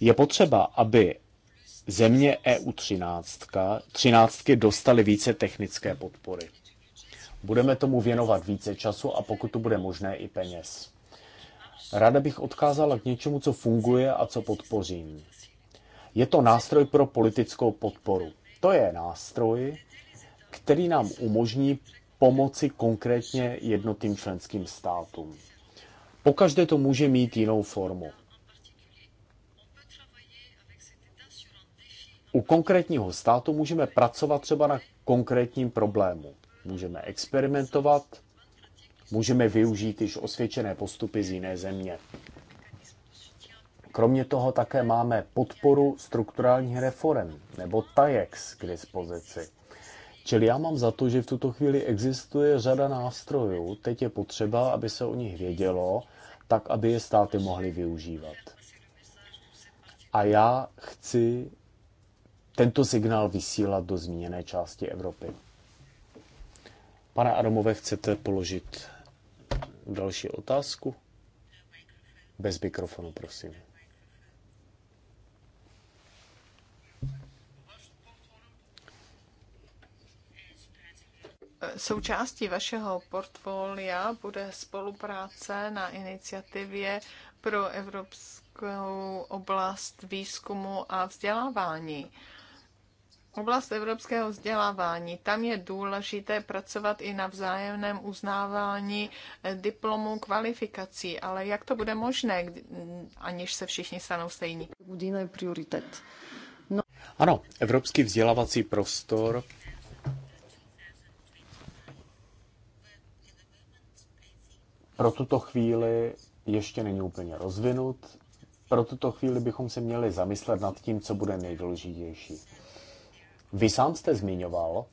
Je potřeba, aby země EU 13, 13 dostaly více technické podpory. Budeme tomu věnovat více času a pokud to bude možné i peněz. Ráda bych odkázala k něčemu, co funguje a co podpořím. Je to nástroj pro politickou podporu. To je nástroj, který nám umožní pomoci konkrétně jednotým členským státům. Pokaždé to může mít jinou formu. u konkrétního státu můžeme pracovat třeba na konkrétním problému. Můžeme experimentovat, můžeme využít již osvědčené postupy z jiné země. Kromě toho také máme podporu strukturálních reform nebo TAJEX k dispozici. Čili já mám za to, že v tuto chvíli existuje řada nástrojů, teď je potřeba, aby se o nich vědělo, tak aby je státy mohly využívat. A já chci tento signál vysílat do zmíněné části Evropy. Pane Aromové, chcete položit další otázku? Bez mikrofonu, prosím. Součástí vašeho portfolia bude spolupráce na iniciativě pro evropskou oblast výzkumu a vzdělávání. Oblast evropského vzdělávání. Tam je důležité pracovat i na vzájemném uznávání eh, diplomů, kvalifikací, ale jak to bude možné, aniž se všichni stanou stejní? Udíne prioritet. No. Ano, evropský vzdělávací prostor pro tuto chvíli ještě není úplně rozvinut. Pro tuto chvíli bychom se měli zamyslet nad tím, co bude nejdůležitější. Vy sám jste zmiňoval,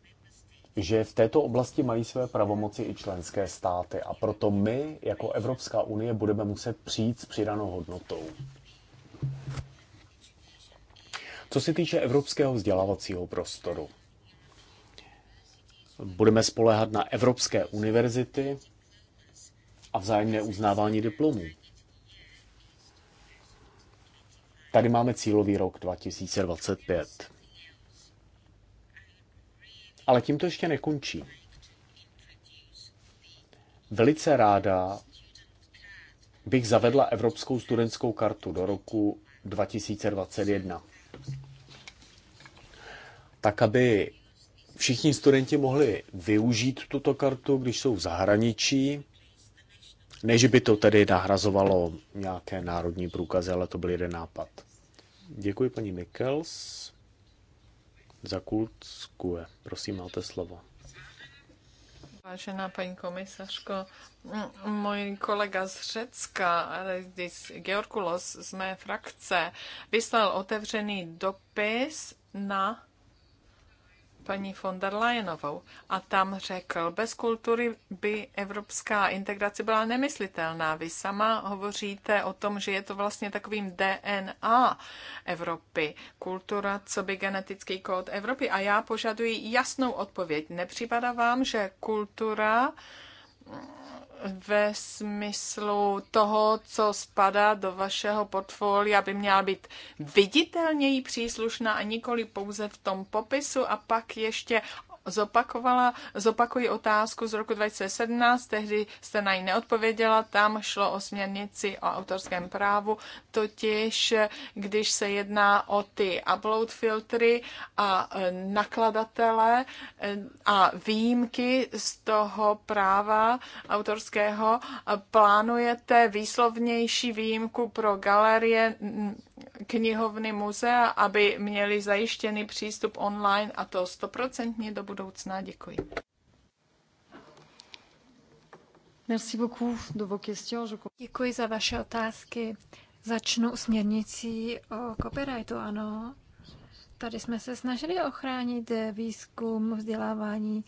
že v této oblasti mají své pravomoci i členské státy a proto my jako Evropská unie budeme muset přijít s přidanou hodnotou. Co se týče evropského vzdělávacího prostoru, budeme spolehat na evropské univerzity a vzájemné uznávání diplomů. Tady máme cílový rok 2025. Ale tím to ještě nekončí. Velice ráda bych zavedla Evropskou studentskou kartu do roku 2021. Tak, aby všichni studenti mohli využít tuto kartu, když jsou v zahraničí, než by to tedy nahrazovalo nějaké národní průkazy, ale to byl jeden nápad. Děkuji paní Mikkels. Za prosím, máte slovo. Vážená paní komisařko, můj kolega z Řecka, Georgulos z mé frakce, vyslal otevřený dopis na paní von der Leyenovou a tam řekl, bez kultury by evropská integrace byla nemyslitelná. Vy sama hovoříte o tom, že je to vlastně takovým DNA Evropy. Kultura, co by genetický kód Evropy. A já požaduji jasnou odpověď. Nepřipadá vám, že kultura ve smyslu toho, co spadá do vašeho portfolia, by měla být viditelněji příslušná a nikoli pouze v tom popisu a pak ještě zopakovala, zopakuji otázku z roku 2017, tehdy jste na ní neodpověděla, tam šlo o směrnici o autorském právu, totiž když se jedná o ty upload filtry a e, nakladatele e, a výjimky z toho práva autorského, plánujete výslovnější výjimku pro galerie, knihovny muzea, aby měli zajištěný přístup online a to stoprocentně do budoucna. Děkuji. Merci beaucoup de vos questions. Děkuji za vaše otázky. Začnu směrnicí o copyrightu, ano. Tady jsme se snažili ochránit výzkum, vzdělávání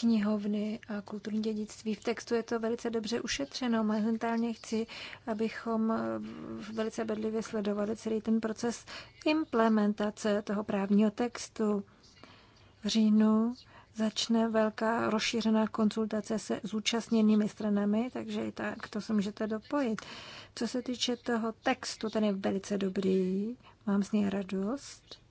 knihovny a kulturní dědictví. V textu je to velice dobře ušetřeno. Momentálně chci, abychom eh, velice bedlivě sledovali celý ten proces implementace toho právního textu. V říjnu začne velká rozšířená konzultace se zúčastněnými stranami, takže i tak to se můžete dopojit. Co se týče toho textu, ten je velice dobrý, mám z něj radost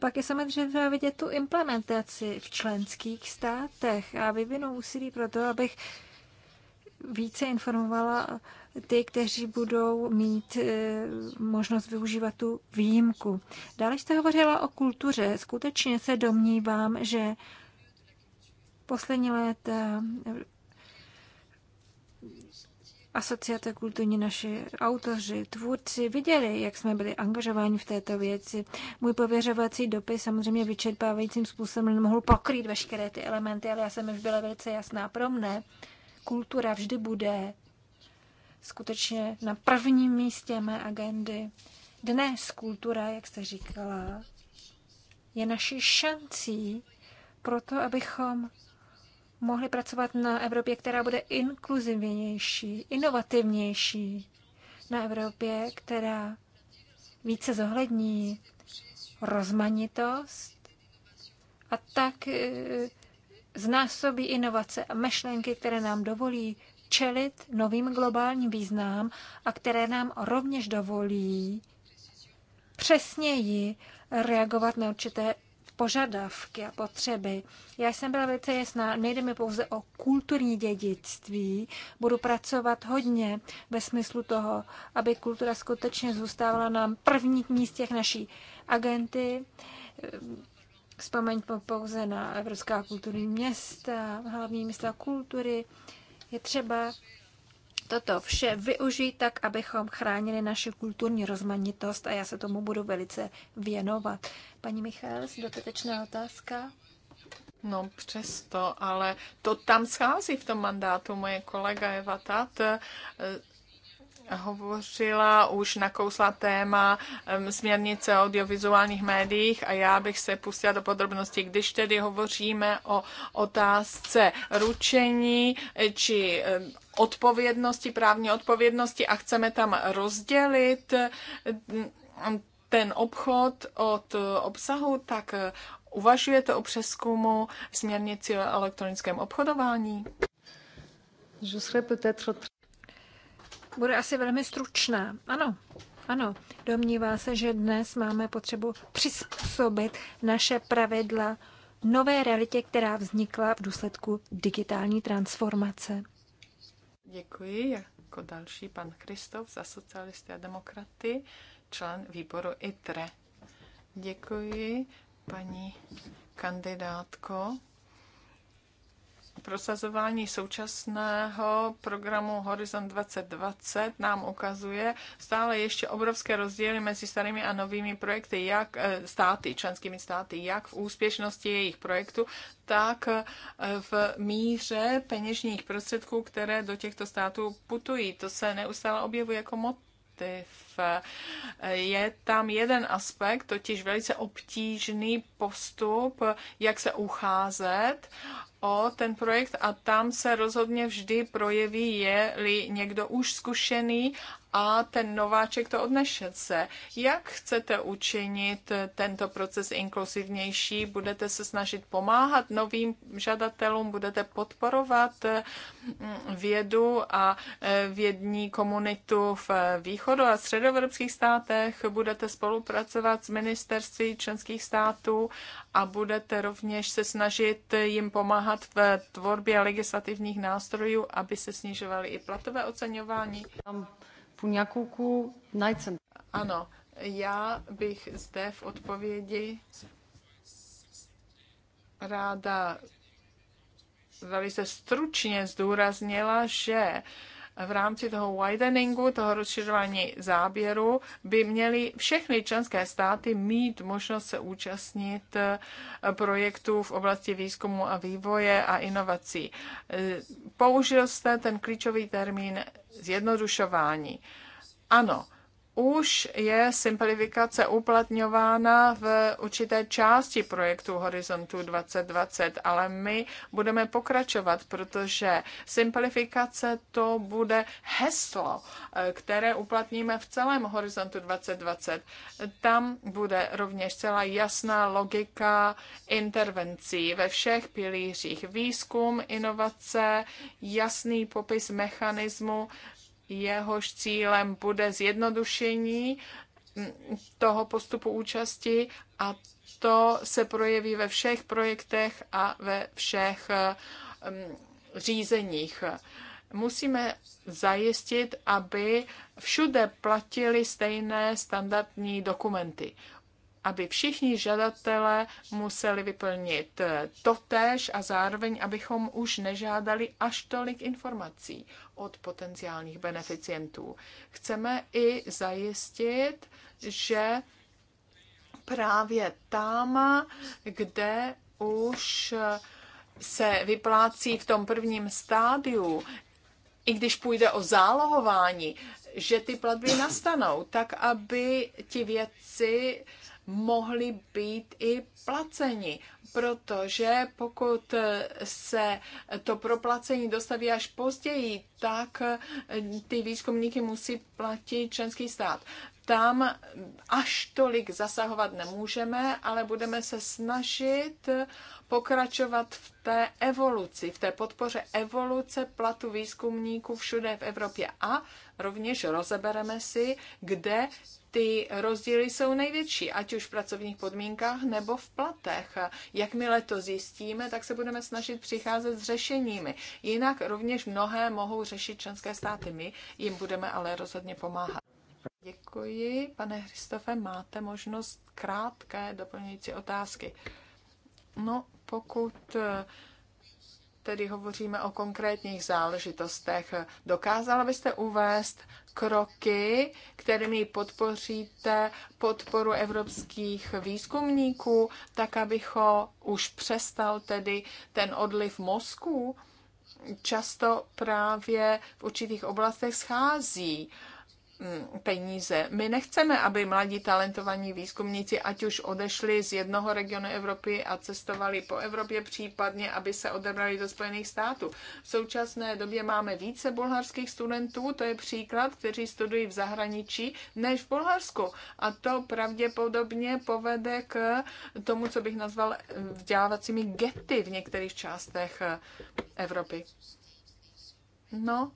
pak je samozřejmě vidět tu implementaci v členských státech a vyvinu úsilí pro to, abych více informovala ty, kteří budou mít e, možnost využívat tu výjimku. Dále jste hovořila o kultuře. Skutečně se domnívám, že poslední léta asociace kulturní, naši autoři, tvůrci viděli, jak jsme byli angažováni v této věci. Můj pověřovací dopis samozřejmě vyčerpávajícím způsobem nemohl pokrýt veškeré ty elementy, ale já jsem už byla velice jasná. Pro mne kultura vždy bude skutečně na prvním místě mé agendy. Dnes kultura, jak jste říkala, je naší šancí pro to, abychom mohli pracovat na Evropě, která bude inkluzivnější, inovativnější, na Evropě, která více zohlední rozmanitost a tak e, znásobí inovace a myšlenky, které nám dovolí čelit novým globálním význám a které nám rovněž dovolí přesněji reagovat na určité požadavky a potřeby. Já jsem byla velice jasná, nejde mi pouze o kulturní dědictví, budu pracovat hodně ve smyslu toho, aby kultura skutečně zůstávala na prvních místech naší agenty. Vzpomeň pouze na Evropská kulturní města, hlavní města kultury. Je třeba toto vše využít tak, abychom chránili naši kulturní rozmanitost a já se tomu budu velice věnovat. Paní Michals, dotatečná otázka. No přesto, ale to tam schází v tom mandátu. Moje kolega Eva Tat eh, hovořila, už nakousla téma eh, směrnice o audiovizuálních médiích a já bych se pustila do podrobností. Když tedy hovoříme o otázce ručení eh, či odpovědnosti, právní odpovědnosti a chceme tam rozdělit ten obchod od obsahu, tak eh, uvažujete o přeskumu směrnici o elektronickém obchodování? Bude asi velmi stručná. Ano, ano. Domnívá se, že dnes máme potřebu přizpůsobit naše pravidla nové realitě, která vznikla v důsledku digitální transformace. Děkuji. Jako další pan Kristof za socialisty a demokraty člen výboru ITRE. Děkuji, paní kandidátko. Prosazování současného programu Horizon 2020 nám ukazuje stále ještě obrovské rozdíly mezi starými a novými projekty, jak eh, státy, členskými státy, jak v úspěšnosti jejich projektu, tak eh, v míře peněžních prostředků, které do těchto států putují. To se neustále objevuje jako motiv perspektiv. Je tam jeden aspekt, totiž velice obtížný postup, jak se ucházet o ten projekt a tam se rozhodně vždy projeví, je-li někdo už zkušený a ten nováček to se. Jak chcete učinit tento proces inkluzivnější? Budete se snažit pomáhat novým žadatelům? Budete podporovat mm, vědu a e, vědní komunitu v východu a středoevropských státech? Budete spolupracovat s ministerství členských států a budete rovněž se snažit jim pomáhat v tvorbě legislativních nástrojů, aby se snižovaly i platové oceňování? Um, по няколко Ano, já bych zde v odpovědi ráda velice stručně zdůraznila, že v rámci toho wideningu, toho rozšiřování záběru, by měly všechny členské státy mít možnost se účastnit eh, projektů v oblasti výzkumu a vývoje a inovací. Eh, použil jste ten klíčový termín zjednodušování. Ano, už je simplifikace uplatňována v určité části projektu Horizontu 2020, ale my budeme pokračovat, protože simplifikace to bude heslo, eh, které uplatníme v celém Horizontu 2020. Tam bude rovněž celá jasná logika intervencí ve všech pilířích výzkum, inovace, jasný popis mechanismu jehož cílem bude zjednodušení toho postupu účasti a to se projeví ve všech projektech a ve všech eh, řízeních. Musíme zajistit, aby všude platili stejné standardní dokumenty aby všichni žadatelé museli vyplnit eh, totéž a zároveň, abychom už nežádali až tolik informací od potenciálních beneficientů. Chceme i zajistit, že právě tam, kde už eh, se vyplácí v tom prvním stádiu, i když půjde o zálohování, že ty platby nastanou, tak aby ti věci mohli být i placeni, protože pokud se to proplacení dostaví až později, tak ty výzkumníky musí platit členský stát tam až tolik zasahovat nemůžeme, ale budeme se snažit pokračovat v té evoluci, v té podpoře evoluce platu výzkumníků všude v Evropě a rovněž rozebereme si, kde ty rozdíly jsou největší, ať už v pracovních podmínkách nebo v platech. Jakmile to zjistíme, tak se budeme snažit přicházet s řešeními. Jinak rovněž mnohé mohou řešit členské státy. My jim budeme ale rozhodně pomáhat. Děkuji. Pane Hristofe. máte možnost krátké doplňující otázky. No, pokud eh, tedy hovoříme o konkrétních záležitostech. Dokázala byste uvést kroky, kterými podpoříte podporu evropských výzkumníků, tak abycho už přestal tedy ten odliv mozků? Často právě v určitých oblastech schází uh, Mm, peníze. My nechceme, aby mladí talentovaní výzkumníci ať už odešli z jednoho regionu Evropy a cestovali po Evropě, případně aby se odebrali do Spojených států. V současné době máme více bulharských studentů, to je příklad, kteří studují v zahraničí, než v Bulharsku. A to pravděpodobně povede k tomu, co bych nazval vzdělávacími gety v některých částech Evropy. No,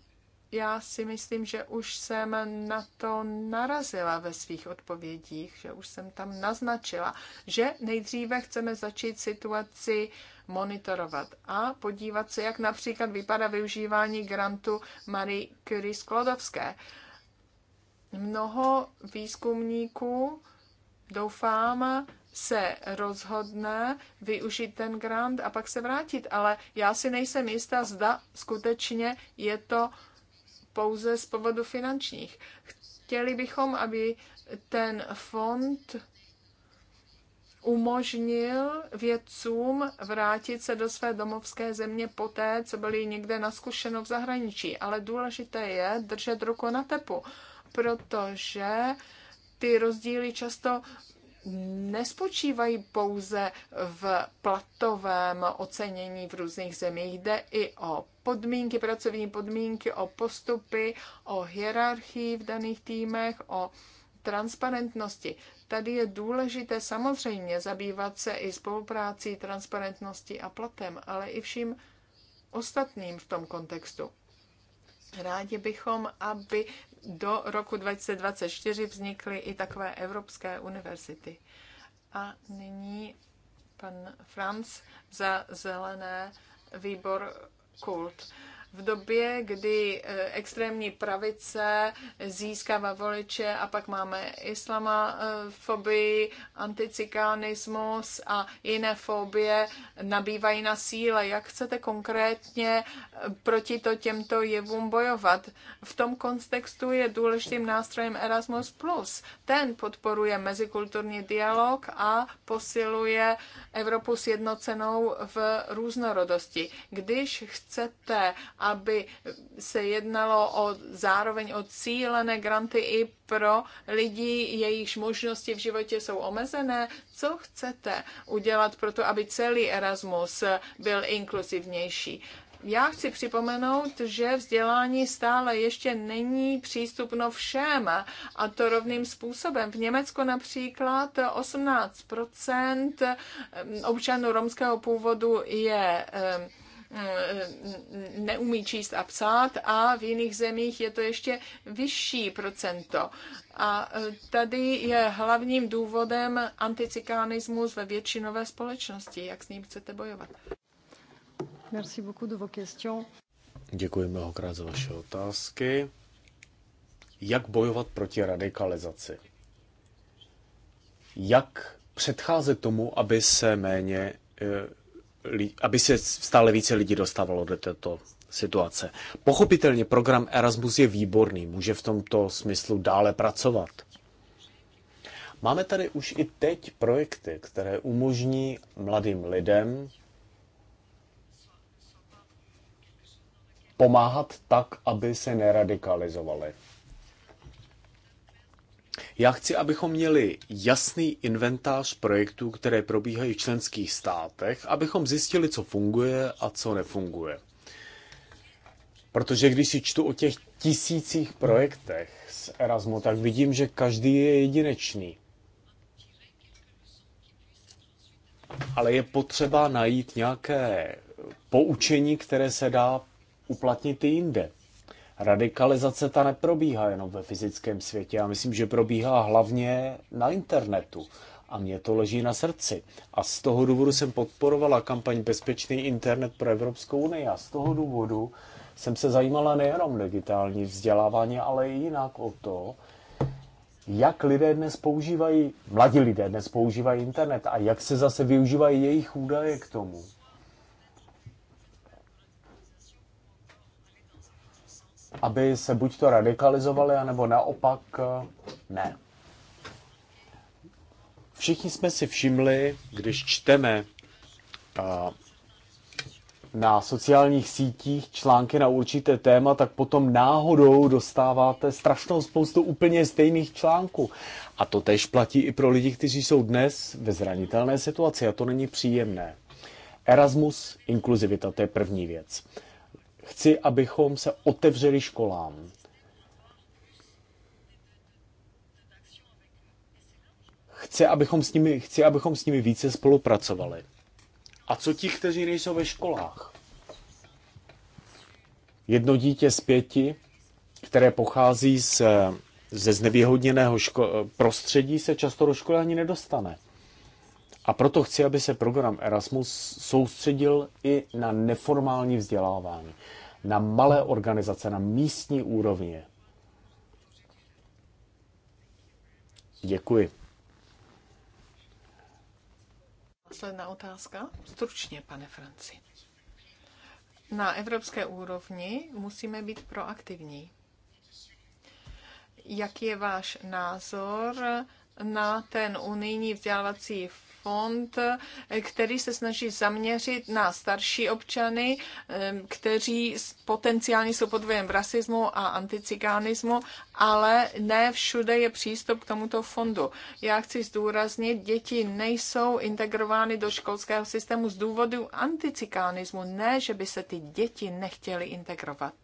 já si myslím, že už jsem na to narazila ve svých odpovědích, že už jsem tam naznačila, že nejdříve chceme začít situaci monitorovat a podívat se, jak například vypadá využívání grantu Marie Curie Sklodovské. Mnoho výzkumníků, doufám, se rozhodne využít ten grant a pak se vrátit. Ale já si nejsem jistá, zda skutečně je to pouze z povodu finančních. Chtěli bychom, aby ten fond umožnil vědcům vrátit se do své domovské země poté, co byli někde naskušeno v zahraničí. Ale důležité je držet ruku na tepu, protože ty rozdíly často nespočívají pouze v platovém ocenění v různých zemích. Jde i o podmínky, pracovní podmínky, o postupy, o hierarchii v daných týmech, o transparentnosti. Tady je důležité samozřejmě zabývat se i spoluprácí, transparentností a platem, ale i vším ostatním v tom kontextu. Rádi bychom, aby do roku 2024 vznikly i takové evropské univerzity. A nyní pan Franz za zelené výbor Kult v době, kdy eh, extrémní pravice získává voliče a pak máme islamofobii, anticikánismus a jiné fobie nabývají na síle. Jak chcete konkrétně eh, proti to těmto jevům bojovat? V tom kontextu je důležitým nástrojem Erasmus+. Ten podporuje mezikulturní dialog a posiluje Evropu sjednocenou v různorodosti. Když chcete aby se jednalo o zároveň o cílené granty i pro lidi, jejichž možnosti v životě jsou omezené. Co chcete udělat pro to, aby celý Erasmus byl inkluzivnější? Já chci připomenout, že vzdělání stále ještě není přístupno všem a to rovným způsobem. V Německu například 18 občanů romského původu je eh, Mm, neumí číst a psát a v jiných zemích je to ještě vyšší procento. A e, tady je hlavním důvodem anticikánismus ve většinové společnosti. Jak s ním chcete bojovat? Merci beaucoup de vos questions. Děkuji mnohokrát za vaše otázky. Jak bojovat proti radikalizaci? Jak předcházet tomu, aby se méně e, aby se stále více lidí dostávalo do této situace. Pochopitelně program Erasmus je výborný, může v tomto smyslu dále pracovat. Máme tady už i teď projekty, které umožní mladým lidem pomáhat tak, aby se neradikalizovali. Já chci, abychom měli jasný inventář projektů, které probíhají v členských státech, abychom zjistili, co funguje a co nefunguje. Protože když si čtu o těch tisících projektech z Erasmu, tak vidím, že každý je jedinečný. Ale je potřeba najít nějaké poučení, které se dá uplatnit i jinde radikalizace ta neprobíhá jenom ve fyzickém světě. Já myslím, že probíhá hlavně na internetu. A mě to leží na srdci. A z toho důvodu jsem podporovala kampaň Bezpečný internet pro Evropskou unii. A z toho důvodu jsem se zajímala nejenom digitální vzdělávání, ale i jinak o to, jak lidé dnes používají, mladí lidé dnes používají internet a jak se zase využívají jejich údaje k tomu. aby se buď to radikalizovali, anebo naopak eh, ne. Všichni jsme si všimli, když čteme eh, na sociálních sítích články na určité téma, tak potom náhodou dostáváte strašnou spoustu úplně stejných článků. A to tež platí i pro lidi, kteří jsou dnes ve zranitelné situaci a to není příjemné. Erasmus, inkluzivita, to je první věc. Chci, abychom se otevřeli školám. Chci, abychom s nimi, chci, abychom s nimi více spolupracovali. A co ti, kteří nejsou ve školách? Jedno dítě z pěti, které pochází z, ze znevýhodněného ško- prostředí, se často do školy ani nedostane. A proto chci, aby se program Erasmus soustředil i na neformální vzdělávání, na malé organizace, na místní úrovně. Děkuji. Posledná otázka. Stručně, pane Franci. Na evropské úrovni musíme být proaktivní. Jaký je váš názor na ten unijní vzdělávací fond, který se snaží zaměřit na starší občany, kteří potenciálně jsou pod vlivem rasismu a anticigánismu, ale ne všude je přístup k tomuto fondu. Já chci zdůraznit, děti nejsou integrovány do školského systému z důvodu anticikánismu, ne, že by se ty děti nechtěly integrovat.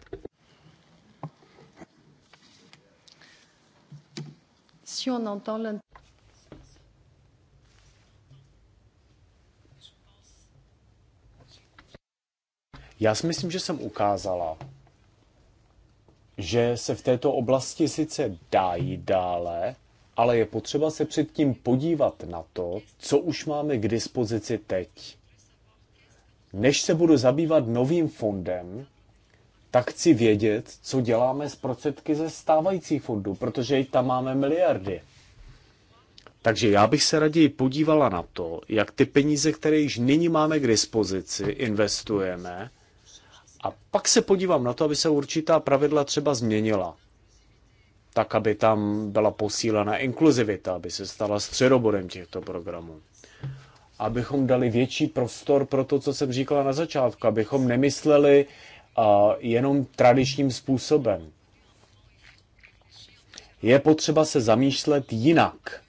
si on entend Já si myslím, že jsem ukázala, že se v této oblasti sice dá jít dále, ale je potřeba se předtím podívat na to, co už máme k dispozici teď. Než se budu zabývat novým fondem, tak chci vědět, co děláme s prostředky ze stávajících fondů, protože tam máme miliardy. Takže já bych se raději podívala na to, jak ty peníze, které již nyní máme k dispozici, investujeme a pak se podívám na to, aby se určitá pravidla třeba změnila. Tak, aby tam byla posílena inkluzivita, aby se stala středobodem těchto programů. Abychom dali větší prostor pro to, co jsem říkala na začátku, abychom nemysleli uh, jenom tradičním způsobem. Je potřeba se zamýšlet jinak.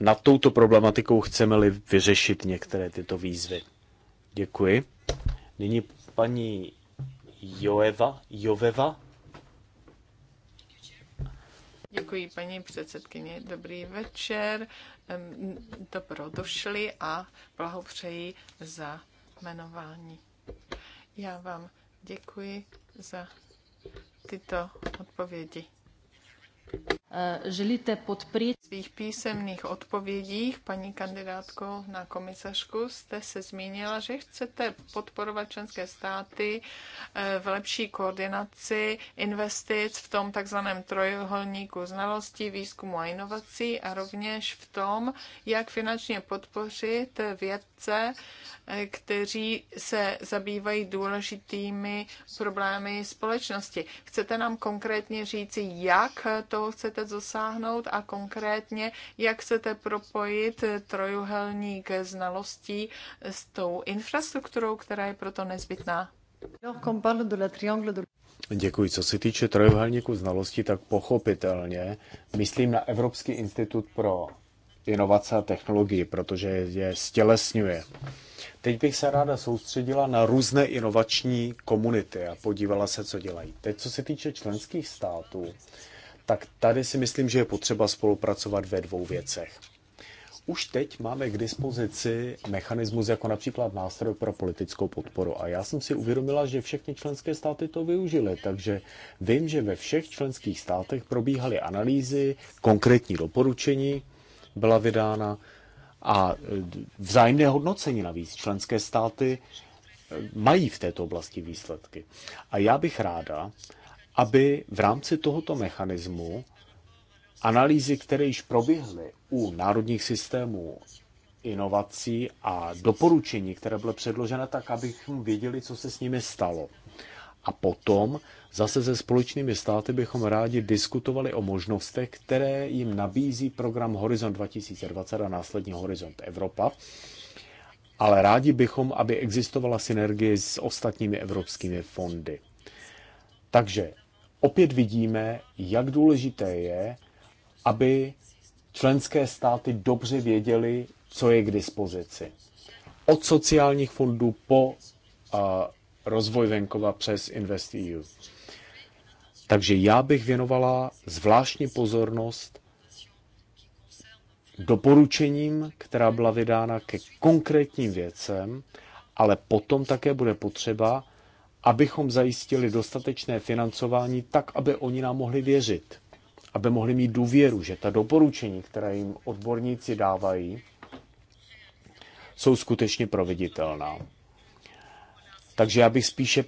Nad touto problematikou chceme-li vyřešit některé tyto výzvy. Děkuji. Nyní paní Joeva, Joveva. Děkuji, paní předsedkyně. Dobrý večer, dobro došli a blahopřeji za jmenování. Já vám děkuji za tyto odpovědi. Eh, želíte podpreti. V svých písemných odpovědích, paní kandidátko na komisařku, jste se zmínila, že chcete podporovat členské státy eh, v lepší koordinaci investic v tom takzvaném trojúhelníku znalostí, výzkumu a inovací a rovněž v tom, jak finančně podpořit vědce, eh, kteří se zabývají důležitými problémy společnosti. Chcete nám konkrétně říci, jak toho chcete chcete zasáhnout a konkrétně, jak chcete propojit trojuhelník znalostí s tou infrastrukturou, která je proto nezbytná. Děkuji. Co se týče trojuhelníku znalostí, tak pochopitelně myslím na Evropský institut pro inovace a technologii, protože je stělesňuje. Teď bych se ráda soustředila na různé inovační komunity a podívala se, co dělají. Teď, co se týče členských států, tak tady si myslím, že je potřeba spolupracovat ve dvou věcech. Už teď máme k dispozici mechanismus jako například nástroj pro politickou podporu. A já jsem si uvědomila, že všechny členské státy to využily. Takže vím, že ve všech členských státech probíhaly analýzy, konkrétní doporučení byla vydána a e, vzájemné hodnocení navíc. Členské státy e, mají v této oblasti výsledky. A já bych ráda, aby v rámci tohoto mechanismu analýzy, které již proběhly u národních systémů inovací a doporučení, které byly předložena, tak abychom věděli, co se s nimi stalo. A potom zase se společnými státy bychom rádi diskutovali o možnostech, které jim nabízí program Horizont 2020 a následně Horizont Evropa. Ale rádi bychom, aby existovala synergie s ostatními evropskými fondy. Takže opět vidíme, jak důležité je, aby členské státy dobře věděly, co je k dispozici. Od sociálních fondů po uh, rozvoj venkova přes InvestEU. Takže já bych věnovala zvláštní pozornost doporučením, která byla vydána ke konkrétním věcem, ale potom také bude potřeba, abychom zajistili dostatečné financování tak, aby oni nám mohli věřit, aby mohli mít důvěru, že ta doporučení, které jim odborníci dávají, jsou skutečně proveditelná. Takže já bych spíše,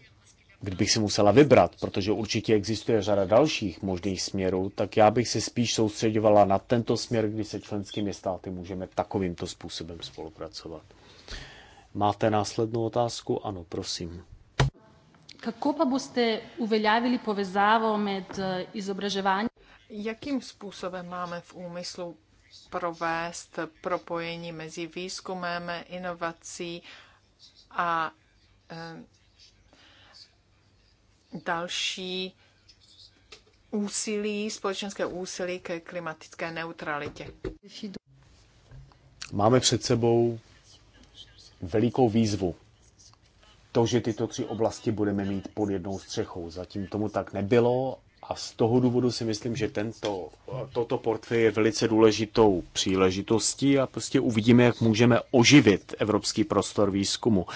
kdybych si musela vybrat, protože určitě existuje řada dalších možných směrů, tak já bych se spíš soustředovala na tento směr, kdy se členskými státy můžeme takovýmto způsobem spolupracovat. Máte následnou otázku? Ano, prosím. Kako pa boste uveljavili povezavo med eh, izobraževanjem? Jakým způsobem máme v úmyslu provést propojení mezi výzkumem, inovací a eh, další úsilí, společenské úsilí ke klimatické neutralitě. Máme před sebou velikou výzvu to, že tyto tři oblasti budeme mít pod jednou střechou. Zatím tomu tak nebylo a z toho důvodu si myslím, že tento, toto portfej je velice důležitou příležitostí a prostě uvidíme, jak můžeme oživit evropský prostor výzkumu.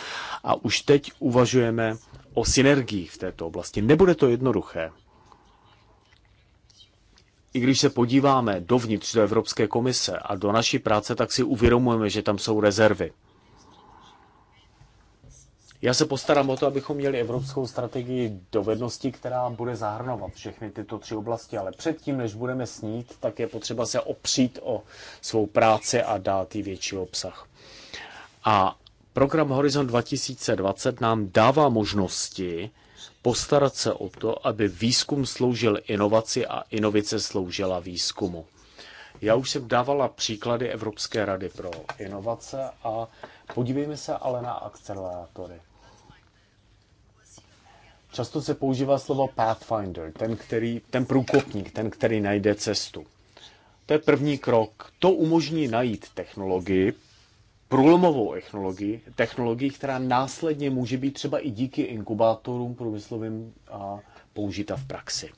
A už teď uvažujeme o synergiích v této oblasti. Nebude to jednoduché. I když se podíváme dovnitř do Evropské komise a do naší práce, tak si uvědomujeme, že tam jsou rezervy. Já se postarám o to, abychom měli evropskou strategii dovedností, která bude zahrnovat všechny tyto tři oblasti, ale předtím, než budeme snít, tak je potřeba se opřít o svou práci a dát jí větší obsah. A program Horizon 2020 nám dává možnosti postarat se o to, aby výzkum sloužil inovaci a inovice sloužila výzkumu. Já už jsem dávala příklady Evropské rady pro inovace a podívejme se ale na akcelerátory. Často se používá slovo pathfinder, ten, který, ten průkopník, ten, který najde cestu. To je první krok. To umožní najít technologii, průlomovou technologii, technologii, která následně může být třeba i díky inkubátorům průmyslovým a použita v praxi.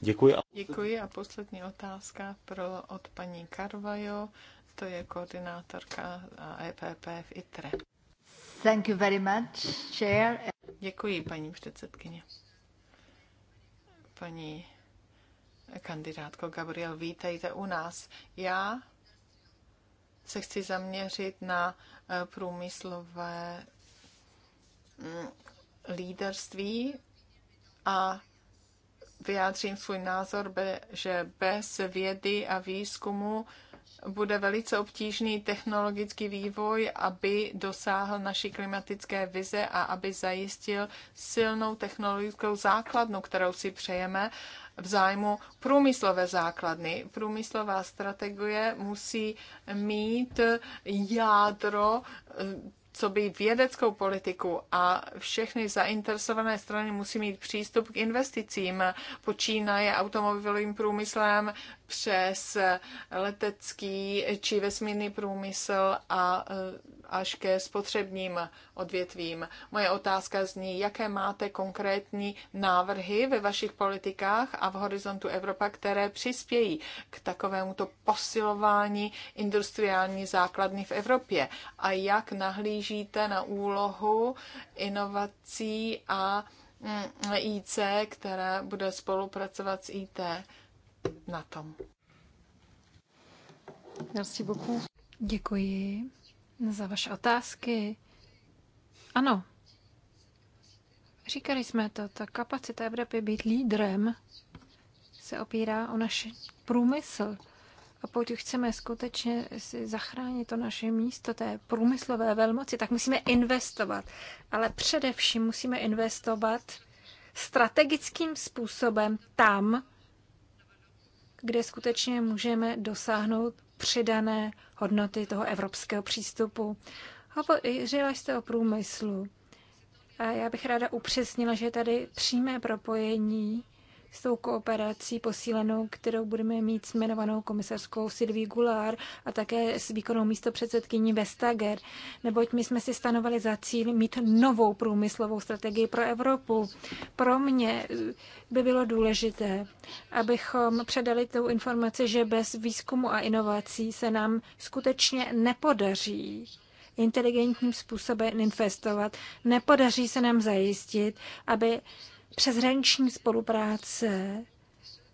Děkuji. Děkuji a poslední otázka pro, od paní Carvajo, to je koordinátorka EPP v ITRE. Thank you very much, chair. Děkuji, paní předsedkyně. Paní kandidátko Gabriel, vítejte u nás. Já se chci zaměřit na eh, průmyslové mm, líderství a vyjádřím svůj názor, že bez vědy a výzkumu bude velice obtížný technologický vývoj, aby dosáhl naší klimatické vize a aby zajistil silnou technologickou základnu, kterou si přejeme v zájmu průmyslové základny. Průmyslová strategie musí mít jádro co by vědeckou politiku a všechny zainteresované strany musí mít přístup k investicím. Počínaje automobilovým průmyslem, přes letecký či vesmírný průmysl a eh, až ke spotřebním odvětvím. Moje otázka zní, jaké máte konkrétní návrhy ve vašich politikách a v horizontu Evropa, které přispějí k takovémuto posilování industriální základny v Evropě a jak nahlížíte na úlohu inovací a mm, IC, která bude spolupracovat s IT na tom. Merci beaucoup. Děkuji za vaše otázky. Ano, říkali jsme to, ta kapacita Evropy být lídrem se opírá o náš průmysl. A pokud chceme skutečně si zachránit to naše místo té průmyslové velmoci, tak musíme investovat. Ale především musíme investovat strategickým způsobem tam, kde skutečně můžeme dosáhnout přidané hodnoty toho evropského přístupu. Hovořila jste o průmyslu. A já bych ráda upřesnila, že tady přímé propojení s tou kooperací posílenou, kterou budeme mít s jmenovanou komisařskou Sylvie Gulár a také s výkonnou místo Vestager, neboť my jsme si stanovali za cíl mít novou průmyslovou strategii pro Evropu. Pro mě by bylo důležité, abychom předali tu informaci, že bez výzkumu a inovací se nám skutečně nepodaří inteligentním způsobem investovat. Nepodaří se nám zajistit, aby přeshraniční spolupráce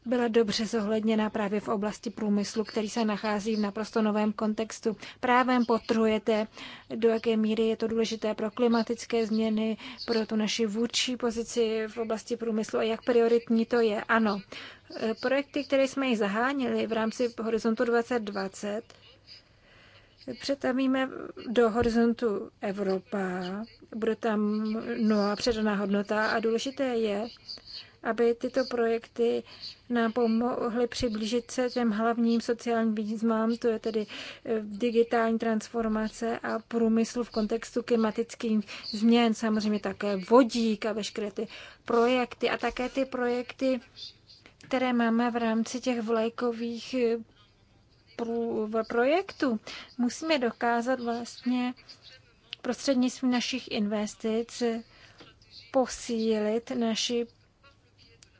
byla dobře zohledněna právě v oblasti průmyslu, který se nachází v naprosto novém kontextu. Právě potrujete, do jaké míry je to důležité pro klimatické změny, pro tu naši vůdčí pozici v oblasti průmyslu a jak prioritní to je. Ano, projekty, které jsme ji zahánili v rámci Horizontu 2020, Přetavíme do horizontu Evropa, bude tam nová předaná hodnota a důležité je, aby tyto projekty nám pomohly přiblížit se těm hlavním sociálním výzvám, to je tedy eh, digitální transformace a průmysl v kontextu klimatických změn, samozřejmě také vodík a veškeré ty projekty a také ty projekty, které máme v rámci těch vlajkových eh, v projektu. Musíme dokázat vlastně prostřednictvím našich investic posílit naši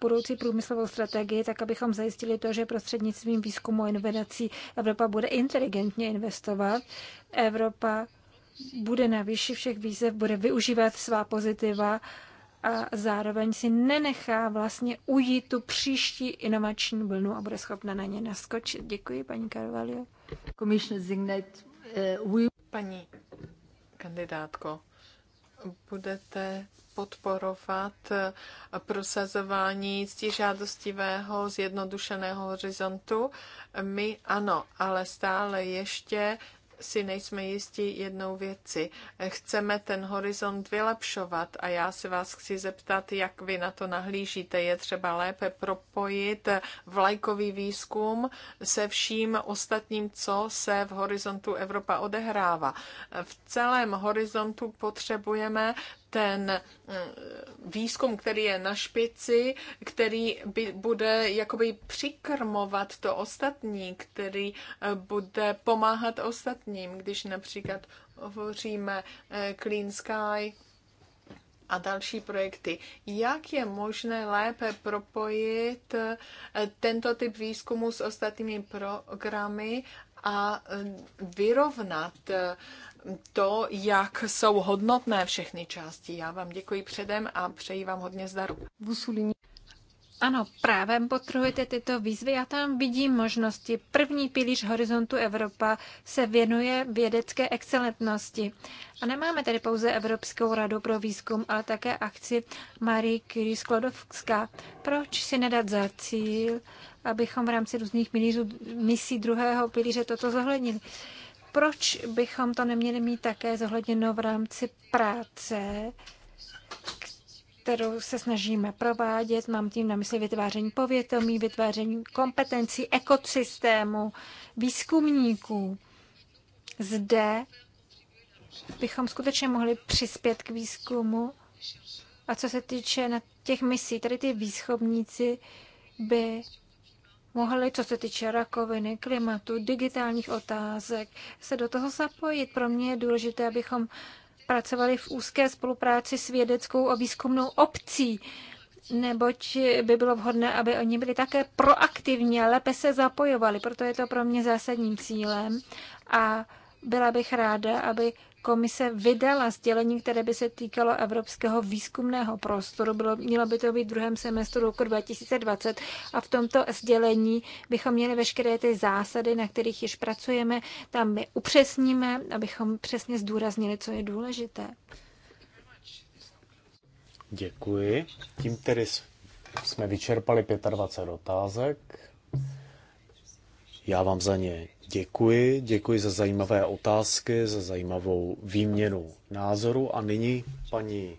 budoucí průmyslovou strategii, tak abychom zajistili to, že prostřednictvím výzkumu a inovací Evropa bude inteligentně investovat. Evropa bude na výši všech výzev, bude využívat svá pozitiva a zároveň si nenechá vlastně ujít tu příští inovační vlnu a bude schopna na ně naskočit. Děkuji, paní Carvalho. Eh, paní kandidátko, budete podporovat eh, prosazování ctižádostivého zjednodušeného horizontu? My ano, ale stále ještě si nejsme jistí jednou věci. Chceme ten horizont vylepšovat a já se vás chci zeptat, jak vy na to nahlížíte. Je třeba lépe propojit vlajkový výzkum se vším ostatním, co se v horizontu Evropa odehrává. V celém horizontu potřebujeme ten eh, výzkum, který je na špici, který by, bude jakoby přikrmovat to ostatní, který eh, bude pomáhat ostatním, když například hovoříme eh, Clean Sky a další projekty. Jak je možné lépe propojit tento typ výzkumu s ostatními programy a e, vyrovnat e, to, jak jsou hodnotné všechny části. Já vám děkuji předem a přeji vám hodně zdaru. Ano, právě potrhujete tyto výzvy. Já tam vidím možnosti. První pilíř Horizontu Evropa se věnuje vědecké excelentnosti. A nemáme tedy pouze Evropskou radu pro výzkum, ale také akci Marie Curie Sklodovská. Proč si nedat za cíl, abychom v rámci různých pilířů, misí druhého pilíře toto zohlednili? Proč bychom to neměli mít také zohledněno v rámci práce kterou se snažíme provádět. Mám tím na mysli vytváření povědomí, vytváření kompetencí, ekosystému, výzkumníků. Zde bychom skutečně mohli přispět k výzkumu. A co se týče na těch misí, tady ty výzkumníci by mohli, co se týče rakoviny, klimatu, digitálních otázek, se do toho zapojit. Pro mě je důležité, abychom pracovali v úzké spolupráci s vědeckou a výzkumnou obcí, neboť by bylo vhodné, aby oni byli také proaktivní a lépe se zapojovali. Proto je to pro mě zásadním cílem a byla bych ráda, aby komise vydala sdělení, které by se týkalo evropského výzkumného prostoru. Bylo, mělo by to být v druhém semestru roku 2020 a v tomto sdělení bychom měli veškeré ty zásady, na kterých již pracujeme, tam my upřesníme, abychom přesně zdůraznili, co je důležité. Děkuji. Tím tedy jsme vyčerpali 25 otázek. Já vám za ně Děkuji, děkuji za zajímavé otázky, za zajímavou výměnu názoru. A nyní, paní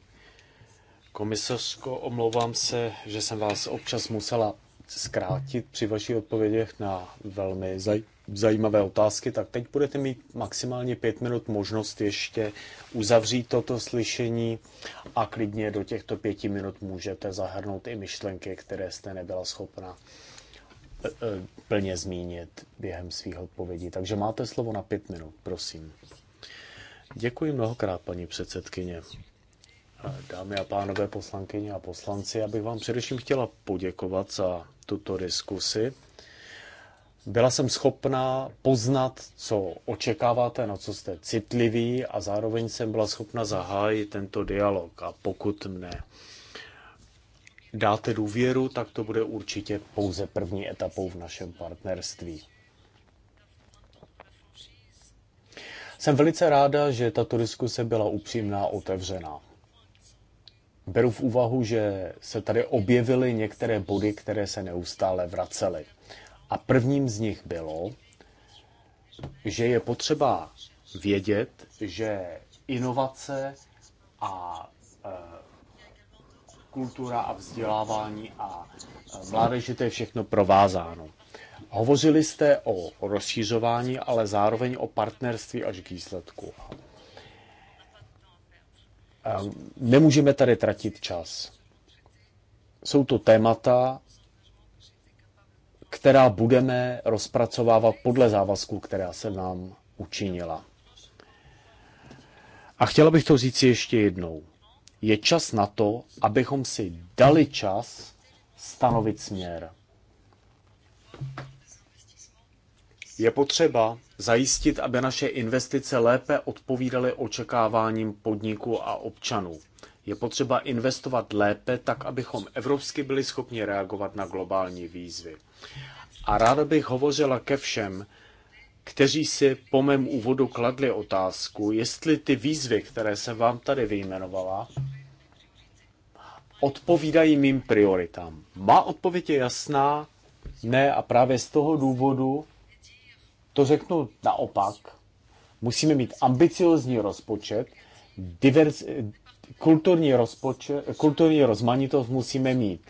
komisařko, omlouvám se, že jsem vás občas musela zkrátit při vašich odpovědích na velmi zaj- zajímavé otázky, tak teď budete mít maximálně pět minut možnost ještě uzavřít toto slyšení a klidně do těchto pěti minut můžete zahrnout i myšlenky, které jste nebyla schopna E, plně zmínit během svých odpovědí. Takže máte slovo na pět minut, prosím. Děkuji mnohokrát, paní předsedkyně. Dámy a pánové, poslankyně a poslanci, já bych vám především chtěla poděkovat za tuto diskusi. Byla jsem schopná poznat, co očekáváte, na co jste citliví a zároveň jsem byla schopna zahájit tento dialog. A pokud mne dáte důvěru, tak to bude určitě pouze první etapou v našem partnerství. Jsem velice ráda, že tato diskuse byla upřímná a otevřená. Beru v úvahu, že se tady objevily některé body, které se neustále vracely. A prvním z nich bylo, že je potřeba vědět, že inovace a e, kultura a vzdělávání a e, mládež, že to je všechno provázáno. Hovořili jste o rozšířování, ale zároveň o partnerství až k výsledku. Ehm, nemůžeme tady tratit čas. Jsou to témata, která budeme rozpracovávat podle závazků, která se nám učinila. A chtěla bych to říct ještě jednou je čas na to, abychom si dali čas stanovit směr. Je potřeba zajistit, aby naše investice lépe odpovídaly očekáváním podniků a občanů. Je potřeba investovat lépe, tak abychom evropsky byli schopni reagovat na globální výzvy. A ráda bych hovořila ke všem, kteří si po mém úvodu kladli otázku, jestli ty výzvy, které jsem vám tady vyjmenovala, odpovídají mým prioritám. Má odpověď je jasná, ne a právě z toho důvodu to řeknu naopak. Musíme mít ambiciozní rozpočet, divers, kulturní, rozpočet, kulturní rozmanitost musíme mít,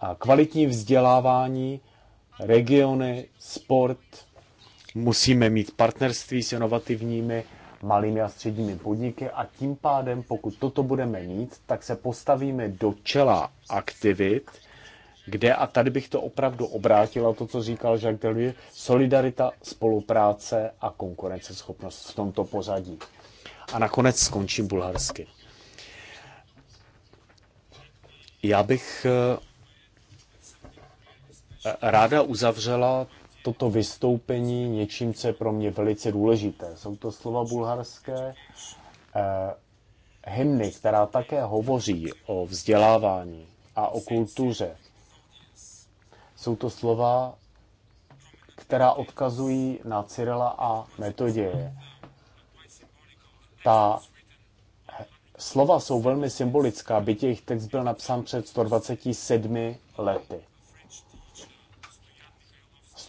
a kvalitní vzdělávání, regiony, sport, musíme mít partnerství s inovativními malými a středními podniky a tím pádem, pokud toto budeme mít, tak se postavíme do čela aktivit, kde, a tady bych to opravdu obrátila, to, co říkal Jacques Delville, solidarita, spolupráce a konkurenceschopnost v tomto pořadí. A nakonec skončím bulharsky. Já bych eh, ráda uzavřela toto vystoupení něčím, co je pro mě velice důležité. Jsou to slova bulharské eh, hymny, která také hovoří o vzdělávání a o kultuře. Jsou to slova, která odkazují na Cyrila a Metoděje. Ta eh, slova jsou velmi symbolická, byť jejich text byl napsán před 127 lety.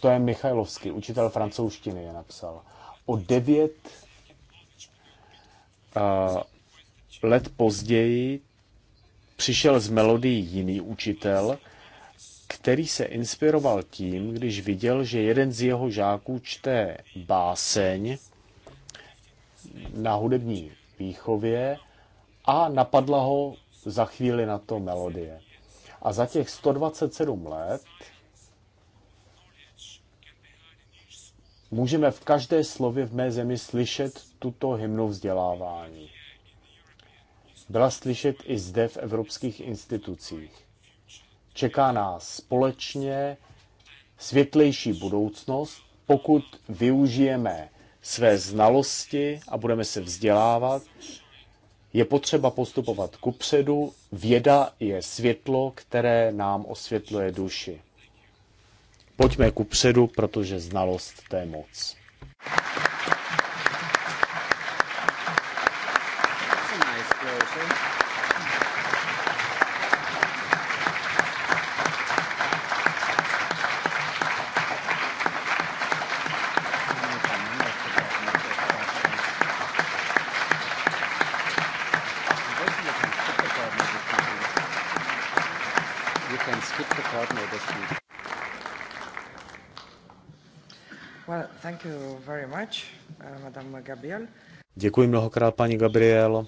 Stoje Michajlovský, učitel francouzštiny, je napsal. O devět uh, let později přišel z melodii jiný učitel, který se inspiroval tím, když viděl, že jeden z jeho žáků čte báseň na hudební výchově a napadla ho za chvíli na to melodie. A za těch 127 let Můžeme v každé slově v mé zemi slyšet tuto hymnu vzdělávání. Byla slyšet i zde v evropských institucích. Čeká nás společně světlejší budoucnost, pokud využijeme své znalosti a budeme se vzdělávat, je potřeba postupovat kupředu. Věda je světlo, které nám osvětluje duši. Pojďme kupředu, protože znalost to je moc. Děkuji mnohokrát, paní Gabriel.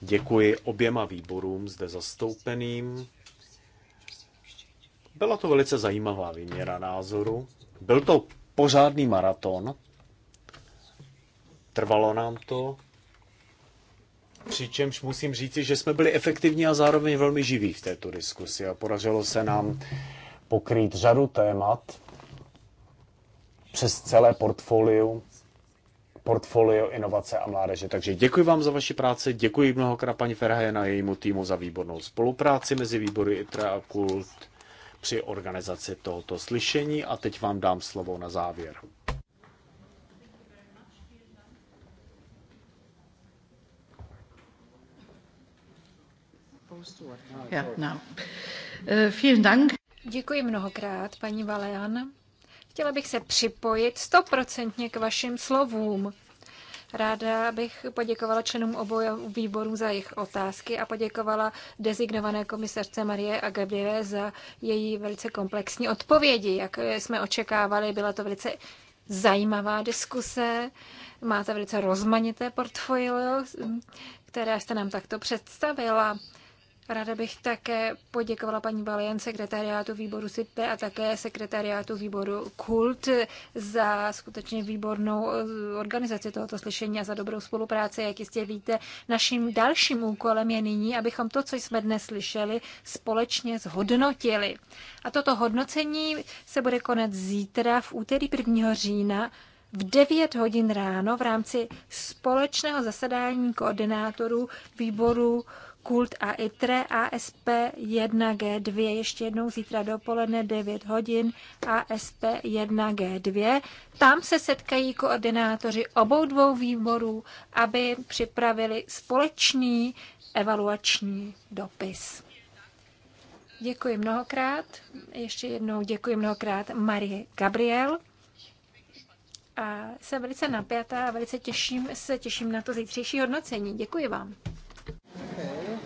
Děkuji oběma výborům zde zastoupeným. Byla to velice zajímavá výměra názoru. Byl to pořádný maraton. Trvalo nám to. Přičemž musím říci, že jsme byli efektivní a zároveň velmi živí v této diskusi a podařilo se nám pokrýt řadu témat přes celé portfolium portfolio inovace a mládeže. Takže děkuji vám za vaši práci, děkuji mnohokrát paní Ferhajen a jejímu týmu za výbornou spolupráci mezi výbory ITRA a KULT při organizaci tohoto slyšení a teď vám dám slovo na závěr. Vielen Dank. Děkuji mnohokrát, paní Valean. Chtěla bych se připojit stoprocentně k vašim slovům. Ráda bych poděkovala členům obou výborů za jejich otázky a poděkovala dezignované komisařce Marie Agabive za její velice komplexní odpovědi. Jak jsme očekávali, byla to velice zajímavá diskuse. Máte velice rozmanité portfolio, které jste nám takto představila. Ráda bych také poděkovala paní Balien, sekretariátu výboru SIPE a také sekretariátu výboru KULT za skutečně výbornou eh, organizaci tohoto slyšení a za dobrou spolupráci. Jak jistě víte, naším dalším úkolem je nyní, abychom to, co jsme dnes slyšeli, společně zhodnotili. A toto hodnocení se bude konat zítra v úterý 1. října v 9 hodin ráno v rámci společného zasedání koordinátorů výboru Kult a ITRE ASP 1G2 ještě jednou zítra dopoledne 9 hodin ASP 1G2. Tam se setkají koordinátoři obou dvou výborů, aby připravili společný evaluační dopis. Děkuji mnohokrát. Ještě jednou děkuji mnohokrát Marie Gabriel. A jsem velice napjatá a velice těším, se těším na to zítřejší hodnocení. Děkuji vám. Okay.